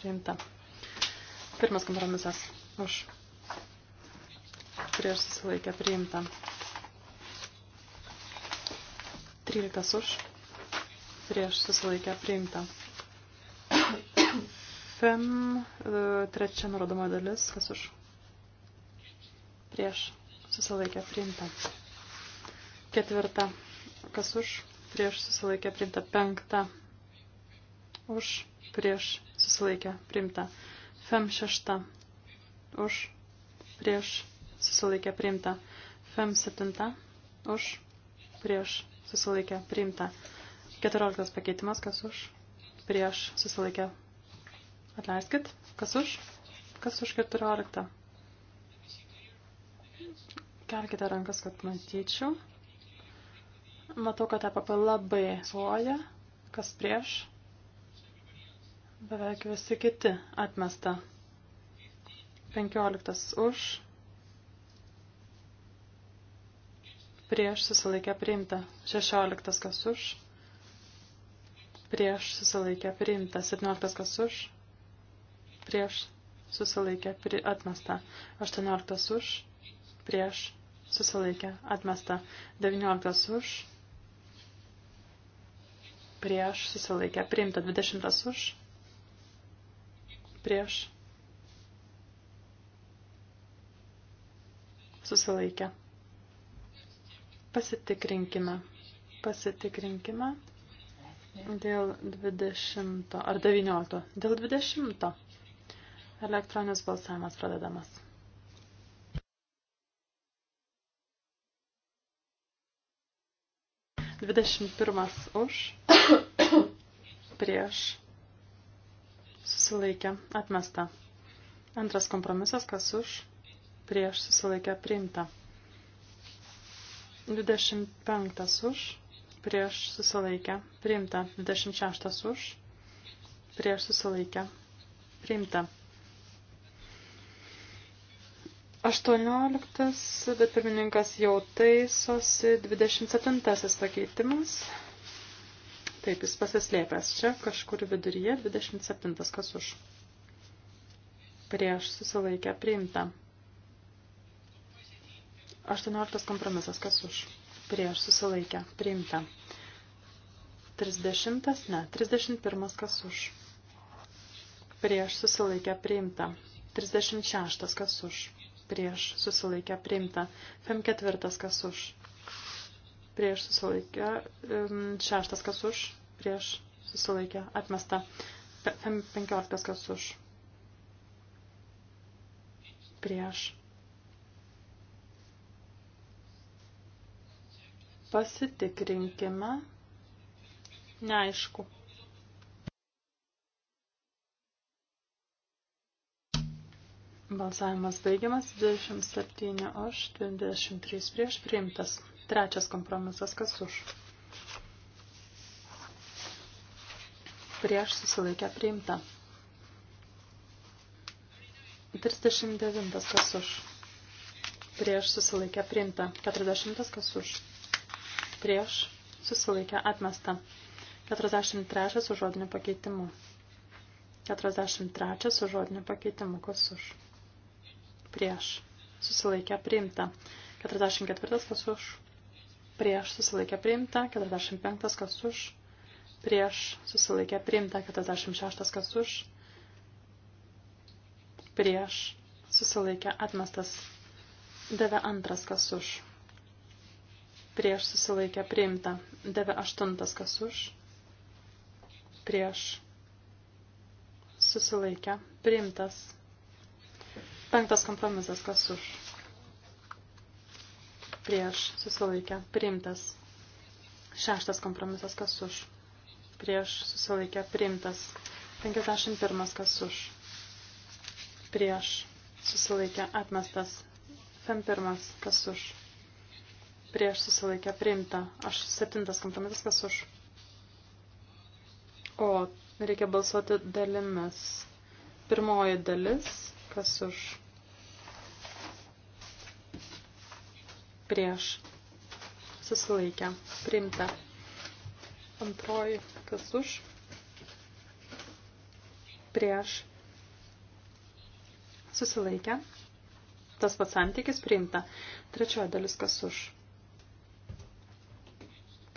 D: priimta. Pirmas kompromisas už, prieš susilaikę priimta. Tryliktas už, prieš susilaikę priimta. Fem, e, trečia nurodoma dalis, kas už, prieš susilaikę priimta. Ketvirta. Kas už? Prieš susilaikę priimta. Penkta. Už. Prieš susilaikę priimta. Fem šešta. Už. Prieš susilaikę priimta. Fem septinta. Už. Prieš susilaikę priimta. Keturioliktas pakeitimas. Kas už? Prieš susilaikę. Atleiskit. Kas už? Kas už keturioliktą? Kelkite rankas, kad matyčiau. Matau, kad EPP labai suoja, kas prieš. Beveik visi kiti atmesta. 15 už. Prieš susilaikę priimta. 16 kas už. Prieš susilaikę priimta. 17 kas už. Prieš susilaikė pri, atmesta, 18 už, prieš susilaikė atmesta, 19 už, prieš susilaikę priimta 20 už, prieš susilaikę. Pasitikrinkime, pasitikrinkime dėl 20 ar 19, dėl 20 elektroninis balsavimas pradedamas. Dvidešimt pirmas už prieš, susilaikė, atmesta. Antras kompromisas, kas už, prieš, susilaikė, priimta. 25 už, prieš, susilaikė, priimta. 26 už, prieš, susilaikė, priimta. 18, bet pirmininkas jau taisosi 27 pakeitimas. Taip, jis pasislėpęs čia, kažkur viduryje, 27 kas už. Prieš susilaikę priimta. 18 kompromisas kas už. Prieš susilaikę priimta. 30, ne, 31 kas už. Prieš susilaikę priimta. 36 kas už. Prieš susilaikę priimta. 54 kas už prieš susilaikę, šeštas kas už, prieš susilaikę, atmesta, penkioliktas kas už, prieš. Pasitikrinkime, neaišku. Balsavimas baigiamas 27 už 23 prieš priimtas. Trečias kompromisas, kas už. Prieš susilaikę priimta. 39 kas už. Prieš susilaikę priimta. 40 kas už. Prieš susilaikę atmesta. 43 su žodiniu pakeitimu. 43 su žodiniu pakeitimu. Kas už? Prieš. Susilaikę priimta. 44 kas už prieš susilaikę priimta, 45 kas už, prieš susilaikę priimta, 46 kas už, prieš susilaikę atmestas, 92 kas už, prieš susilaikę priimta, 98 kas už, prieš susilaikę priimtas, penktas kompromisas kas už prieš susilaikę priimtas. Šeštas kompromisas kas už, prieš susilaikę priimtas. 51 kas už, prieš susilaikę atmestas. Fem pirmas kas už, prieš susilaikę priimta. Aš septintas kompromisas kas už. O reikia balsuoti dalimis. Pirmoji dalis, kas už prieš susilaikę priimta. Antroji kas už prieš susilaikę. Tas pats santykis priimta. Trečioji dalis kas už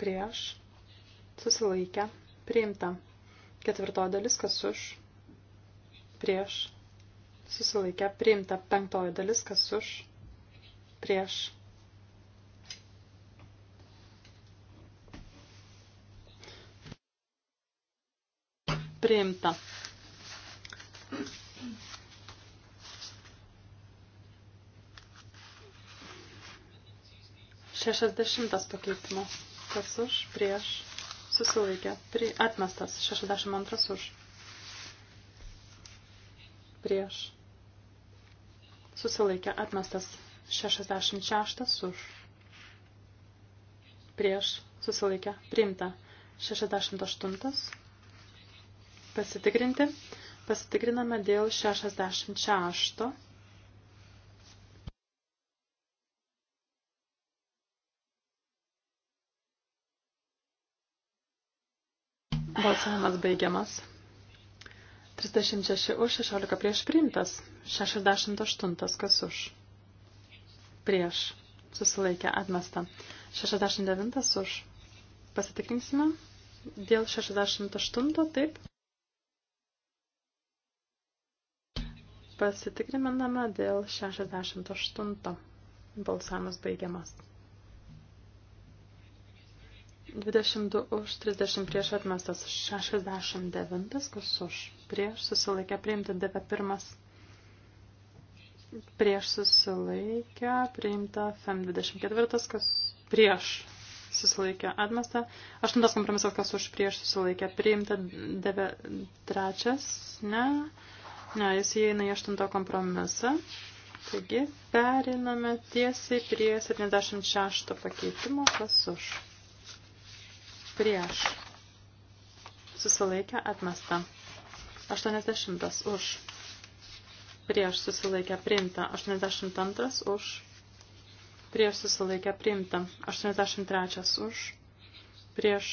D: prieš susilaikę priimta. Ketvirtoji dalis kas už prieš susilaikę priimta. Penktoji dalis kas už prieš Priimta. Šešiasdešimtas pakeitimas. Kas už, prieš, susilaikė. Pri, atmestas. Šešiasdešimt antras už. Prieš. Susilaikė. Atmestas. Šešiasdešimt šeštas už. Prieš. Susilaikė. Priimta. 68 pasitikrinti. Pasitikriname dėl 66. Balsavimas baigiamas. 36 už, 16 prieš priimtas, 68 kas už. Prieš. Susilaikė atmesta. 69 už. Pasitikrinsime. Dėl 68 taip. Pasitikriname dėl 68. Balsavimas baigiamas. 22 už, 30 prieš atmestas, 69 kas už, prieš susilaikę priimti 91 prieš susilaikę, priimta FM24, kas prieš susilaikę atmesta, 8 kompromisas, kas už prieš susilaikę, priimta 9, 3, ne, Ne, jis įeina į 8 kompromisą. Taigi, periname tiesiai prie 76 pakeitimo, kas už. Prieš. Susilaikę atmesta. 80 už. Prieš susilaikę priimta. 82 už. Prieš susilaikę priimta. 83 už. Prieš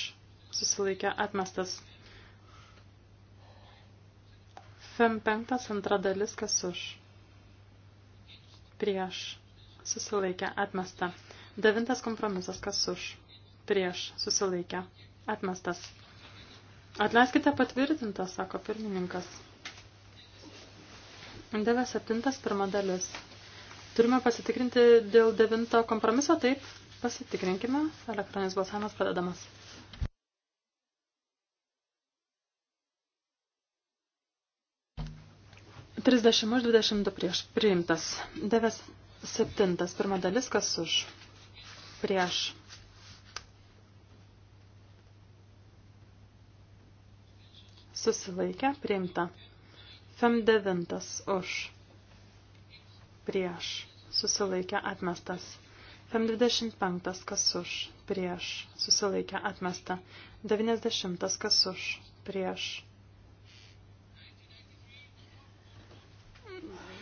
D: susilaikę atmestas. FEM 5 antra dalis, kas už. Prieš. Susilaikę. Atmesta. Devintas kompromisas, kas už. Prieš. Susilaikę. Atmestas. Atleiskite patvirtintą, sako pirmininkas. Devė septintas pirma dalis. Turime pasitikrinti dėl devinto kompromiso, taip, pasitikrinkime, elektroninis balsavimas pradedamas. 30 už 22 prieš priimtas. 97. Pirma dalis, kas už prieš. Susilaikė, priimta. Fem devintas už prieš. Susilaikė, atmestas. Fem 25. kas už prieš. Susilaikė, atmesta. 90. kas už prieš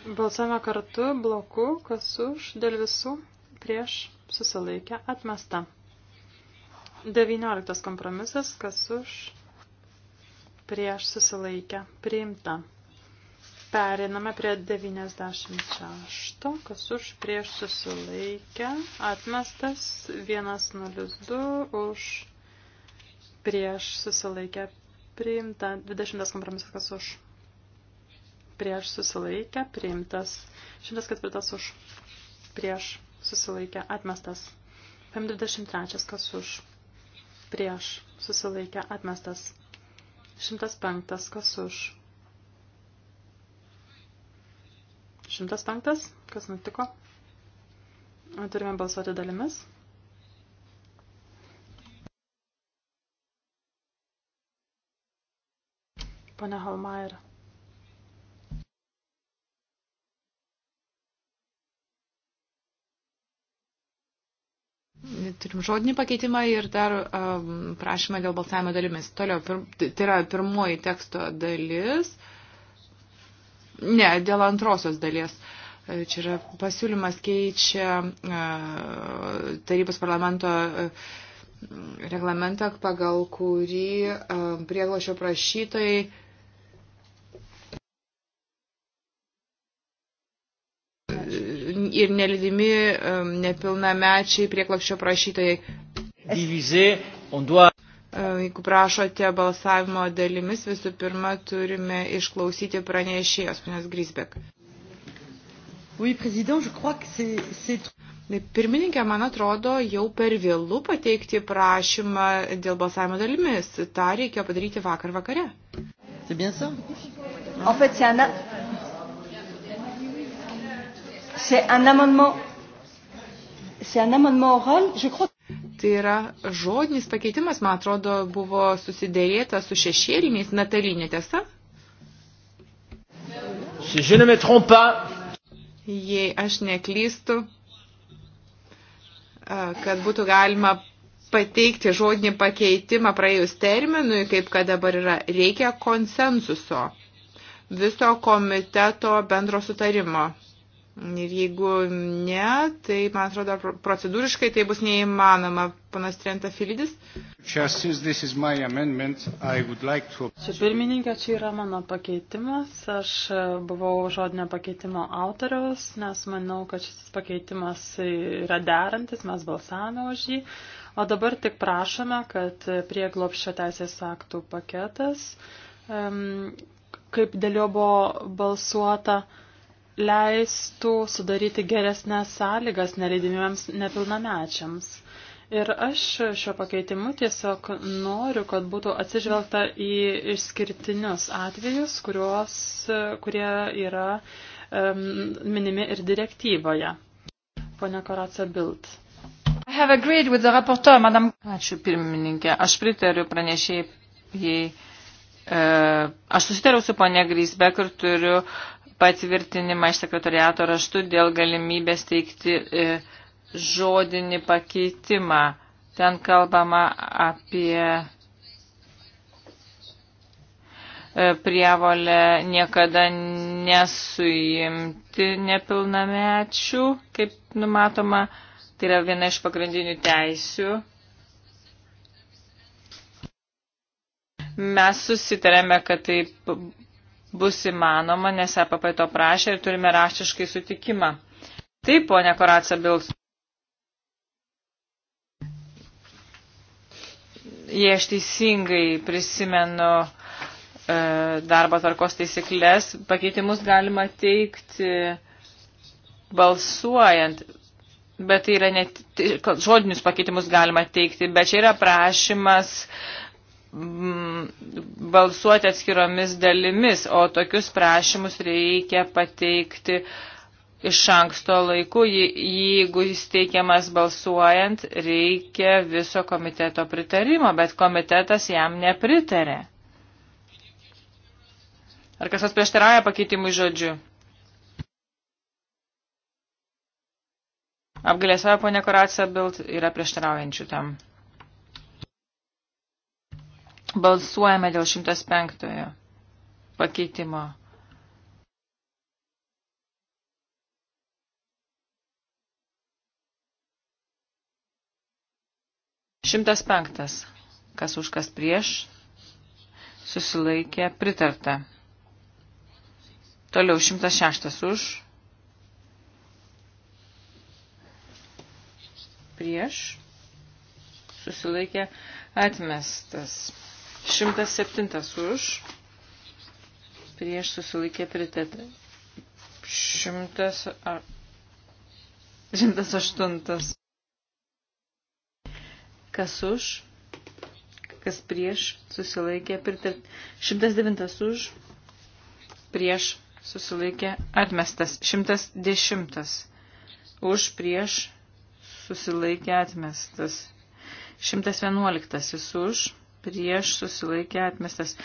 D: Balsame kartu bloku, kas už, dėl visų, prieš, susilaikę, atmesta. 19 kompromisas, kas už, prieš, susilaikę, priimta. Periname prie 96, kas už, prieš, susilaikę, atmestas, 102, už, prieš, susilaikę, priimta. 20 kompromisas, kas už prieš susilaikę priimtas. 104 už prieš susilaikę atmestas. 523 kas už prieš susilaikę atmestas. 105 kas už. 105 kas nutiko? Turime balsuoti dalimis. Pone Halmaira.
A: Turim
C: žodinį pakeitimą ir dar um, prašymą dėl balsavimo dalimis. Toliau, pir, tai, tai yra pirmoji teksto dalis. Ne, dėl antrosios dalies. E, čia yra pasiūlymas keičia uh, tarybos parlamento uh, reglamentą, pagal kurį uh, prieglašio prašytojai uh, ir nelydimi nepilnamečiai prieklapščio prašytojai. Jeigu prašote balsavimo dalimis, visų pirma turime išklausyti pranešėjos, ponios Grisbek. Oui, président, je crois que c'est... Pirmininkė, man atrodo, jau per vėlų pateikti prašymą dėl balsavimo dalimis. Ta reikėjo padaryti vakar vakare. C'est bien ça? En fait, c'est un...
B: C'est un amendement. C'est un amendement oral, je crois.
C: Tai yra žodinis pakeitimas, man atrodo, buvo susidėrėta su šešėliniais natalinė tiesa.
A: Si je ne me trompe pas.
C: Jei aš neklystu, kad būtų galima pateikti žodinį pakeitimą praėjus terminui, kaip kad dabar yra, reikia konsensuso viso komiteto bendro sutarimo. Ir jeigu ne, tai, man atrodo, procedūriškai tai bus neįmanoma,
D: panas Trenta Filidis.
A: Čia like to...
D: pirmininkė, čia yra mano pakeitimas. Aš e, buvau žodinio pakeitimo autoriaus, nes manau, kad šis pakeitimas yra derantis, mes balsavome už jį. O dabar tik prašome, kad prie glopščio teisės aktų paketas, kaip dėl jo buvo balsuota, leistų sudaryti geresnės sąlygas nelydimiems nepilnamečiams. Ir aš šio pakeitimu tiesiog noriu, kad būtų atsižvelgta į išskirtinius atvejus, kurios, kurie yra um, minimi ir direktyvoje. Pone Koracija Bild.
B: Reporter, Ačiū pirmininkė. Aš pritariu pranešėjai. E, aš susitariau su ponė Grisbek ir turiu patvirtinimą iš sekretariato raštu dėl galimybės teikti e, žodinį pakeitimą. Ten kalbama apie e, prievolę niekada nesuimti nepilnamečių, kaip numatoma, tai yra viena iš pagrindinių teisių. Mes susitarėme, kad taip bus įmanoma, nes EPP to prašė ir turime raštiškai sutikimą. Taip, ponė Koracija Bilks. Jei aš teisingai prisimenu e, darbo tvarkos taisyklės, pakeitimus galima teikti balsuojant, bet tai yra net, žodinius pakeitimus galima teikti, bet čia yra prašymas Mm, balsuoti atskiromis dalimis, o tokius prašymus reikia pateikti iš anksto laiku. Jeigu jis teikiamas balsuojant, reikia viso komiteto pritarimo, bet komitetas jam nepritarė. Ar kas nors prieštarauja pakeitimui žodžiu? Apgalėsavo ponia Koracija Bild yra prieštaraujančių tam. Balsuojame dėl 105 pakeitimo. Šimtas penktas. Kas už kas prieš? Susilaikė pritarta. Toliau šimtas šeštas už. Prieš. Susilaikė atmestas. 107 už, prieš susilaikė pritarta. 108. Kas už, kas prieš susilaikė pritarta. 109 už, prieš susilaikė atmestas. 110 už, prieš susilaikė atmestas. 111 už prieš susilaikė atmestas.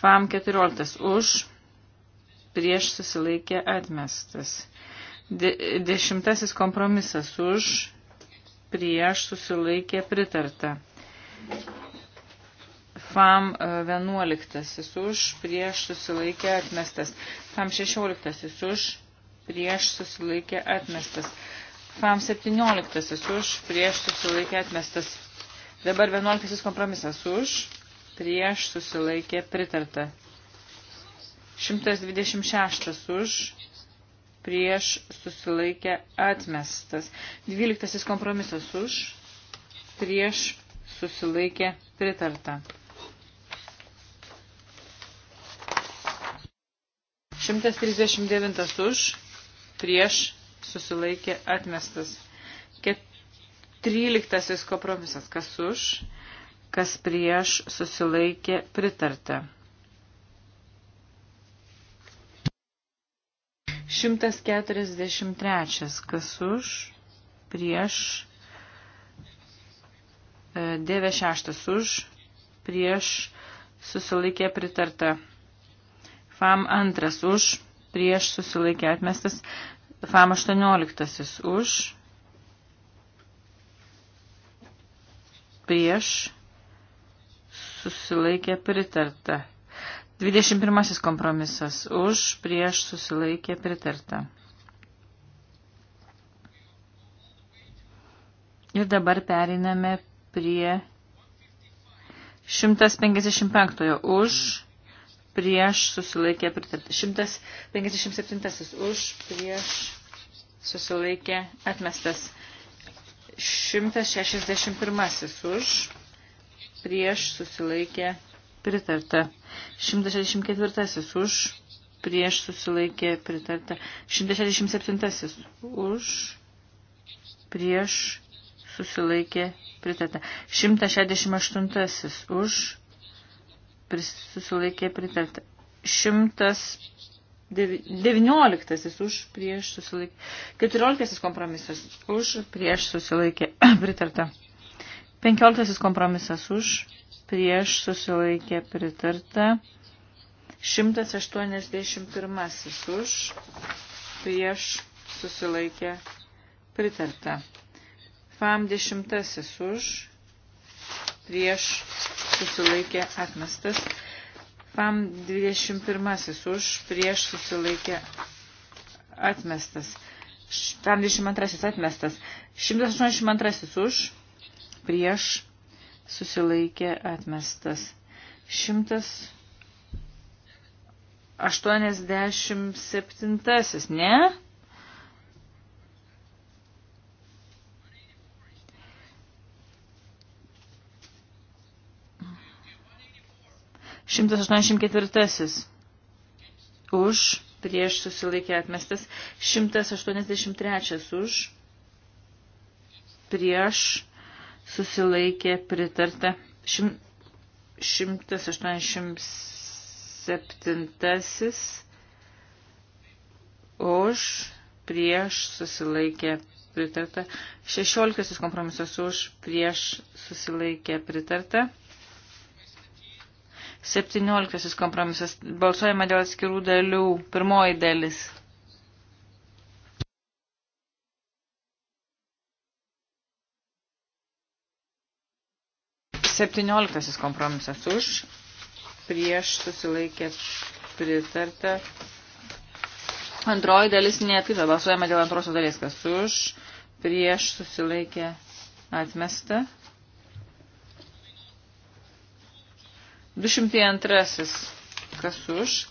B: FAM 14 už, prieš susilaikė atmestas. De, dešimtasis kompromisas už, prieš susilaikė pritarta. FAM 11 e, už, prieš susilaikė atmestas. FAM 16 už, prieš susilaikė atmestas. FAM 17 už, prieš susilaikė atmestas. Dabar 11 kompromisas už, prieš susilaikė pritarta. 126 už, prieš susilaikė atmestas. 12 kompromisas už, prieš susilaikė pritarta. 139 už, prieš susilaikė atmestas. Ket Tryliktasis kompromisas. Kas už, kas prieš susilaikė pritarta. 143. Kas už, prieš, 96 e, už, prieš susilaikė pritarta. FAM antras už, prieš susilaikė atmestas. FAM 18 už, prieš, susilaikė pritarta. 21 kompromisas už, prieš, susilaikė pritarta. Ir dabar periname prie 155 už, prieš, susilaikė pritarta. 157 už, prieš, susilaikė atmestas. 161 už, prieš susilaikė pritarta. 164 už, prieš susilaikė pritarta. 167 už, prieš susilaikė pritarta. 168 už, susilaikė pritarta. 100 19 už prieš susilaikė. 14 (clears throat) kompromisas už prieš susilaikė. Pritarta. 15 kompromisas už prieš susilaikė. Pritarta. 181 už prieš susilaikė. Pritarta. FAM 10 už prieš susilaikė atmestas. FAM 21 už prieš susilaikė atmestas. FAM 22 atmestas. 182 už prieš susilaikė atmestas. 187, ne? 184. Už, prieš susilaikė atmestas. 183. Už, prieš susilaikė pritarta. 187. Už, prieš susilaikė pritarta. 16 kompromisas už prieš susilaikė pritarta. 17 kompromisas. Balsuojama dėl atskirų dalių. Pirmoji dalis. Septynioliktasis kompromisas už, prieš susilaikė pritarta. Antroji dalis neatkita, balsuojame dėl antrosios dalies, kas už, prieš susilaikė atmesta. 202. Kas už?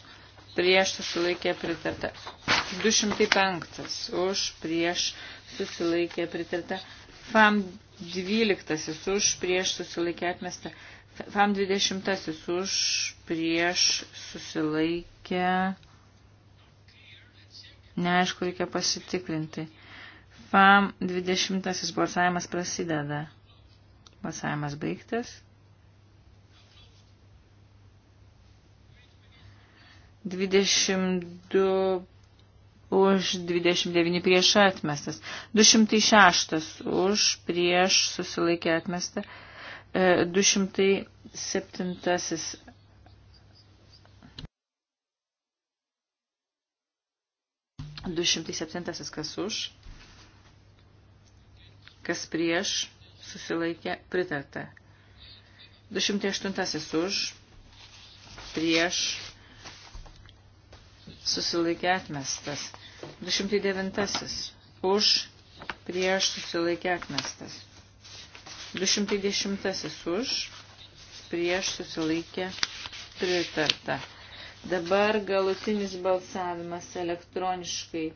B: Prieš susilaikė pritarta. 205. Už prieš susilaikė pritarta. FAM 12. Už prieš susilaikė atmesta. FAM 20. Už prieš susilaikė. Neaišku, reikia pasitikrinti. FAM 20. Balsavimas prasideda. Balsavimas baigtas. 22 už 29 prieš atmestas, 206 už prieš susilaikė atmestą, 207 e, 207 kas už, kas prieš susilaikė pritarta, 208 už
D: prieš
B: susilaikė atmestas. 209. Už, prieš, susilaikė atmestas. 210. Už, prieš, susilaikė pritarta. Dabar galutinis balsavimas elektroniškai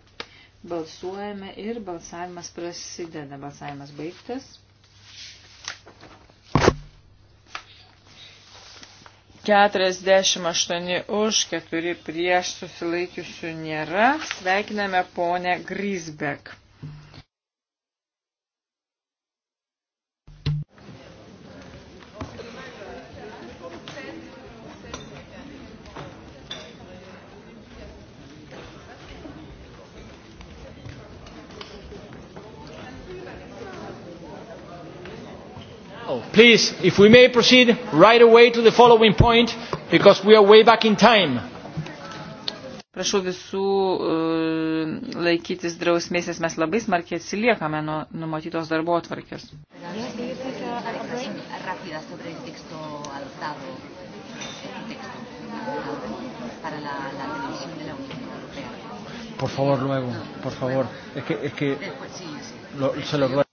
B: balsuojame ir balsavimas prasideda. Balsavimas baigtas. 48 už, 4 prieš susilaikiusių nėra. Sveikiname ponę Grisbek.
A: please if we may proceed right away to the following point because we are way back in time.
B: Prašau visų uh, laikytis drausmės, nes mes labai smarkiai atsiliekame nuo numatytos darbo atvarkės.
A: Por favor, luego, por favor. Es que, es que lo, se lo ruego.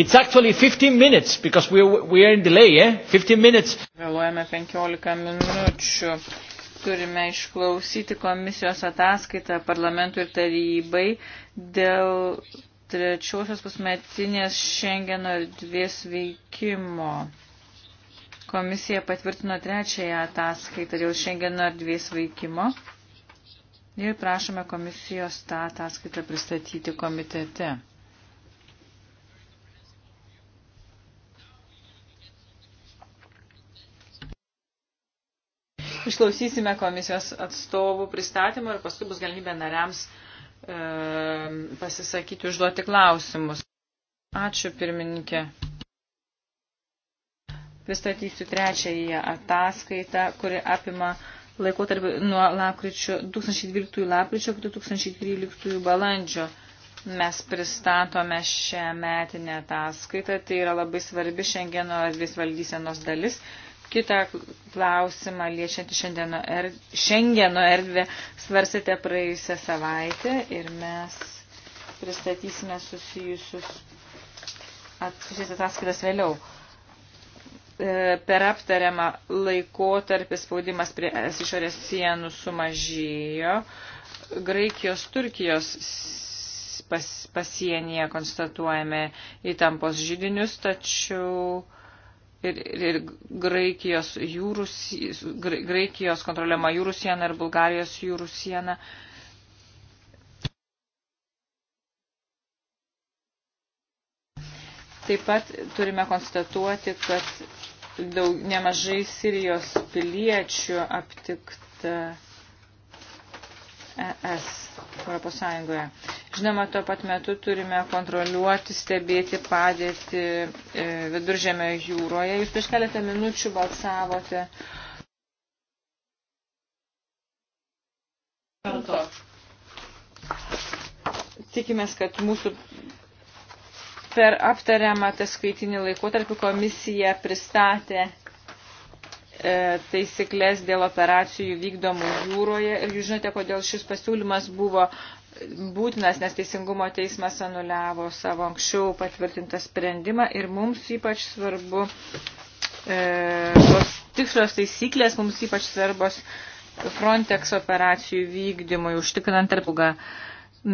A: It's actually 15 minutes, because we, we are in delay, eh? 15 minutes.
B: Vėluojame 15 minučių. Turime išklausyti komisijos ataskaitą parlamentui ir tarybai dėl trečiosios pusmetinės Šengeno erdvės veikimo. Komisija patvirtino trečiąją ataskaitą dėl Šengeno erdvės veikimo. Ir prašome komisijos tą ataskaitą pristatyti komitete. išklausysime komisijos atstovų pristatymą ir paskui bus galimybė nariams e, pasisakyti, užduoti klausimus. Ačiū pirmininkė. Pristatysiu trečiąjį ataskaitą, kuri apima laikotarpį nuo lapkričio 2012 lapkričio iki 2013 balandžio mes pristatome šią metinę ataskaitą, tai yra labai svarbi Šengeno erdvės valdysenos dalis kitą klausimą liečiantį er-, šiandieno erdvę, šiandieno erdvę svarsite praėjusią savaitę ir mes pristatysime susijusius susijusias ataskaitas vėliau. E, per aptariamą laikotarpį spaudimas prie es išorės sienų sumažėjo. Graikijos, Turkijos pas, pasienyje konstatuojame įtampos žydinius, tačiau ir, ir Graikijos, jūrų, Graikijos kontroliuojama jūrų siena ir Bulgarijos jūrų siena. Taip pat turime konstatuoti, kad daug, nemažai Sirijos piliečių aptikta ES Europos Sąjungoje. Žinoma, tuo pat metu turime kontroliuoti, stebėti padėti e, viduržėme jūroje. Jūs prieš keletą minučių balsavote. Tikimės, kad mūsų per aptariamą tą skaitinį laikotarpį komisija pristatė E, taisyklės dėl operacijų vykdomų jūroje. Ir jūs žinote, kodėl šis pasiūlymas buvo būtinas, nes Teisingumo teismas anuliavo savo anksčiau patvirtintą sprendimą ir mums ypač svarbu e, tos tikslios taisyklės, mums ypač svarbos Frontex operacijų vykdymui, užtikrinant tarpugą.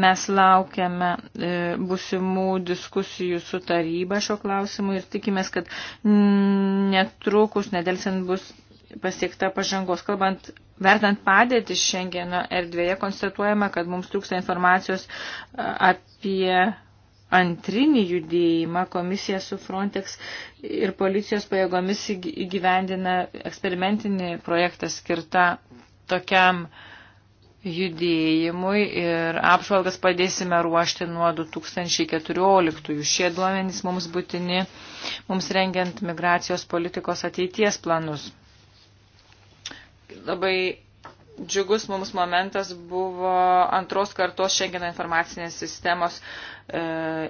B: Mes laukiame e, busimų diskusijų su taryba šio klausimu ir tikimės, kad netrukus nedelsint bus pasiekta pažangos. Kalbant, vertant padėtį Šengeno erdvėje, konstatuojama, kad mums trūksta informacijos apie antrinį judėjimą. Komisija su Frontex ir policijos pajėgomis įgyvendina eksperimentinį projektą skirtą tokiam judėjimui ir apžvalgas padėsime ruošti nuo 2014. Šie duomenys mums būtini, mums rengiant migracijos politikos ateities planus labai džiugus mums momentas buvo antros kartos Schengeno informacinės sistemos e, e,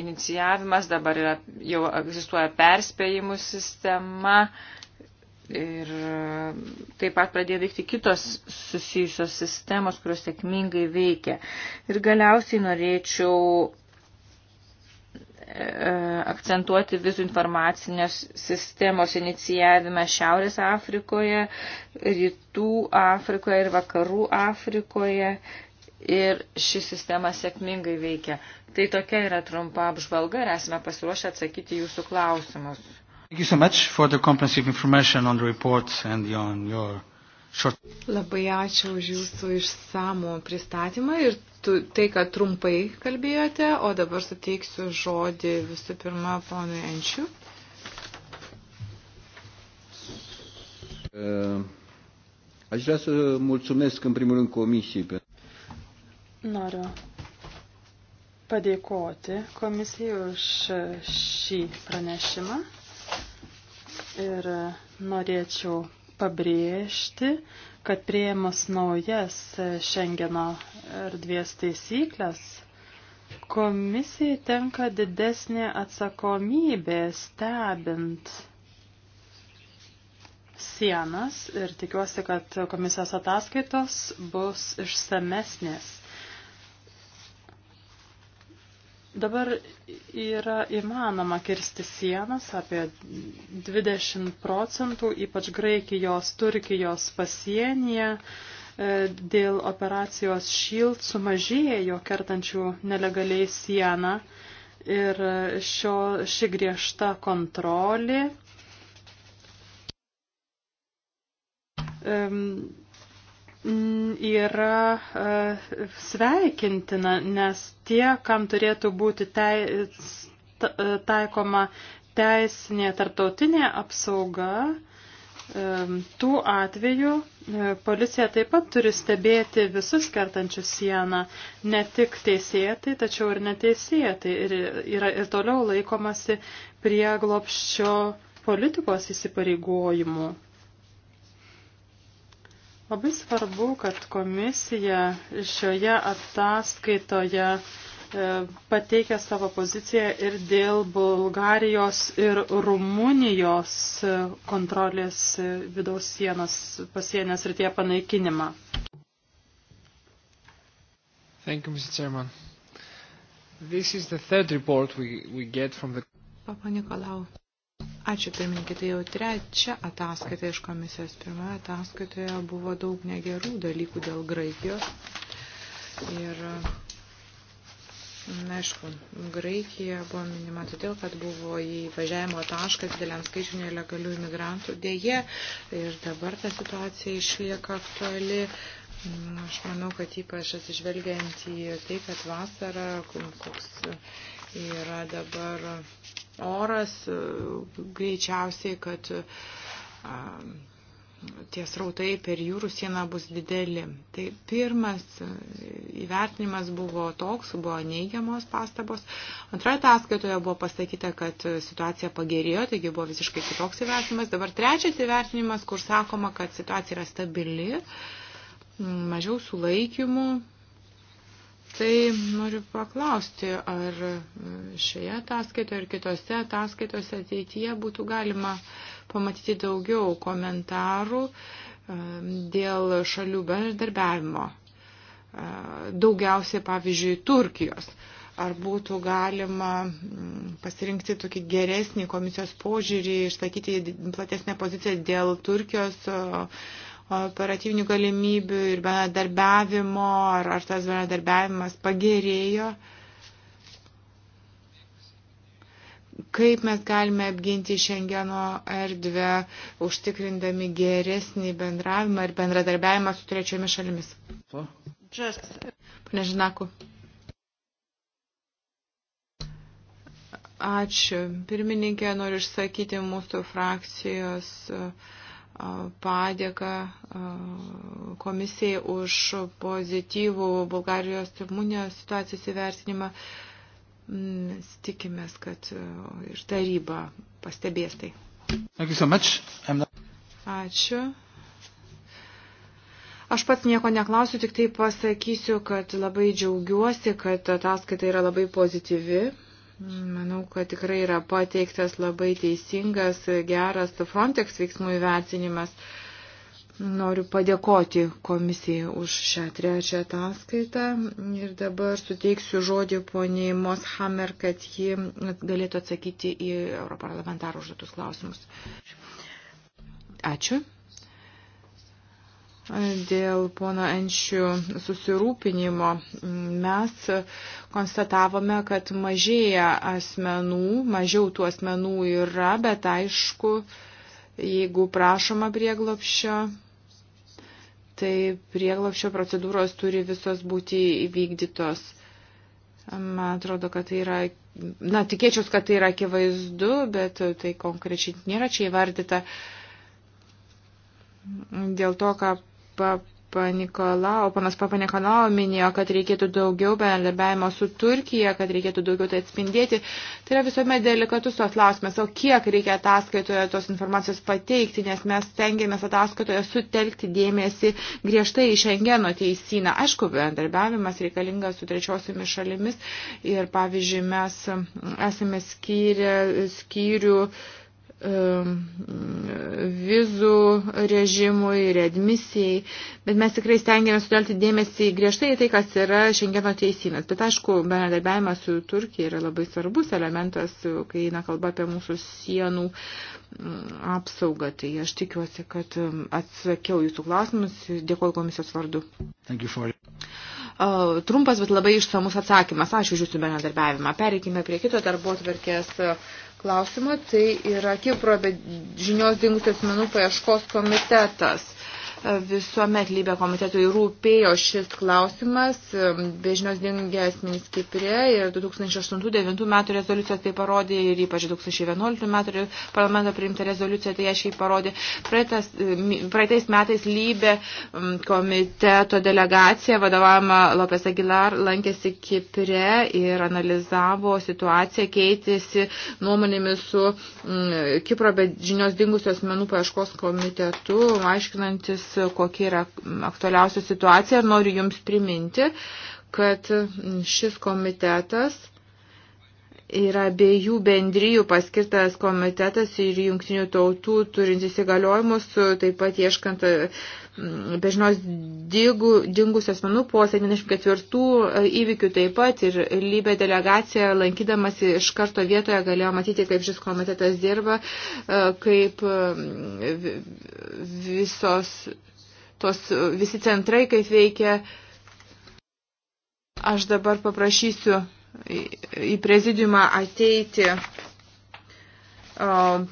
B: inicijavimas, dabar yra, jau egzistuoja perspėjimų sistema ir taip pat pradėjo veikti kitos susijusios sistemos, kurios sėkmingai veikia. Ir galiausiai norėčiau akcentuoti vizų informacinės sistemos inicijavimą Šiaurės Afrikoje, Rytų Afrikoje ir Vakarų Afrikoje. Ir ši sistema sėkmingai veikia. Tai tokia yra trumpa apžvalga ir esame pasiruošę atsakyti jūsų klausimus.
A: Thank you so much for the comprehensive information on the report and on your
C: Labai ačiū už jūsų išsamų pristatymą ir tu, tai, kad trumpai kalbėjote, o dabar suteiksiu žodį visų pirma ponui Enčiu.
A: E, Aš vrea să mulțumesc în primul rând comisiei pentru.
D: Noriu padėkoti komisijai už šį pranešimą ir norėčiau pabrėžti, kad prieimus naujas Šengeno erdvės taisyklės, komisijai tenka didesnė atsakomybė stebint sienas ir tikiuosi, kad komisijos ataskaitos bus išsamesnės. Dabar yra įmanoma kirsti sienas apie 20 procentų, ypač Graikijos, Turkijos pasienyje. E, dėl operacijos Shield sumažėjo kertančių nelegaliai sieną ir šio, ši griežta kontrolė. Um, yra e, sveikintina, nes tie, kam turėtų būti e, taikoma teisinė tarptautinė apsauga, e, tų atvejų policija taip pat turi stebėti visus kertančius sieną, ne tik teisėtai, tačiau ir neteisėtai. Ir yra ir toliau laikomasi prie glopščio politikos įsipareigojimų. Labai svarbu, kad komisija šioje ataskaitoje e, pateikia savo poziciją ir dėl Bulgarijos ir Rumunijos e, kontrolės e, vidaus sienos pasienės rytie panaikinimą.
A: Thank you, Mr. Chairman. This is the third report we, we get from the...
D: Papa Nikolau.
C: Ačiū pirmininkė, tai jau trečia ataskaita iš komisijos. Pirmoje ataskaitoje buvo daug negerų dalykų dėl Graikijos. Ir, na, aišku, Graikija buvo minima todėl, kad buvo įvažiavimo taškas dėliam skaičių nelegalių imigrantų dėje. Ir dabar ta situacija išlieka aktuali. Aš manau, kad ypač atsižvelgiant į tai, kad vasara, koks yra dabar oras, greičiausiai, kad tie srautai per jūrų sieną bus dideli. Tai pirmas įvertinimas buvo toks, buvo neigiamos pastabos. Antroje ataskaitoje buvo pasakyta, kad situacija pagerėjo, taigi buvo visiškai kitoks įvertinimas. Dabar trečias įvertinimas, kur sakoma, kad situacija yra stabili, mažiau sulaikymų, Tai noriu paklausti, ar šioje ataskaitoje ir kitose ataskaitose ateityje būtų galima pamatyti daugiau komentarų e, dėl šalių bendradarbiavimo. E, daugiausiai, pavyzdžiui, Turkijos. Ar būtų galima mm, pasirinkti tokį geresnį komisijos požiūrį, išsakyti platesnę poziciją dėl Turkijos operatyvinių galimybių ir bendradarbiavimo, ar, ar tas bendradarbiavimas pagerėjo. Kaip mes galime apginti Šengeno erdvę, užtikrindami geresnį bendravimą ir bendradarbiavimą su trečiomis šalimis?
D: Pane
C: Žinaku. Ačiū. Pirmininkė, noriu išsakyti mūsų frakcijos uh, padėką komisijai už pozityvų Bulgarijos ir Rumunijos situacijos įvertinimą. Mes mm, tikimės, kad ir taryba pastebės
A: tai. So
C: Ačiū. Aš pats nieko neklausiu, tik tai pasakysiu, kad labai džiaugiuosi, kad ataskaita yra labai pozityvi Manau, kad tikrai yra pateiktas labai teisingas, geras Frontex veiksmų įvertinimas. Noriu padėkoti komisijai už šią trečią ataskaitą ir dabar suteiksiu žodį poniai Moshammer, kad ji galėtų atsakyti į europarlamentarų užduotus klausimus. Ačiū. Dėl pono Enšių susirūpinimo mes konstatavome, kad mažėja asmenų, mažiau tų asmenų yra, bet aišku, jeigu prašoma prieglopščio, tai prieglopščio procedūros turi visos būti įvykdytos. Man atrodo, kad tai yra, na, tikėčiaus, kad tai yra akivaizdu, bet tai konkrečiai nėra čia įvardyta. Dėl to, ką Papa Nikolau, panas Papa Nikolau minėjo, kad reikėtų daugiau bendradarbiavimo su Turkija, kad reikėtų daugiau tai atspindėti. Tai yra visuomet delikatus tos klausimas, o kiek reikia ataskaitoje tos informacijos pateikti, nes mes stengiamės ataskaitoje sutelkti dėmesį griežtai į Šengeno teisyną. Aišku, bendradarbiavimas reikalingas su trečiosiomis šalimis ir, pavyzdžiui, mes esame skyrę, skyrių Um, vizų režimui, readmisijai, bet mes tikrai stengiamės sutelti dėmesį griežtai į tai, kas yra Šengeno teisinas. Bet aišku, bendradarbiavimas su Turkija yra labai svarbus elementas, kai eina kalba apie mūsų sienų mm, apsaugą. Tai aš tikiuosi, kad um, atsakiau jūsų klausimus. Dėkuoju komisijos vardu. Trumpas, bet labai išsamus atsakymas. Ačiū už jūsų bendradarbiavimą. Pereikime prie kito darbo tvarkės klausimą, tai yra Kipro be žinios dingusios menų paieškos komitetas. Visuomet lybė komitetui rūpėjo šis klausimas, bežinios dingė asmenys Kiprė ir 2008-2009 metų rezoliucijos tai parodė ir ypač 2011 metų parlamento priimta rezoliucija tai aiškiai parodė. Praeitas, praeitais metais lybė komiteto delegacija vadovama Lopes Aguilar lankėsi Kiprė ir analizavo situaciją, keitėsi nuomonėmis su Kipro bežinios dingusios menų paieškos komitetu, aiškinantis kokia yra aktualiausia situacija ir noriu Jums priminti, kad šis komitetas yra abiejų bendryjų paskirtas komitetas ir jungtinių tautų turintis įgaliojimus, taip pat ieškant bežinos dingusių asmenų po 74 e, įvykių taip pat ir lybė delegacija lankydamas iš karto vietoje galėjo matyti, kaip šis komitetas dirba, e, kaip e, visos tos visi centrai kaip veikia. Aš dabar paprašysiu į prezidiumą ateiti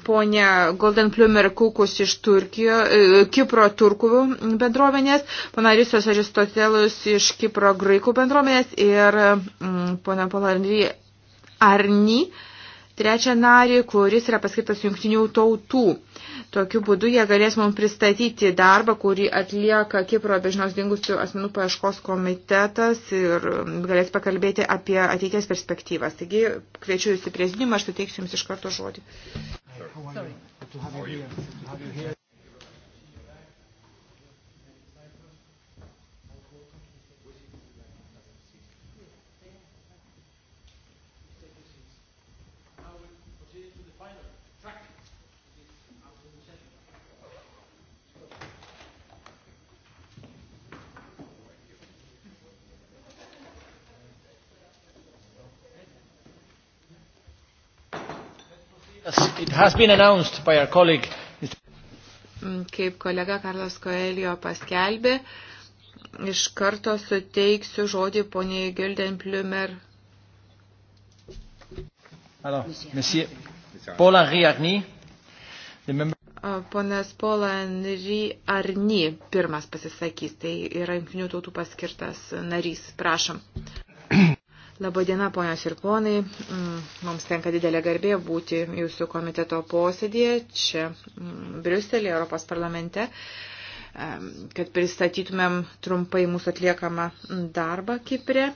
C: ponia Golden Plumer Kukus iš Turkijo, e, Kipro turkų bendruomenės, pana Risos Aristotelus iš Kipro graikų bendruomenės ir mm, pana Palandry Arni, trečią narį, kuris yra paskirtas jungtinių tautų Tokiu būdu jie galės mums pristatyti darbą, kurį atlieka Kipro bežinos dingusių asmenų paieškos komitetas ir um, galės pakalbėti apie ateities perspektyvas. Taigi kviečiu jūs į prezidiumą, aš suteiksiu jums iš karto žodį.
A: Sorry. Sorry.
C: Kaip kolega Karlas Koelio paskelbė, iš karto suteiksiu žodį poniai Gilden Plümer.
A: Ponas
C: Paul Henry Arni pirmas pasisakys, tai yra jungtinių tautų paskirtas narys. Prašom. (coughs) Labadiena, ponios ir ponai. Mm, mums tenka didelė garbė būti jūsų komiteto posėdėje čia mm, Briuselėje, Europos parlamente, kad pristatytumėm trumpai mūsų atliekamą darbą Kiprė.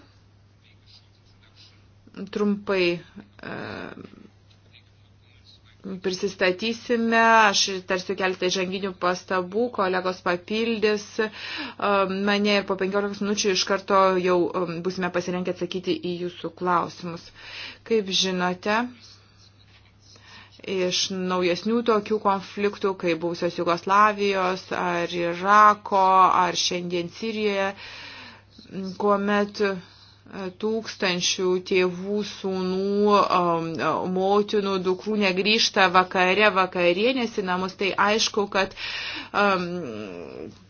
C: Trumpai prisistatysime, aš tarsiu keletą žanginių pastabų, kolegos papildys um, mane ir po 15 minučių iš karto jau um, busime pasirenkę atsakyti į jūsų klausimus. Kaip žinote, iš naujesnių tokių konfliktų, kaip būsios Jugoslavijos ar Irako ar šiandien Sirijoje, kuomet tūkstančių tėvų, sūnų, um, motinų, dukrų negrįžta vakare vakarienės į namus, tai aišku, kad um,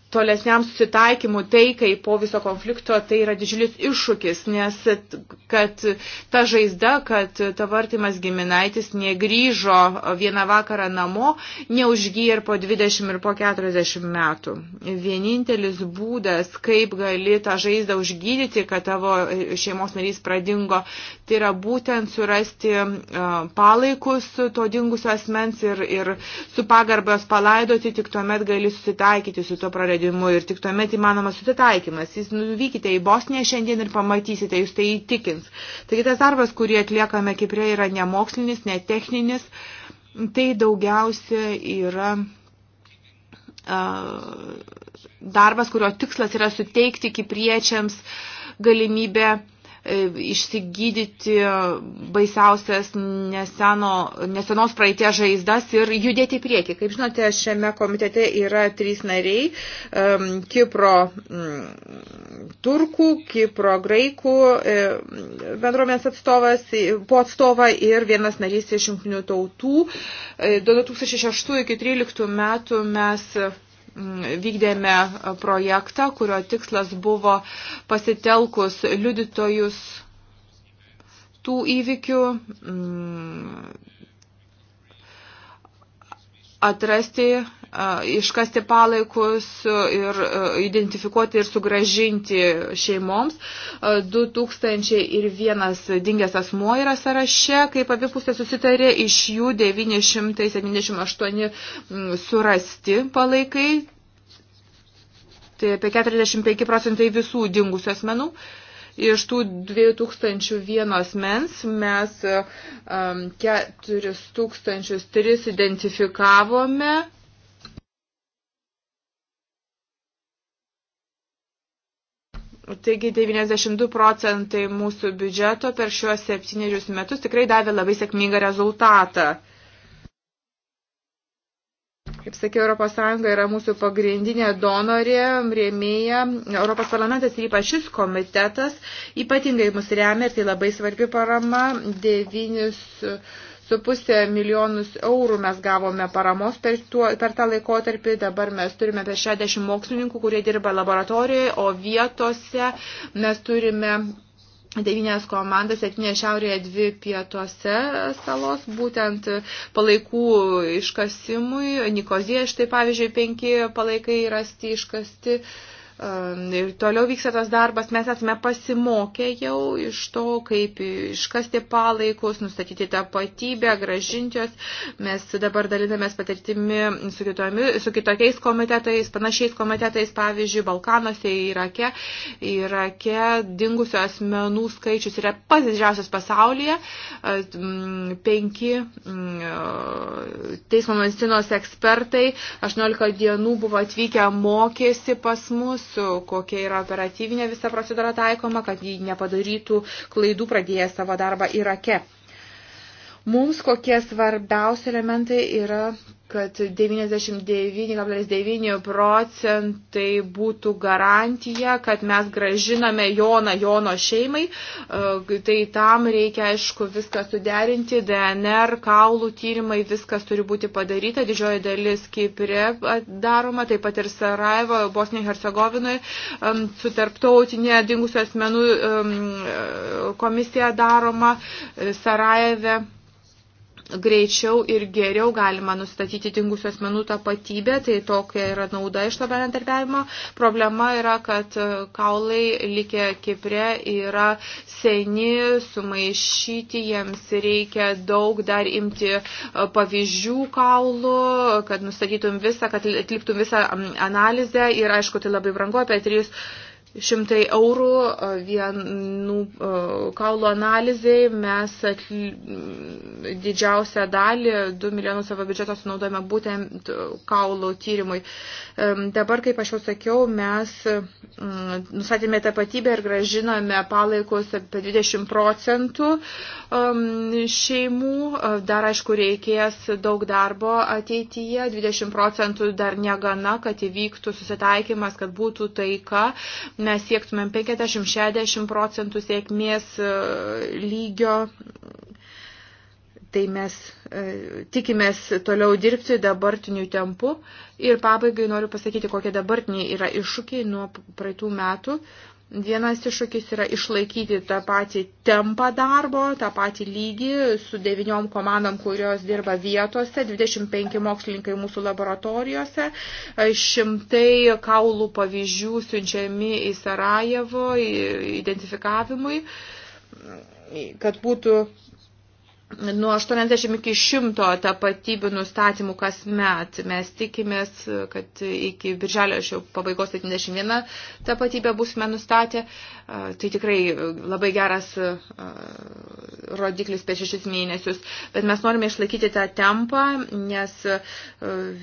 C: tolesniam susitaikymui taikai po viso konflikto tai yra didžiulis iššūkis, nes kad ta žaizda, kad tavo artimas giminaitis negryžo vieną vakarą namo, neužgyja ir po 20 ir po 40 metų. Vienintelis būdas, kaip gali tą žaizdą užgydyti, kad tavo šeimos narys pradingo, tai yra būtent surasti e, palaikus to dingusio asmens ir, ir su pagarbos palaidoti, tik tuomet gali susitaikyti su to praradimu įvedimu ir tik tuomet įmanomas susitaikymas. Jis nuvykite į Bosniją šiandien ir pamatysite, jūs tai įtikins. Taigi tas darbas, kurį atliekame Kiprė, yra nemokslinis, netechninis, tai daugiausia yra darbas, kurio tikslas yra suteikti kipriečiams galimybę E, išsigydyti baisiausias neseno, nesenos praeitie žaizdas ir judėti į priekį. Kaip žinote, šiame komitete yra trys nariai - Kipro mm, turkų, Kipro graikų e, bendruomenės atstovas, e, po atstovą ir vienas narys iš jungtinių tautų. 2006 iki 2013 metų mes vykdėme projektą, kurio tikslas buvo pasitelkus liudytojus tų įvykių. Mm, atrasti, iškasti palaikus ir identifikuoti ir sugražinti šeimoms. 2001 dingęs asmo yra sąraše, kaip abi pusės susitarė, iš jų 978 surasti palaikai. Tai apie 45 procentai visų dingusių asmenų. Uh, Iš tų 2001 mens mes 4003 um, identifikavome. Taigi 92 procentai mūsų biudžeto per šiuos septynerius metus tikrai davė labai sėkmingą rezultatą. Kaip sakiau, ES yra mūsų pagrindinė donorė, rėmėja. Europos parlamentas ir ypač šis komitetas ypatingai mus remia ir tai labai svarbi parama. 9 su pusė milijonus eurų mes gavome paramos per, tuo, per tą laikotarpį. Dabar mes turime apie 60 mokslininkų, kurie dirba laboratorijoje, o vietose mes turime devynės komandas, septynės šiaurėje, dvi pietuose salos, būtent palaikų iškasimui, Nikozija štai pavyzdžiui penki palaikai rasti iškasti. Uh, Ehm, ir toliau vyksta tas darbas, mes esame pasimokę jau iš to, kaip iškasti palaikus, nustatyti tapatybę, gražinti jos. Mes dabar dalinamės patirtimi su, kitomi, su kitokiais komitetais, panašiais komitetais, pavyzdžiui, Balkanuose, Irake. Irake dingusių asmenų skaičius yra pats didžiausias pasaulyje. Ehm, penki mm, e, teismo medicinos ekspertai 18 dienų buvo atvykę mokėsi pas mus kokia yra operatyvinė visa procedūra taikoma, kad jį nepadarytų klaidų pradėję savo darbą Irake. Mums kokie svarbiausi elementai yra kad 99,9 procentai būtų garantija, kad mes gražiname Joną Jono šeimai. E, tai tam reikia, aišku, viską suderinti, DNR, kaulų tyrimai, viskas turi būti padaryta. Didžioji dalis Kipre daroma, taip pat ir Sarajevo, Bosnijoje, Hercegovinoje, e, su tarptautinė dingusios asmenų e, komisija daroma Sarajeve greičiau ir geriau galima nustatyti dingusių asmenų tapatybę, tai tokia yra nauda iš to bendradarbiavimo. Problema yra, kad e, kaulai likę Kipre yra seni, sumaišyti, jiems reikia daug dar imti e, pavyzdžių kaulų, kad nustatytum visą, kad atliktum visą analizę ir aišku, tai labai brangu, apie 3 šimtai eurų vienų kaulo analizai. Mes didžiausią dalį, 2 milijonus savo biudžeto sunaudojame būtent kaulo tyrimui. Dabar, kaip aš jau sakiau, mes nusatėme tapatybę ir gražiname palaikus apie 20 procentų šeimų. Dar, aišku, reikės daug darbo ateityje. 20 procentų dar negana, kad įvyktų susitaikymas, kad būtų taika mes siektumėm 50-60 procentų sėkmės e, lygio. Tai mes e, tikimės toliau dirbti dabartiniu tempu. Ir pabaigai noriu pasakyti, kokie dabartiniai yra iššūkiai nuo praeitų metų. E, Vienas iššūkis yra išlaikyti tą patį tempą darbo, tą patį lygį su devyniom komandom, kurios dirba vietose, 25 mokslininkai mūsų laboratorijose, šimtai kaulų pavyzdžių siunčiami į Sarajevo identifikavimui, kad būtų nuo 80 iki 100 tapatybių nustatymų kasmet. Mes tikimės, kad iki birželio aš jau pabaigos 71 tapatybę būsime nustatę. Tai tikrai labai geras rodiklis per šešis mėnesius. Bet mes norime išlaikyti tą tempą, nes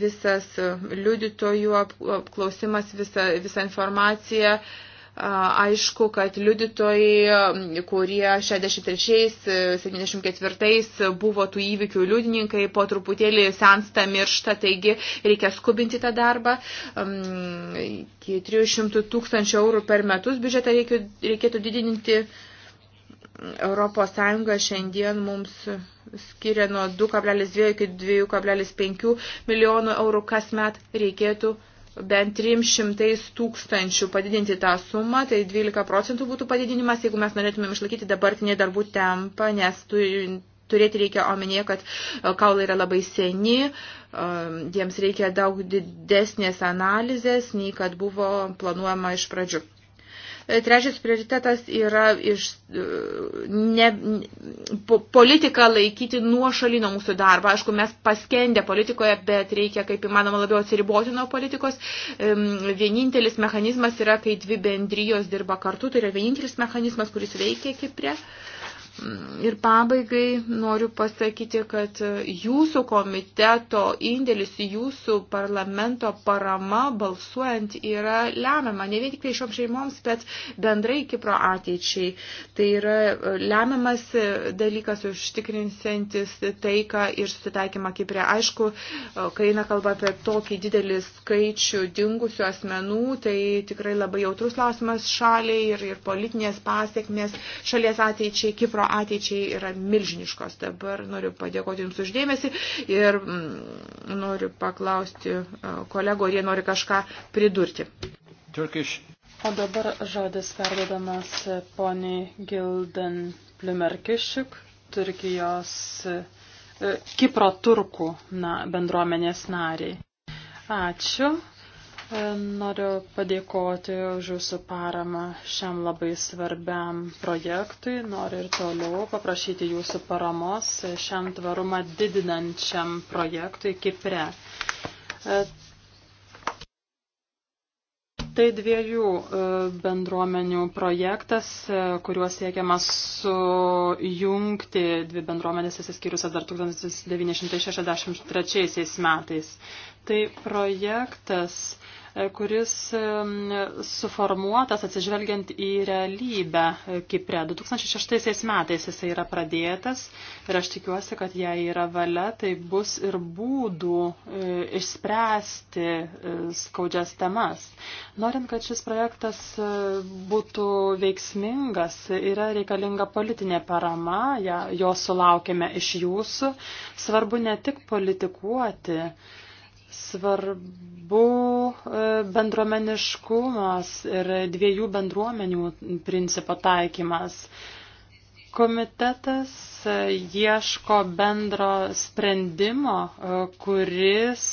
C: visas liudytojų apklausimas, visa, visa informacija Aišku, kad liudytojai, kurie 63-74 e, buvo tų įvykių liudininkai, po truputėlį sensta miršta, taigi reikia skubinti tą darbą. Iki 300 tūkstančių eurų per metus biudžetą reikėtų didinti. Europos Sąjunga šiandien mums skiria nuo 2,2 iki 2,5 milijonų eurų kasmet reikėtų bent 300 tūkstančių padidinti tą sumą, tai 12 procentų būtų padidinimas, jeigu mes norėtumėm išlaikyti dabartinį darbų tempą, nes turėti reikia omenyje, kad e, kaulai yra labai seni, e, jiems reikia daug didesnės analizės, nei kad buvo planuojama iš pradžių. E, trečias prioritetas yra iš, e, ne, po, politiką laikyti nuošalį nuo mūsų darbo. Aišku, mes paskendę politikoje, bet reikia kaip įmanoma labiau atsiriboti nuo politikos. E, vienintelis mechanizmas yra, kai dvi bendrijos dirba kartu, tai yra vienintelis mechanizmas, kuris veikia Kiprė. prie Ir pabaigai noriu pasakyti, kad jūsų komiteto indėlis, jūsų parlamento parama balsuojant yra lemiama, ne vien tik tai šioms šeimoms, bet bendrai Kipro ateičiai. Tai yra e, lemiamas dalykas užtikrinsiantis taiką ir susitaikymą Kiprė. Aišku, e, kai eina kalba apie tokį didelį skaičių dingusių asmenų, tai tikrai labai jautrus klausimas šaliai ir, ir politinės pasiekmes šalies ateičiai Kipro euro ateičiai yra milžiniškos. Dabar noriu padėkoti Jums uždėmesi ir mm,
D: noriu paklausti e, kolego, ar jie nori kažką pridurti. Turkish. O dabar žodis perdodamas poniai Gildan Plimerkišik, Turkijos e, Kipro turkų na, bendruomenės nariai. Ačiū. Noriu padėkoti už jūsų paramą šiam labai svarbiam projektui. Noriu ir toliau paprašyti jūsų paramos šiam tvarumą didinančiam projektui Kipre. Tai dviejų e, bendruomenių projektas, e, kuriuo siekiama sujungti dvi bendruomenės įsiskyrusias dar 1963 metais. Tai projektas kuris suformuotas atsižvelgiant į realybę Kipre. 2006 metais jisai yra pradėtas ir aš tikiuosi, kad jei yra valia, tai bus ir būdų e, išspręsti e, skaudžias temas. Norint, kad šis projektas e, būtų veiksmingas, yra reikalinga politinė parama, jo sulaukime iš jūsų. Svarbu ne tik politikuoti, svarbu e, bendruomeniškumas ir dviejų bendruomenių principo taikymas. Komitetas e, ieško bendro sprendimo, e, kuris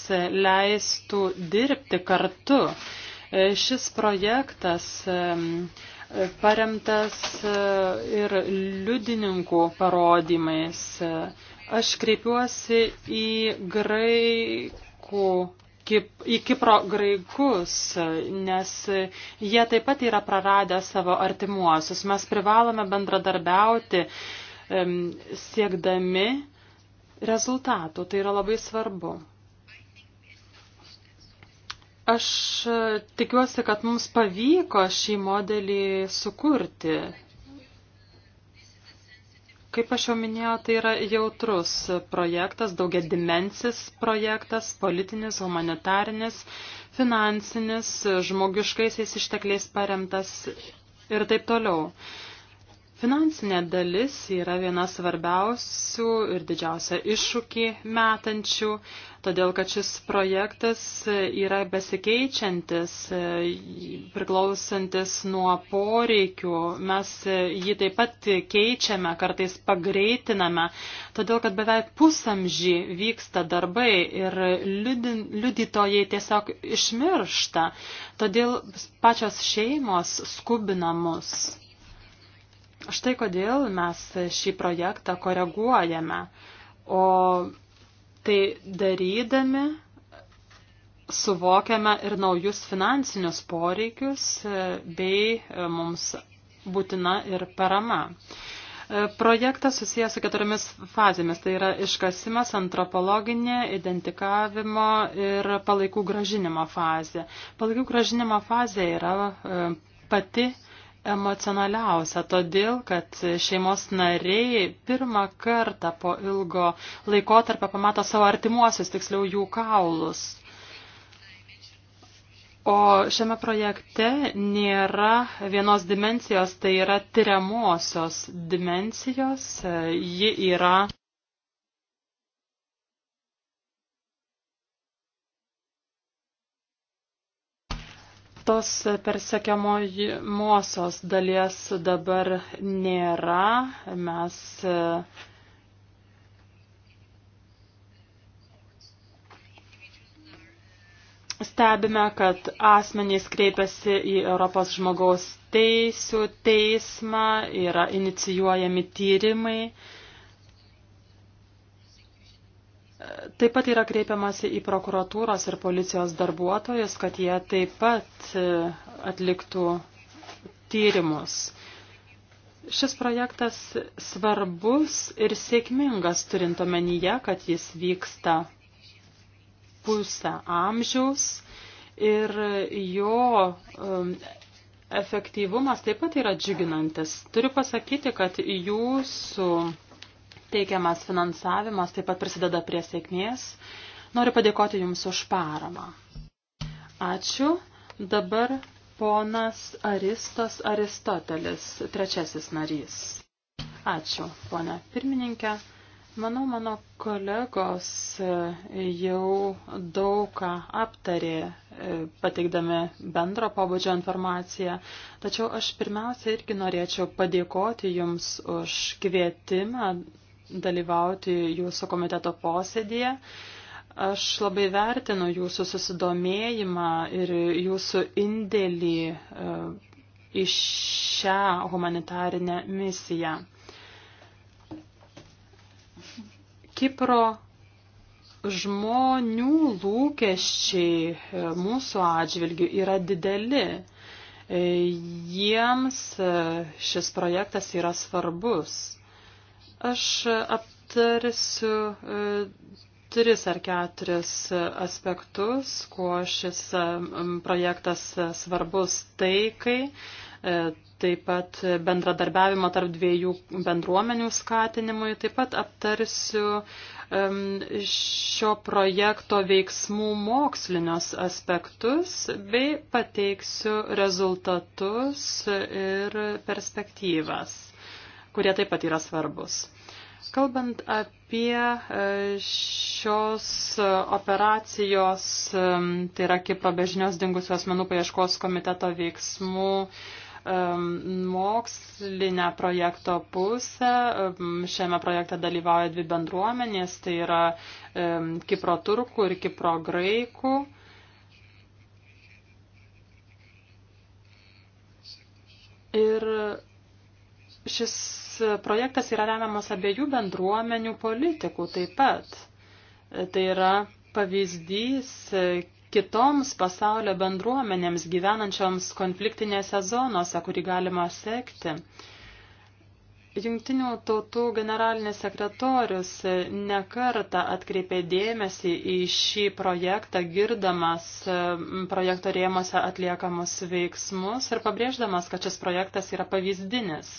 D: leistų dirbti kartu. Šis projektas paremtas ir liudininkų parodymais. Aš kreipiuosi į graikų graikų, kip, į Kipro graikus, nes jie taip pat yra praradę savo artimuosius. Mes privalome bendradarbiauti siekdami rezultatų. Tai yra labai svarbu. Aš tikiuosi, kad mums pavyko šį modelį sukurti, Kaip aš jau minėjau, tai yra jautrus projektas, daugia dimensis projektas, politinis, humanitarinis, finansinis, žmogiškaisiais ištekliais paremtas ir taip toliau. Finansinė dalis yra viena svarbiausių ir didžiausia iššūkį metančių, todėl kad šis projektas yra besikeičiantis, priklausantis nuo poreikių. Mes jį taip pat keičiame, kartais pagreitiname, todėl kad beveik pusamžį vyksta darbai ir liudytojai tiesiog išmiršta. Todėl pačios šeimos skubinamos. Štai kodėl mes šį projektą koreguojame. O tai darydami suvokiame ir naujus finansinius poreikius e, bei e, mums būtina ir parama. E, projektas susijęs su keturiomis fazėmis. Tai yra iškasimas, antropologinė, identikavimo ir palaikų gražinimo fazė. Palaikų gražinimo fazė yra pati emocionaliausia, todėl, kad šeimos nariai pirmą kartą po ilgo laikotarpio pamato savo artimuosius, tiksliau jų kaulus. O šiame projekte nėra vienos dimensijos, tai yra tyriamosios dimensijos, ji yra Tos persekiamosios dalies dabar nėra. Mes e, stebime, kad asmenys kreipiasi į Europos žmogaus teisų teismą, yra inicijuojami tyrimai. Taip pat yra kreipiamasi į prokuratūros ir policijos darbuotojus, kad jie taip pat e, atliktų tyrimus. Šis projektas svarbus ir sėkmingas, turint omenyje, kad jis vyksta pusę amžiaus ir jo um, efektyvumas taip pat yra džiuginantis. Turiu pasakyti, kad jūsų teikiamas finansavimas taip pat prisideda prie sėkmės. Noriu padėkoti Jums už paramą. Ačiū. Dabar ponas Aristas Aristotelis, trečiasis narys. Ačiū, ponė pirmininkė. Manau, mano kolegos jau daugą aptarė, e, pateikdami bendro pobūdžio informaciją, tačiau aš pirmiausia irgi norėčiau padėkoti Jums už kvietimą dalyvauti jūsų komiteto posėdėje. Aš labai vertinu jūsų susidomėjimą ir jūsų indėlį e, į šią humanitarinę misiją. Kipro žmonių lūkesčiai e, mūsų atžvilgių yra dideli. E, jiems šis projektas yra svarbus. Aš aptarsiu e, tris ar keturis aspektus, kuo šis e, projektas e, svarbus taikai, taip pat bendradarbiavimo tarp dviejų bendruomenių skatinimui, taip pat aptarsiu šio projekto veiksmų mokslinius aspektus bei pateiksiu rezultatus ir perspektyvas kurie taip pat yra svarbus. Kalbant apie e, šios operacijos, e, tai yra Kipro bežinios dingusių asmenų paieškos komiteto veiksmų, e, mokslinę projekto pusę. Šiame projekte dalyvauja dvi bendruomenės, tai yra Kipro turkų ir Kipro graikų. Ir šis projektas yra remiamas abiejų bendruomenių politikų taip pat. Tai yra pavyzdys kitoms pasaulio bendruomenėms gyvenančioms konfliktinėse zonose, kurį galima sekti. Jungtinių tautų generalinis sekretorius nekarta atkreipė dėmesį į šį projektą, girdamas projekto rėmose atliekamus veiksmus ir pabrėždamas, kad šis projektas yra pavyzdinis.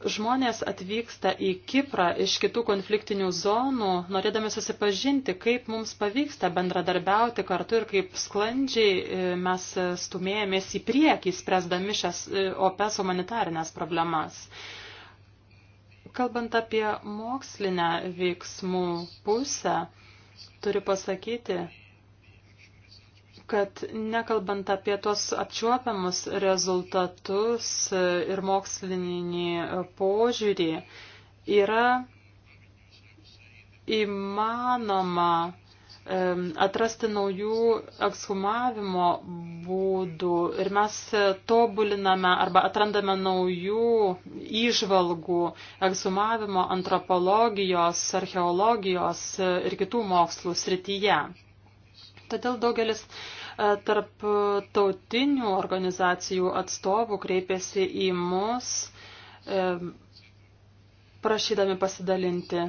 D: Žmonės atvyksta į Kiprą iš kitų konfliktinių zonų, norėdami susipažinti, kaip mums pavyksta bendradarbiauti kartu ir kaip sklandžiai e, mes stumėjomės į priekį, spręsdami šias e, opes humanitarinės problemas. Kalbant apie mokslinę veiksmų pusę, turiu pasakyti, kad nekalbant apie tos apčiuopiamus rezultatus ir mokslininį požiūrį, yra įmanoma atrasti naujų ekshumavimo būdų ir mes tobuliname arba atrandame naujų įžvalgų ekshumavimo antropologijos, archeologijos ir kitų mokslų srityje. Todėl daugelis uh, tarp tautinių organizacijų atstovų kreipėsi į mus, e, prašydami pasidalinti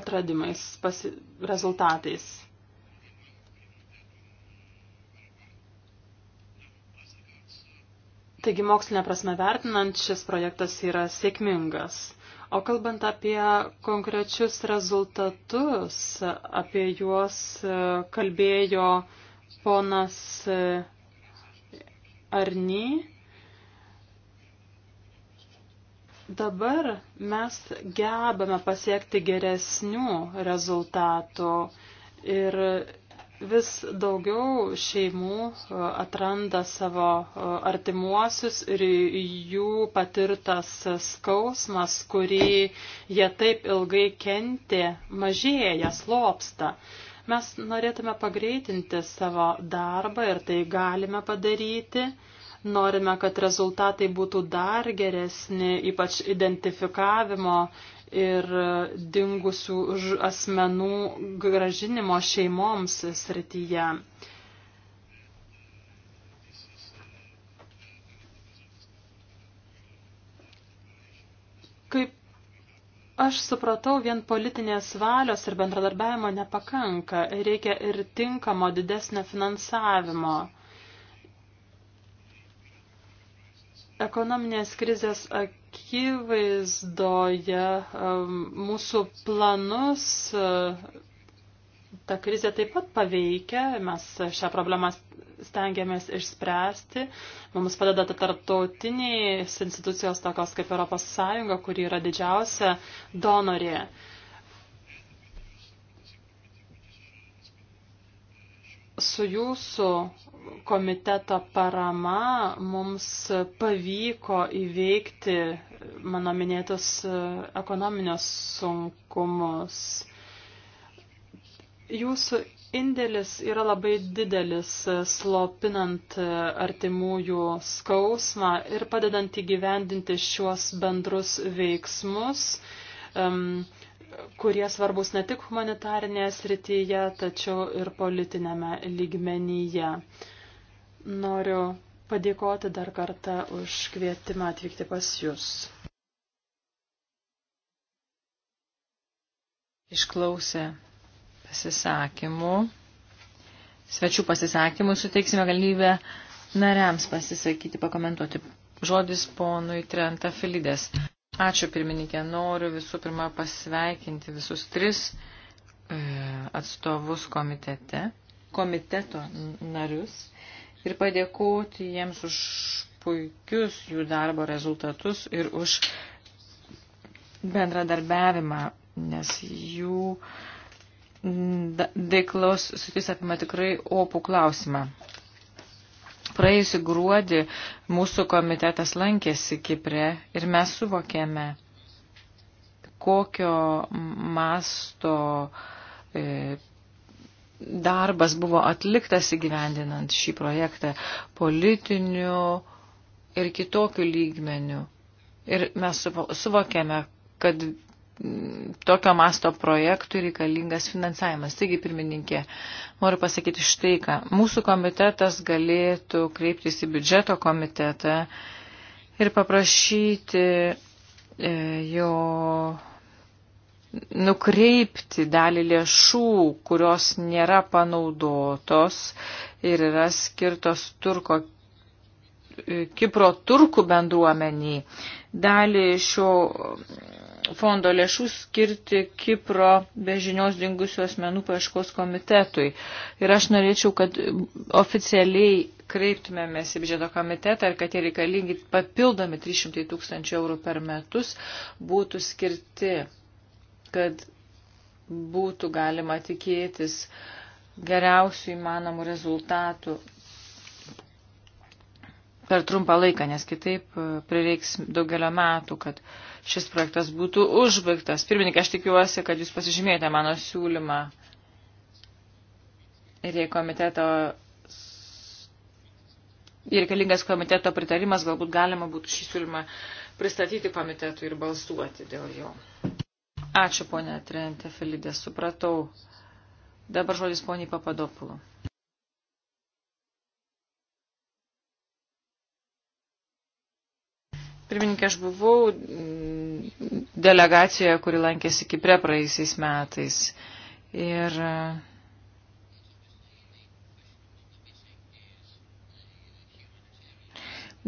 D: atradimais, pasi, rezultatais. Taigi mokslinė prasme vertinant, šis projektas yra sėkmingas. O kalbant apie konkrečius rezultatus, apie juos e, kalbėjo uh, ponas e, Arny. Dabar mes gebame pasiekti geresnių rezultatų ir vis daugiau šeimų e, atranda savo e, artimuosius ir jų patirtas skausmas, kurį jie taip ilgai kentė, mažėja, slopsta. Mes norėtume pagreitinti savo darbą ir tai galime padaryti. Norime, kad rezultatai būtų dar geresni, ypač identifikavimo ir dingusių asmenų gražinimo šeimoms srityje. Kaip Aš supratau, vien politinės valios ir bendradarbiavimo nepakanka, reikia ir tinkamo didesnio finansavimo. Ekonominės krizės akivaizdoje um, mūsų planus ta krizė taip pat paveikia, mes šią problemą stengiamės išspręsti, mums padeda ta tarptautinės institucijos tokios kaip Europos Sąjunga, kuri yra didžiausia donorė. Su jūsų komiteto parama mums pavyko įveikti mano minėtus ekonominius sunkumus. Jūsų indėlis yra labai didelis, e, slopinant e, artimųjų skausmą ir padedant įgyvendinti šiuos bendrus veiksmus, kurie svarbus ne tik humanitarinėje srityje, tačiau ir politinėme lygmenyje. Noriu padėkoti dar kartą už kvietimą atvykti pas Jūs.
B: Išklausę pasisakymų. Svečių pasisakymų suteiksime galimybę nariams pasisakyti, pakomentuoti. Žodis ponui Trenta Filidės. Ačiū pirmininkė, noriu visų pirma pasveikinti visus tris e, atstovus komitete, komiteto narius ir padėkoti jiems už puikius jų darbo rezultatus ir už bendradarbiavimą, nes jų e, veiklos sutys apima tikrai opų klausimą. Praėjusį gruodį mūsų komitetas lankėsi Kipre ir mes suvokėme, kokio masto e, darbas buvo atliktas įgyvendinant šį projektą politiniu ir kitokiu lygmeniu. Ir mes suvokėme, kad tokio masto projektui reikalingas finansavimas. Taigi, pirmininkė, noriu pasakyti štai ką. Mūsų komitetas galėtų kreiptis į biudžeto komitetą ir paprašyti e, jo nukreipti dalį lėšų, kurios nėra panaudotos ir yra skirtos Turko, e, Kipro turkų bendruomeniai. Dalį šio fondo lėšų skirti Kipro be žinios dingusių asmenų paieškos komitetui. Ir aš norėčiau, kad oficialiai kreiptumėmės į biudžeto komitetą ir kad tie reikalingi papildomi 300 tūkstančių eurų per metus būtų skirti, kad būtų galima tikėtis geriausių įmanomų rezultatų per trumpą laiką, nes kitaip e, prireiks daugelio metų, kad uh, šis projektas būtų užbaigtas. Pirmininkai, aš tikiuosi, kad jūs pasižymėjote mano siūlymą. Ir jei komiteto ir reikalingas komiteto pritarimas, galbūt galima būtų šį siūlymą pristatyti komitetui ir balsuoti dėl jo. Ačiū, ponė Trentė Felidė, supratau. Dabar žodis poniai Papadopulu. Pirmininkė, aš buvau delegacijoje, kuri lankėsi Kiprė praeisiais metais. Ir e,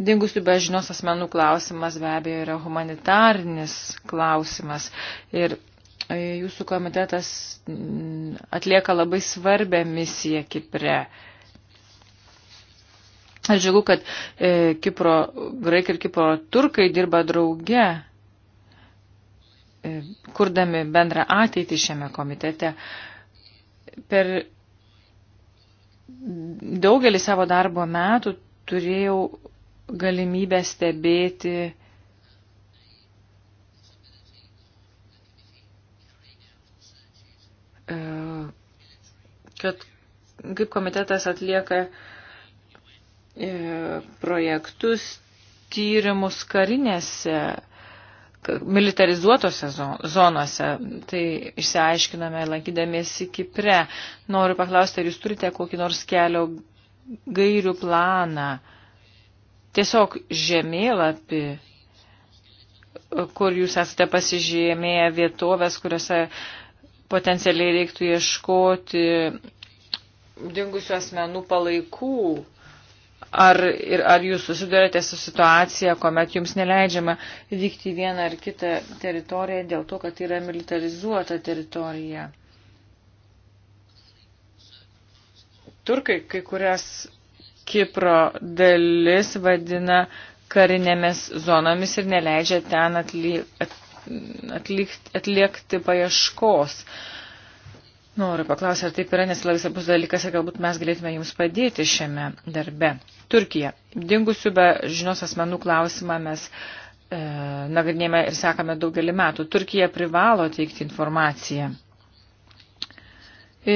B: Dingusių bežinios asmenų klausimas be abejo yra humanitarnis klausimas. Ir e, jūsų komitetas atlieka labai svarbę misiją Kipre. Aš žiūrėjau, kad e, Kipro, graikai ir Kipro turkai dirba drauge, e, kurdami bendrą ateitį šiame komitete. Per daugelį savo darbo metų turėjau galimybę stebėti e, kad kaip komitetas atlieka uh, E, projektus, tyrimus karinėse, militarizuotose zonose. Tai išsiaiškiname lankydamiesi Kipre. Noriu paklausti, ar jūs turite kokį nors kelio gairių planą, tiesiog žemėlapį, kur jūs esate pasižymėję vietovės, kuriuose potencialiai reiktų ieškoti dingusių asmenų palaikų Ar, ir, ar jūs susidurėte su situacija, kuomet jums neleidžiama vykti į vieną ar kitą teritoriją dėl to, kad tai yra militarizuota teritorija? Turkai kai kurias Kipro dalis vadina karinėmis zonomis ir neleidžia ten atly, at, atlyk, atliekti paieškos. Uh, Noriu paklausyti, ar taip yra, nes labai svarbus dalykas ir galbūt mes galėtume jums padėti šiame darbe. Turkija. Dingusių be žinios asmenų klausimą mes e, nagrinėjame ir sekame daugelį metų. Turkija privalo teikti informaciją.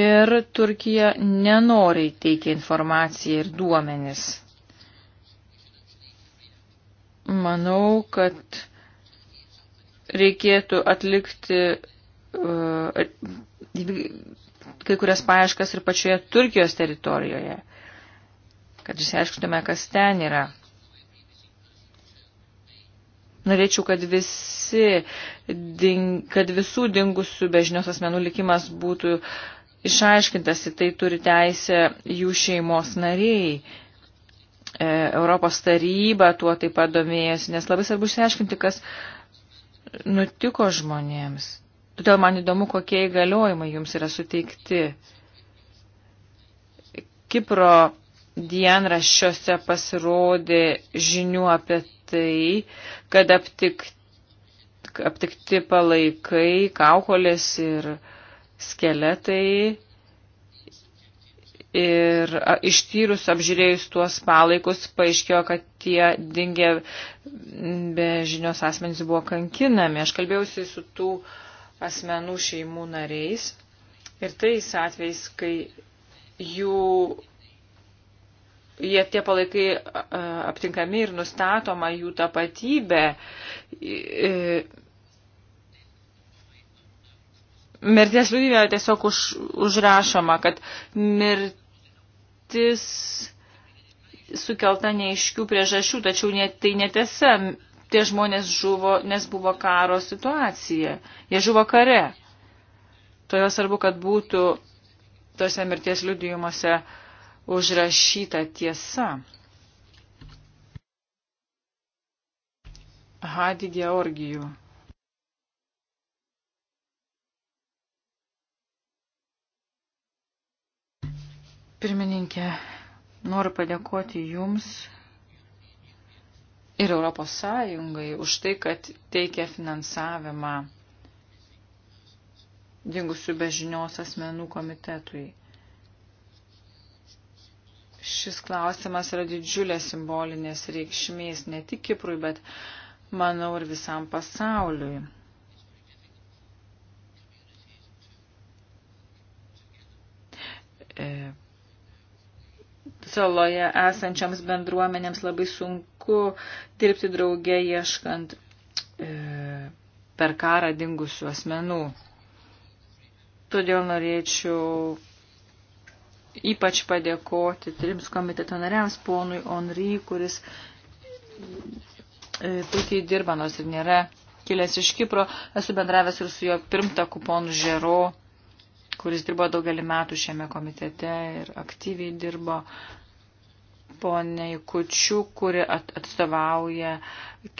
B: Ir Turkija nenoriai teikia informaciją ir duomenis. Manau, kad reikėtų atlikti E, kai kurias paieškas ir pačioje Turkijos teritorijoje, kad išsiaiškintume, kas ten yra. Norėčiau, kad, visi, kad visų dingusių bežinios asmenų likimas būtų išaiškintas, į tai turi teisę jų šeimos nariai. E, Europos taryba tuo taip pat domėjasi, nes labai svarbu išsiaiškinti, kas nutiko žmonėms. Todėl man įdomu, kokie įgaliojimai jums yra suteikti. Kipro dienraščiuose pasirodė žinių apie tai, kad aptikti, aptikti palaikai, kaukolės ir skeletai. Ir ištyrus apžiūrėjus tuos palaikus, paaiškėjo, kad tie dingę be žinios asmenys buvo kankinami. Aš kalbėjausi su tų uh, asmenų šeimų nariais ir tais atvejais, kai jų, jie tie palaikai aptinkami ir nustatoma jų tapatybė. Mirties liūdime tiesiog už, užrašoma, kad mirtis sukelta neiškių priežasčių, tačiau net, tai netiesa tie žmonės žuvo, nes buvo karo situacija. Jie žuvo kare. Todėl svarbu, kad būtų tose mirties liudijimuose užrašyta tiesa. Hadi Georgijų. Pirmininkė, noriu padėkoti Jums ir Europos Sąjungai už tai, kad teikia finansavimą dingusių bežinios asmenų komitetui. Šis klausimas yra didžiulės simbolinės reikšmės ne tik Kiprui, bet manau ir visam pasauliui. E, saloje esančiams bendruomenėms labai sunku sunku dirbti drauge ieškant e, per karą dingusių asmenų. Todėl norėčiau ypač padėkoti trims komiteto nariams, ponui Onry, kuris e, puikiai dirba, nors ir nėra kilęs iš Kipro. Esu bendravęs ir su jo pirmtaku ponu Žero, kuris dirbo daugelį metų šiame komitete ir aktyviai dirbo. E, poniai Kučių, kuri atstovauja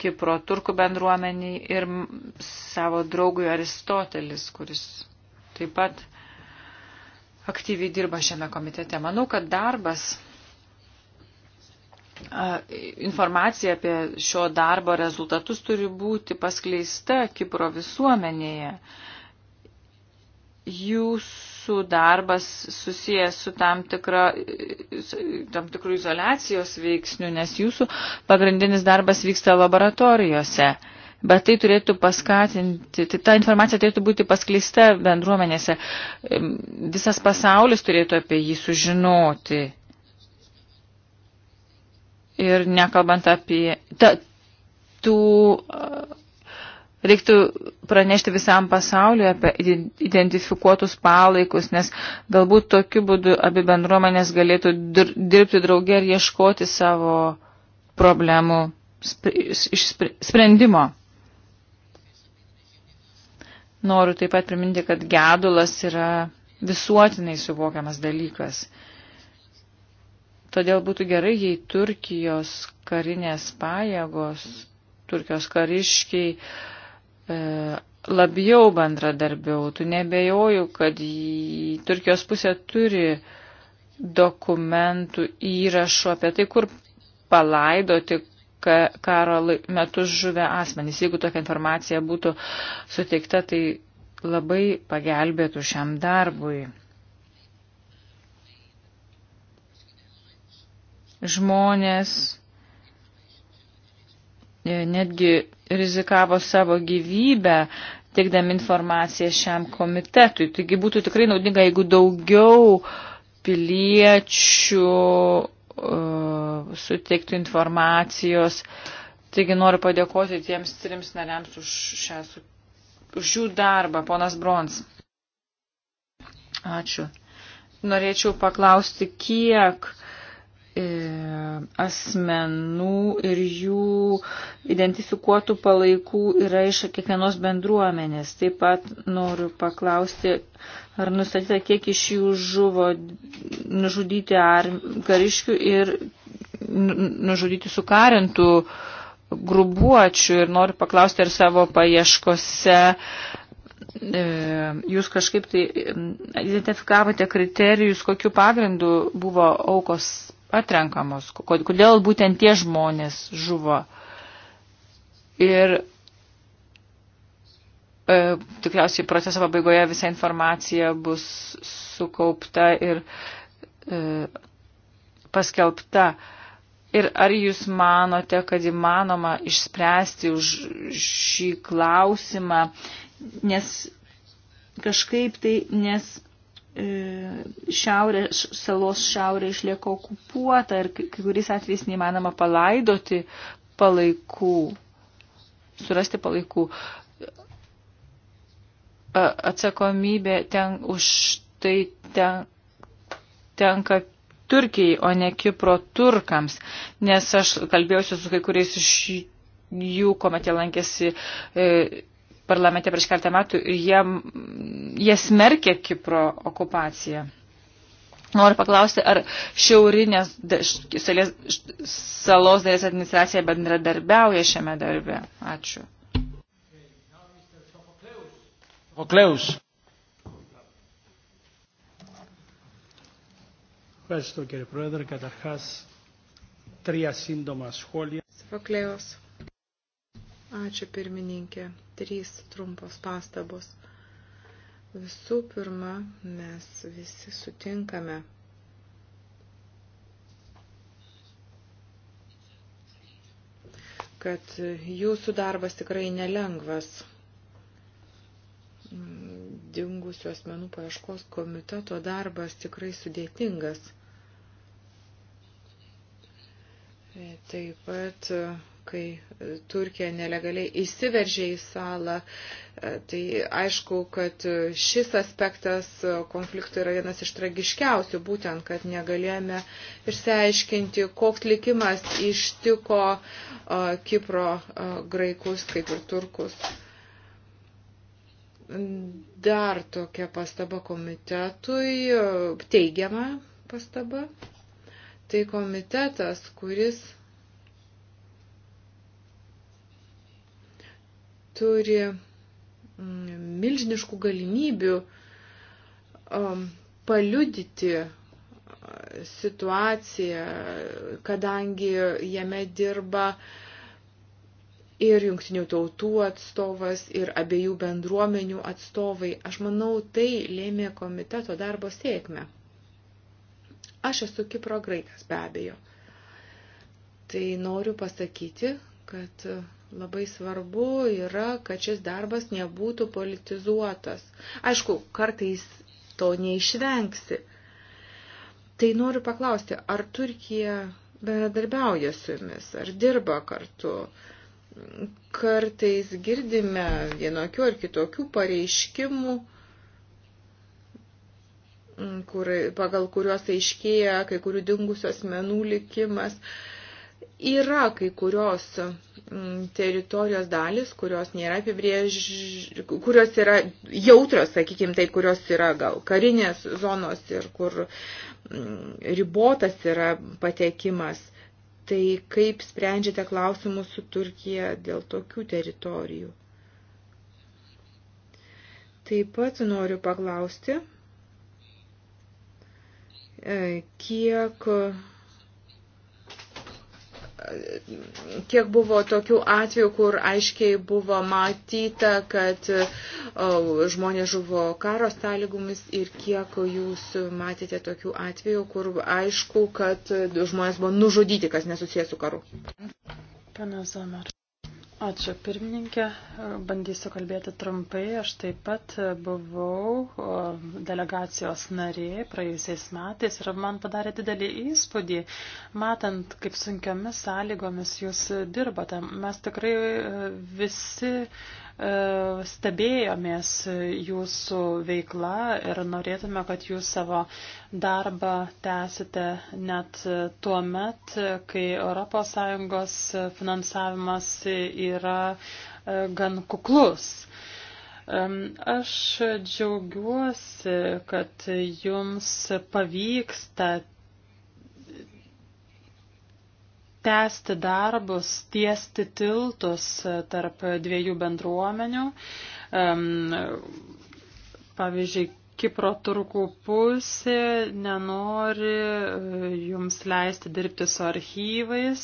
B: Kipro turkų bendruomeniai ir savo draugui Aristotelis, kuris taip pat aktyviai dirba šiame komitete. Manau, kad darbas, informacija apie šio darbo rezultatus turi būti paskleista Kipro visuomenėje. Jūs mūsų darbas susijęs su tam, tikra, tam tikrų izolacijos veiksnių, nes jūsų pagrindinis darbas vyksta laboratorijose. Bet tai turėtų paskatinti, tai ta informacija turėtų būti paskleista bendruomenėse. Visas pasaulis turėtų apie jį sužinoti. Ir nekalbant apie ta, tų Reiktų pranešti visam pasauliu apie identifikuotus palaikus, nes galbūt tokiu būdu abi bendruomenės galėtų dirbti draugė ir ieškoti savo problemų sprendimo. Noriu taip pat priminti, kad gedulas yra visuotinai suvokiamas dalykas. Todėl būtų gerai, jei Turkijos karinės pajėgos, Turkijos kariškiai, uh, E, labiau bendradarbiautų. Nebejoju, kad į Turkijos pusę turi dokumentų įrašų apie tai, kur palaidoti karo metu žuvę asmenys. Jeigu tokia informacija būtų suteikta, tai labai pagelbėtų šiam darbui. Žmonės E, netgi rizikavo savo gyvybę, teikdami informaciją šiam komitetui. Taigi būtų tikrai naudinga, jeigu daugiau piliečių uh, suteiktų informacijos. Taigi noriu padėkoti tiems trims nariams už, šią, už jų darbą, ponas Brons. Ačiū. Norėčiau paklausti, kiek e, asmenų ir jų identifikuotų palaikų yra iš kiekvienos bendruomenės. Taip pat noriu paklausti, ar nustatyta, kiek iš jų žuvo nužudyti ar kariškių ir nu, nužudyti sukarintų grubuočių ir noriu paklausti, ar savo paieškose e, jūs kažkaip tai e, identifikavote kriterijus, kokiu pagrindu buvo aukos atrenkamos, kodėl būtent tie žmonės žuvo. Ir e, tikriausiai proceso pabaigoje visa informacija bus sukaupta ir e, paskelbta. Ir ar jūs manote, kad įmanoma išspręsti už šį klausimą, nes kažkaip tai, nes E, šiaurė, salos šiaurė išlieka okupuota ir kai kuriais atvejais neįmanoma palaidoti palaikų, surasti palaikų. Atsakomybė ten už tai ten, tenka Turkijai, o ne Kipro turkams, nes aš kalbėjausi su kai kuriais iš jų, kuomet jie lankėsi e, parlamente prieš keltą metų ir jie, jie smerkė Kipro okupaciją. Noriu paklausti, ar šiaurinės salės, salos dalies administracija bendradarbiauja šiame darbe? Ačiū.
A: Okleus. Ευχαριστώ κύριε Πρόεδρε. Καταρχάς, τρία σύντομα σχόλια.
C: Σοφοκλέος. Ačiū pirmininkė. Trys trumpos pastabos. Visų pirma, mes visi sutinkame, kad jūsų darbas tikrai nelengvas. Dingusių asmenų paieškos komiteto darbas tikrai sudėtingas. Taip pat kai e, Turkija nelegaliai įsiveržė į salą. E, tai aišku, kad e, šis aspektas konflikto yra vienas iš tragiškiausių, būtent, kad negalėjome išsiaiškinti, koks likimas ištiko Kipro graikus kaip ir turkus. Dar tokia pastaba komitetui, teigiama pastaba. Tai komitetas, kuris turi mm, milžiniškų galimybių um, paliudyti uh, situaciją, kadangi jame dirba ir jungtinių tautų atstovas, ir abiejų bendruomenių atstovai. Aš manau, tai lėmė komiteto darbo sėkmę. Aš esu Kipro graikas, be abejo. Tai noriu pasakyti, kad Labai svarbu yra, kad šis darbas nebūtų politizuotas. Aišku, kartais to neišvengsi. Tai noriu paklausti, ar Turkija bendradarbiauja su jumis, ar dirba kartu? Kartais girdime vienokių ar kitokių pareiškimų kur, pagal kuriuos aiškėja kai kurių dingusios menų likimas. Yra kai kurios Mm, teritorijos dalis, kurios nėra apibrėž, kurios yra jautrios, sakykime taip, kurios yra gal karinės zonos ir kur mm, ribotas yra patekimas. Tai kaip sprendžiate klausimus su Turkija dėl tokių teritorijų? Taip pat noriu paklausti, e, kiek kiek buvo tokių atvejų, kur aiškiai buvo matyta, kad e, žmonės žuvo karo sąlygomis ir kiek jūs matėte tokių atvejų, kur aišku, kad žmonės buvo nužudyti, kas nesusijęs su karu.
D: Pana Zomer. Ačiū pirmininkė, bandysiu kalbėti trumpai. Aš taip pat buvau delegacijos narė praėjusiais metais ir man padarė didelį įspūdį, matant, kaip sunkiomis sąlygomis jūs dirbate. Mes tikrai e, visi E, stebėjomės jūsų veikla ir norėtume, kad jūs savo darbą tęsite net tuo met, kai ES finansavimas yra e, gan kuklus. Aš džiaugiuosi, kad jums pavyksta tęsti darbus, tiesti tiltus e, tarp dviejų bendruomenių. Pavyzdžiui, Kipro turkų pusė nenori e, jums leisti dirbti su archyvais.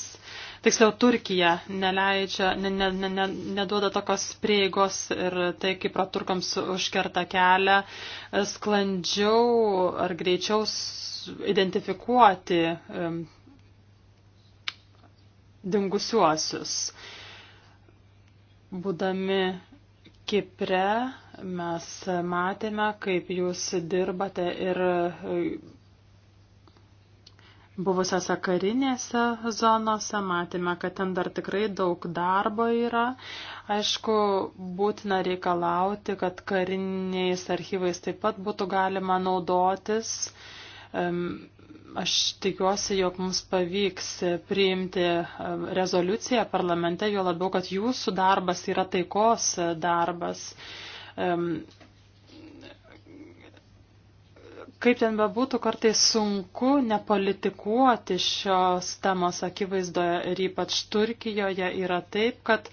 D: Tiksliau, Turkija neleidžia, ne, ne, ne, neduoda tokios prieigos ir tai Kipro turkams užkerta kelią e, sklandžiau ar greičiau identifikuoti dingusiuosius. Būdami Kipre mes matėme, kaip jūs dirbate ir e, buvusiose karinėse zonose, matėme, kad ten dar tikrai daug darbo yra. Aišku, būtina reikalauti, kad kariniais archyvais taip pat būtų galima naudotis. Um, Aš tikiuosi, jog mums pavyks priimti e, rezoliuciją parlamente, jo labiau, kad jūsų darbas yra taikos darbas. Kaip ten bebūtų, kartais sunku nepolitikuoti šios temos akivaizdoje ir ypač Turkijoje yra taip, kad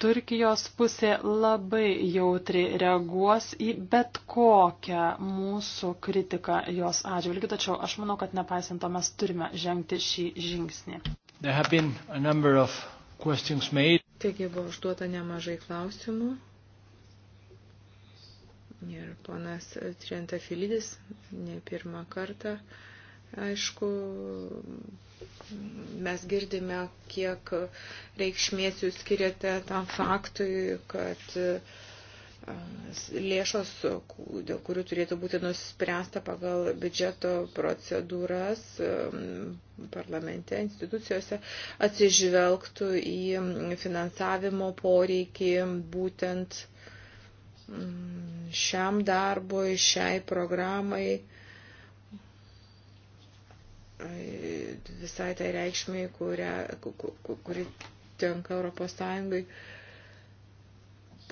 D: Turkijos pusė labai jautri reaguos į bet kokią mūsų kritiką jos atžvilgiu, tačiau aš manau, kad nepaisant to mes turime žengti šį žingsnį. Taigi buvo užduota nemažai klausimų.
C: Ir ponas Trenta Filidis ne pirmą kartą uh, Aišku, mes girdime, kiek reikšmės jūs skiriate tam faktui, kad e, lėšos, dėl kurių turėtų būti nuspręsta pagal biudžeto procedūras e, parlamente, institucijose, atsižvelgtų į finansavimo poreikį būtent mm, šiam darbui, šiai programai visai tai reikšmiai, kuri tenka Europos Sąjungai,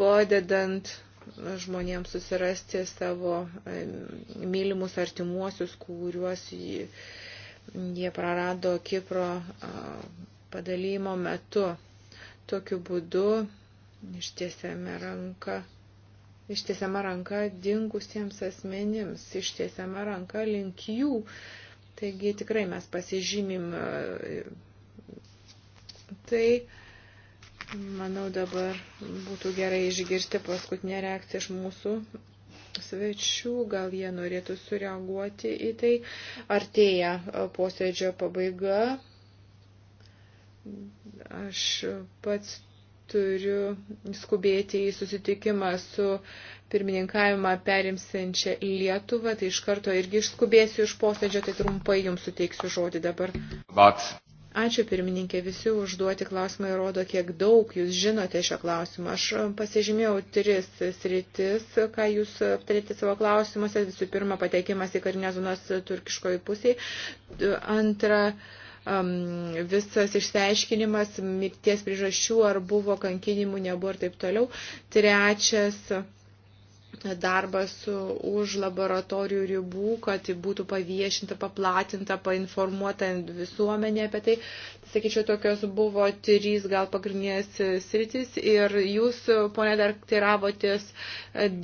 C: padedant žmonėms susirasti savo mylimus artimuosius, kuriuos jie prarado Kipro padalymo metu. Tokiu būdu ištiesiame ranką ištiesiama ranka dingusiems asmenims, ištiesiama ranka link jų, Taigi tikrai mes pasižymim e, tai. Manau, dabar būtų gerai išgirsti paskutinę reakciją iš mūsų svečių, gal jie norėtų sureaguoti į tai. Artėja e, posėdžio pabaiga. Aš pats turiu skubėti į susitikimą su pirmininkavimą perimsiančia Lietuvą, tai iš karto irgi išskubėsiu iš posėdžio, tai trumpai jums suteiksiu žodį dabar. But. Ačiū pirmininkė, visi užduoti klausimai rodo, kiek daug jūs žinote šio klausimą. Aš pasižymėjau tris sritis, ką jūs aptarėte savo klausimuose. Visų pirma, patekimas į karinės zonos turkiškoj pusėje. Antra, uh, um, visas išsiaiškinimas mirties priežasčių, ar buvo kankinimų, nebuvo ir taip toliau. Trečias darbas už laboratorijų ribų, kad tai būtų paviešinta, paplatinta, painformuota visuomenė apie tai. tai sakyčiau, tokios buvo trys gal pagrindinės sritis ir jūs, ponė, dar teiravotės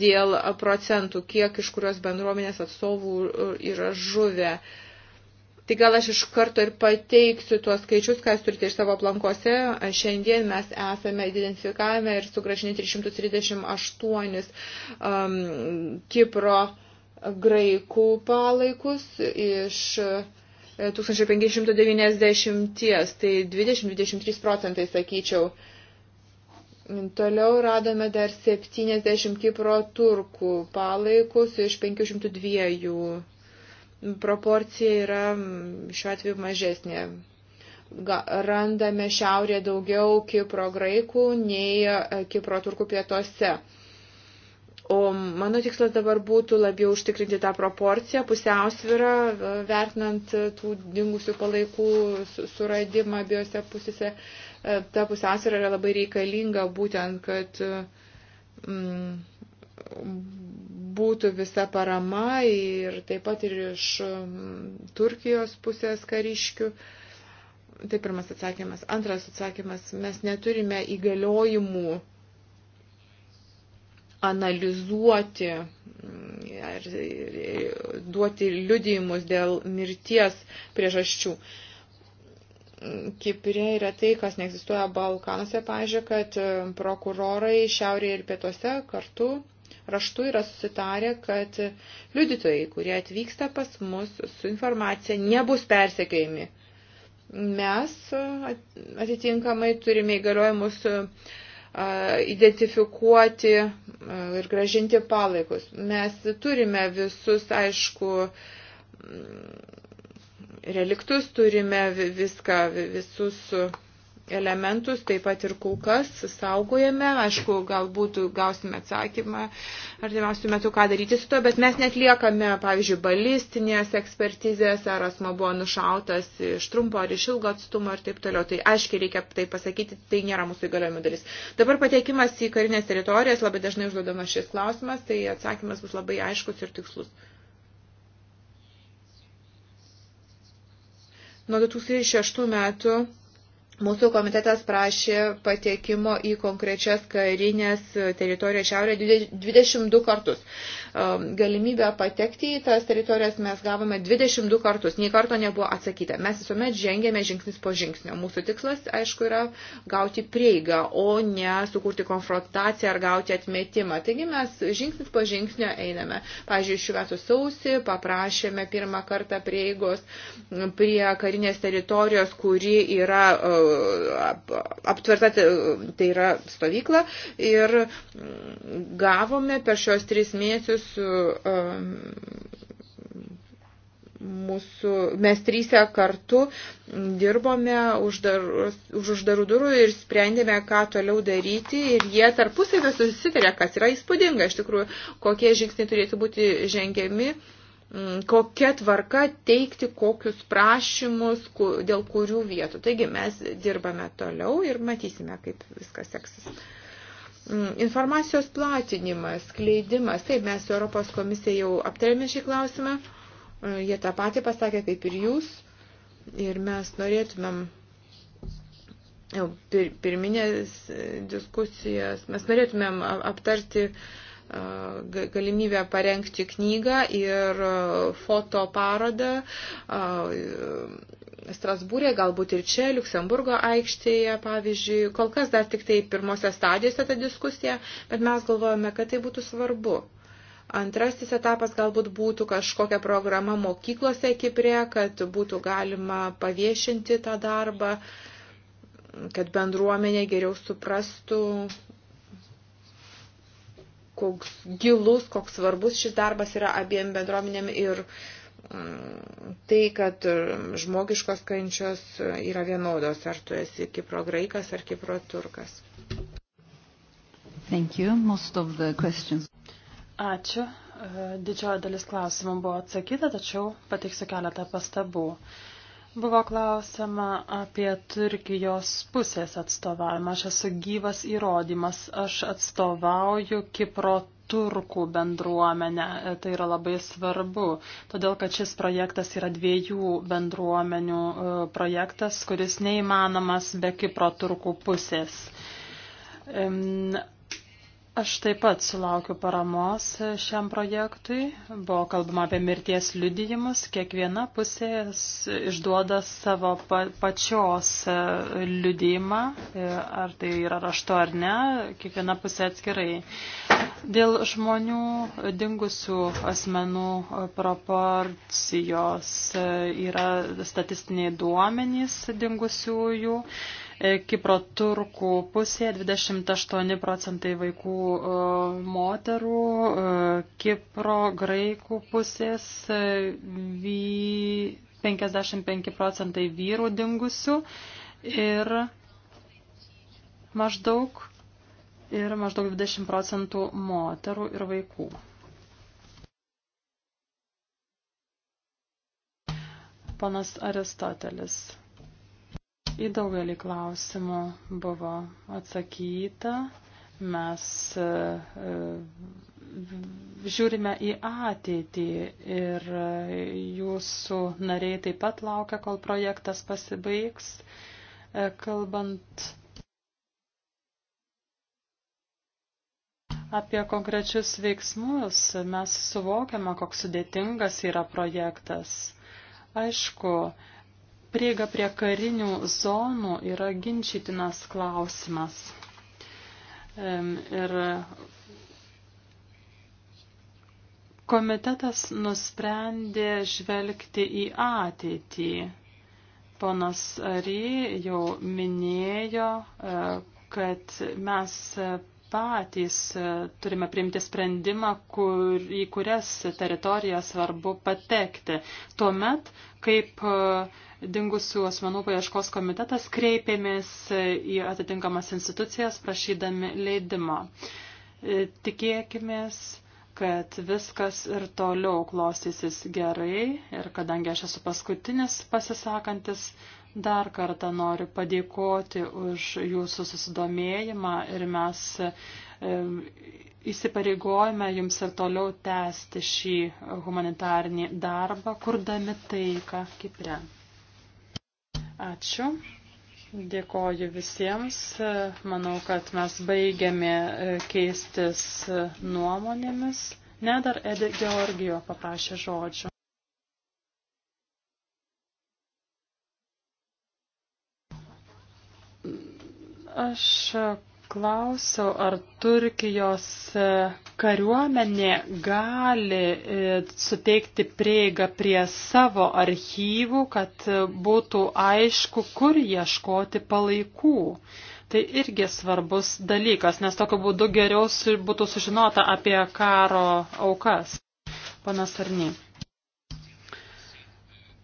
C: dėl procentų, kiek iš kurios bendruomenės atstovų yra žuvę. Uh, Tai gal aš iš karto ir pateiksiu tuos skaičius, ką jūs turite iš savo aplankose. Šiandien mes esame identifikavę ir sugražinę 338 um, Kipro graikų palaikus iš 1590, e, tai 20-23 procentai sakyčiau. Toliau radome dar 70 Kipro turkų palaikus iš 502 proporcija yra šiuo atveju mažesnė. Randame šiaurė daugiau Kipro graikų nei e, Kipro turkų pietuose. O mano tikslas dabar būtų labiau užtikrinti tą proporciją, pusiausvyrą, e, vertinant tų dingusių palaikų suradimą abiejose pusėse. E, ta pusiausvyrą yra labai reikalinga būtent, kad mm, būtų visa parama ir taip pat ir iš um, Turkijos pusės kariškių. Tai pirmas atsakymas. Antras atsakymas, mes neturime įgaliojimų analizuoti mm, ar duoti liudijimus dėl mirties priežasčių. Kiprė yra tai, kas neegzistuoja Balkanuose, pažiūrėjau, kad um, prokurorai šiaurėje ir pietuose kartu raštu yra susitarę, kad liudytojai, kurie atvyksta pas mus su informacija, nebus persekiojami. Mes atitinkamai turime įgaliojimus identifikuoti ir gražinti palaikus. Mes turime visus, aišku, reliktus, turime viską, visus elementus, taip pat ir kulkas saugojame. Aišku, galbūt gausime atsakymą artimiausių metų, ką daryti su to, bet mes netliekame, pavyzdžiui, balistinės ekspertizės, ar asmo buvo nušautas iš trumpo ar iš ilgo atstumo ir taip toliau. Tai aiškiai reikia tai pasakyti, tai nėra mūsų įgaliojimų dalis. Dabar pateikimas į karinės teritorijas, labai dažnai užduodamas šis klausimas, tai atsakymas bus labai aiškus ir tikslus. Nuo 2006 metų Mūsų komitetas prašė patekimo į konkrečias karinės teritorijas šiaurė 22 kartus. Um, galimybę patekti į tas teritorijas mes gavome 22 kartus, nei karto nebuvo atsakyta. Mes visuomet žengėme žingsnis po žingsnio. Mūsų tikslas, aišku, yra gauti prieigą, o ne sukurti konfrontaciją ar gauti atmetimą. Taigi mes žingsnis po žingsnio einame. Pavyzdžiui, šiuo metu sausį paprašėme pirmą kartą prieigos prie karinės teritorijos, kuri yra aptverta, tai, tai yra stovykla, ir gavome per šios tris mėnesius um, mūsų, mes trysia kartu dirbome uždar, už uždarų durų ir sprendėme, ką toliau daryti ir jie tarpusavio susitarė, kas yra įspūdinga, iš tikrųjų, kokie žingsniai turėtų būti žengiami. Uh, Mm, kokia tvarka teikti kokius prašymus, dėl kurių vietų. Taigi mes dirbame toliau ir matysime, kaip viskas seksis. Mm, informacijos platinimas, kleidimas, taip mes su Europos komisija jau aptarėme šį klausimą, mm, jie tą patį pasakė kaip ir jūs ir mes norėtumėm jau pir, pirminės diskusijas, mes norėtumėm aptarti uh, galimybę parengti knygą ir fotoparodą e, Strasbūrė, galbūt ir čia, Luksemburgo aikštėje, pavyzdžiui. Kol kas dar tik tai pirmose stadijose ta diskusija, bet mes galvojame, kad tai būtų svarbu. Antrasis etapas galbūt būtų kažkokia programa mokyklose Kiprė, kad būtų galima paviešinti tą darbą, kad bendruomenė geriau suprastų koks gilus, koks svarbus šis darbas yra abiem bendruomenėm ir mm, tai, kad mm, žmogiškos kančios yra vienodos, ar tu esi Kipro graikas ar Kipro turkas. Thank you. Most
B: of
A: the questions.
D: Ačiū. Didžioji dalis klausimų buvo atsakyta, tačiau pateiksiu keletą pastabų. Uh, Buvo klausima apie Turkijos pusės atstovavimą. Aš esu gyvas įrodymas. Aš atstovauju Kipro turkų bendruomenę. Tai yra labai svarbu, todėl kad šis projektas yra dviejų bendruomenių e, projektas, kuris neįmanomas be Kipro turkų pusės. Aš taip pat sulaukiu paramos šiam projektui. Buvo kalbama apie mirties liudijimus. Kiekviena pusė išduoda savo pa pačios e, liudijimą, e, ar tai yra rašto ar ne, kiekviena pusė atskirai. Dėl žmonių dingusių asmenų e, proporcijos yra statistiniai duomenys dingusiųjų. jų E, Kipro turkų pusėje 28 procentai vaikų e, moterų, e, Kipro graikų pusės 55 procentai vyrų dingusių ir maždaug, ir maždaug 20 procentų moterų ir vaikų. Ponas Aristotelis. Į daugelį klausimų buvo atsakyta. Mes e, e, žiūrime į ateitį ir jūsų nariai taip pat laukia, kol projektas pasibaigs. E, kalbant apie konkrečius veiksmus, mes suvokiame, koks sudėtingas yra projektas. Aišku, prieiga prie karinių zonų yra ginčytinas klausimas. Ir komitetas nusprendė žvelgti į ateitį. Ponas Ary jau minėjo, e, kad mes patys e, turime priimti sprendimą, kur, į kurias teritorijas svarbu patekti. Tuomet, kaip uh, dingusių asmenų paieškos komitetas kreipėmės į atitinkamas institucijas prašydami leidimo. E, tikėkimės, kad viskas ir toliau klostysis gerai ir kadangi aš esu paskutinis pasisakantis, dar kartą noriu padėkoti už jūsų susidomėjimą ir mes e, įsipareigojame jums ir toliau tęsti šį humanitarnį darbą, kurdami taiką Kipre. Ačiū. Dėkoju visiems. Manau, kad mes baigėme e, keistis e, nuomonėmis. Ne dar Edi Georgijo paprašė žodžių. Aš klausiau, ar Turkijos e, kariuomenė gali e, suteikti prieigą prie savo archyvų, kad e, būtų aišku, kur ieškoti palaikų. Tai irgi svarbus dalykas, nes tokiu būdu geriau būtų sužinota apie karo aukas. Panas Arny.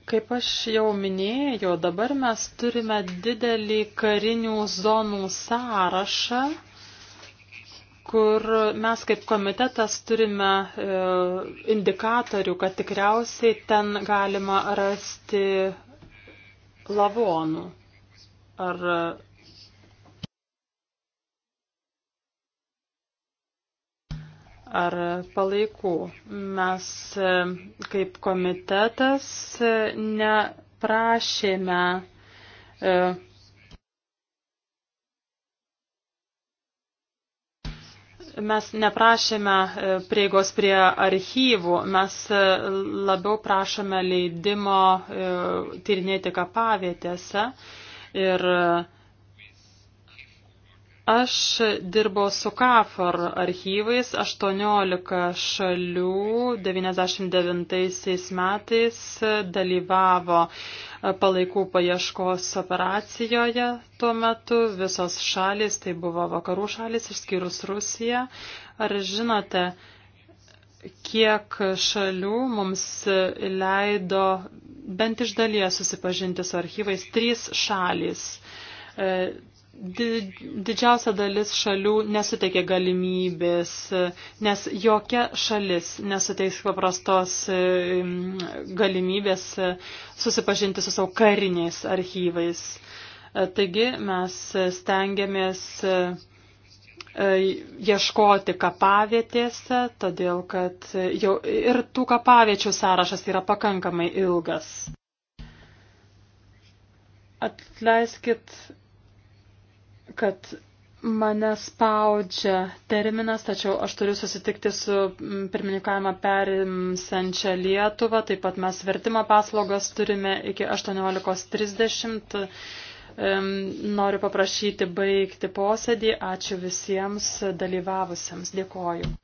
D: Kaip aš jau minėjau, dabar mes turime didelį karinių zonų sąrašą, kur mes kaip komitetas turime e, indikatorių, kad tikriausiai ten galima rasti lavonų ar ar palaikų. Mes e, kaip komitetas e, neprašėme e, mes neprašėme prieigos prie archyvų, mes labiau prašome leidimo tyrinėti kapavietėse ir uh, Aš dirbau su KAFOR archyvais 18 šalių 99 metais dalyvavo e, palaikų paieškos operacijoje tuo metu visos šalis, tai buvo vakarų šalis išskyrus Rusiją. Ar žinote, kiek šalių mums leido bent iš dalies susipažinti su archyvais? Trys šalis e, didžiausia dalis šalių nesuteikia galimybės, nes jokia šalis nesuteiks paprastos galimybės susipažinti su savo kariniais archyvais. E, taigi mes stengiamės e, ieškoti kapavietėse, todėl kad jau ir tų kapaviečių sąrašas yra pakankamai ilgas. Atleiskit kad mane spaudžia terminas, tačiau aš turiu susitikti su mm, pirmininkavimą perimsenčia Lietuva. Taip pat mes vertimo paslaugas turime iki 18.30. Noriu paprašyti baigti posėdį. Ačiū visiems dalyvavusiems. Dėkoju.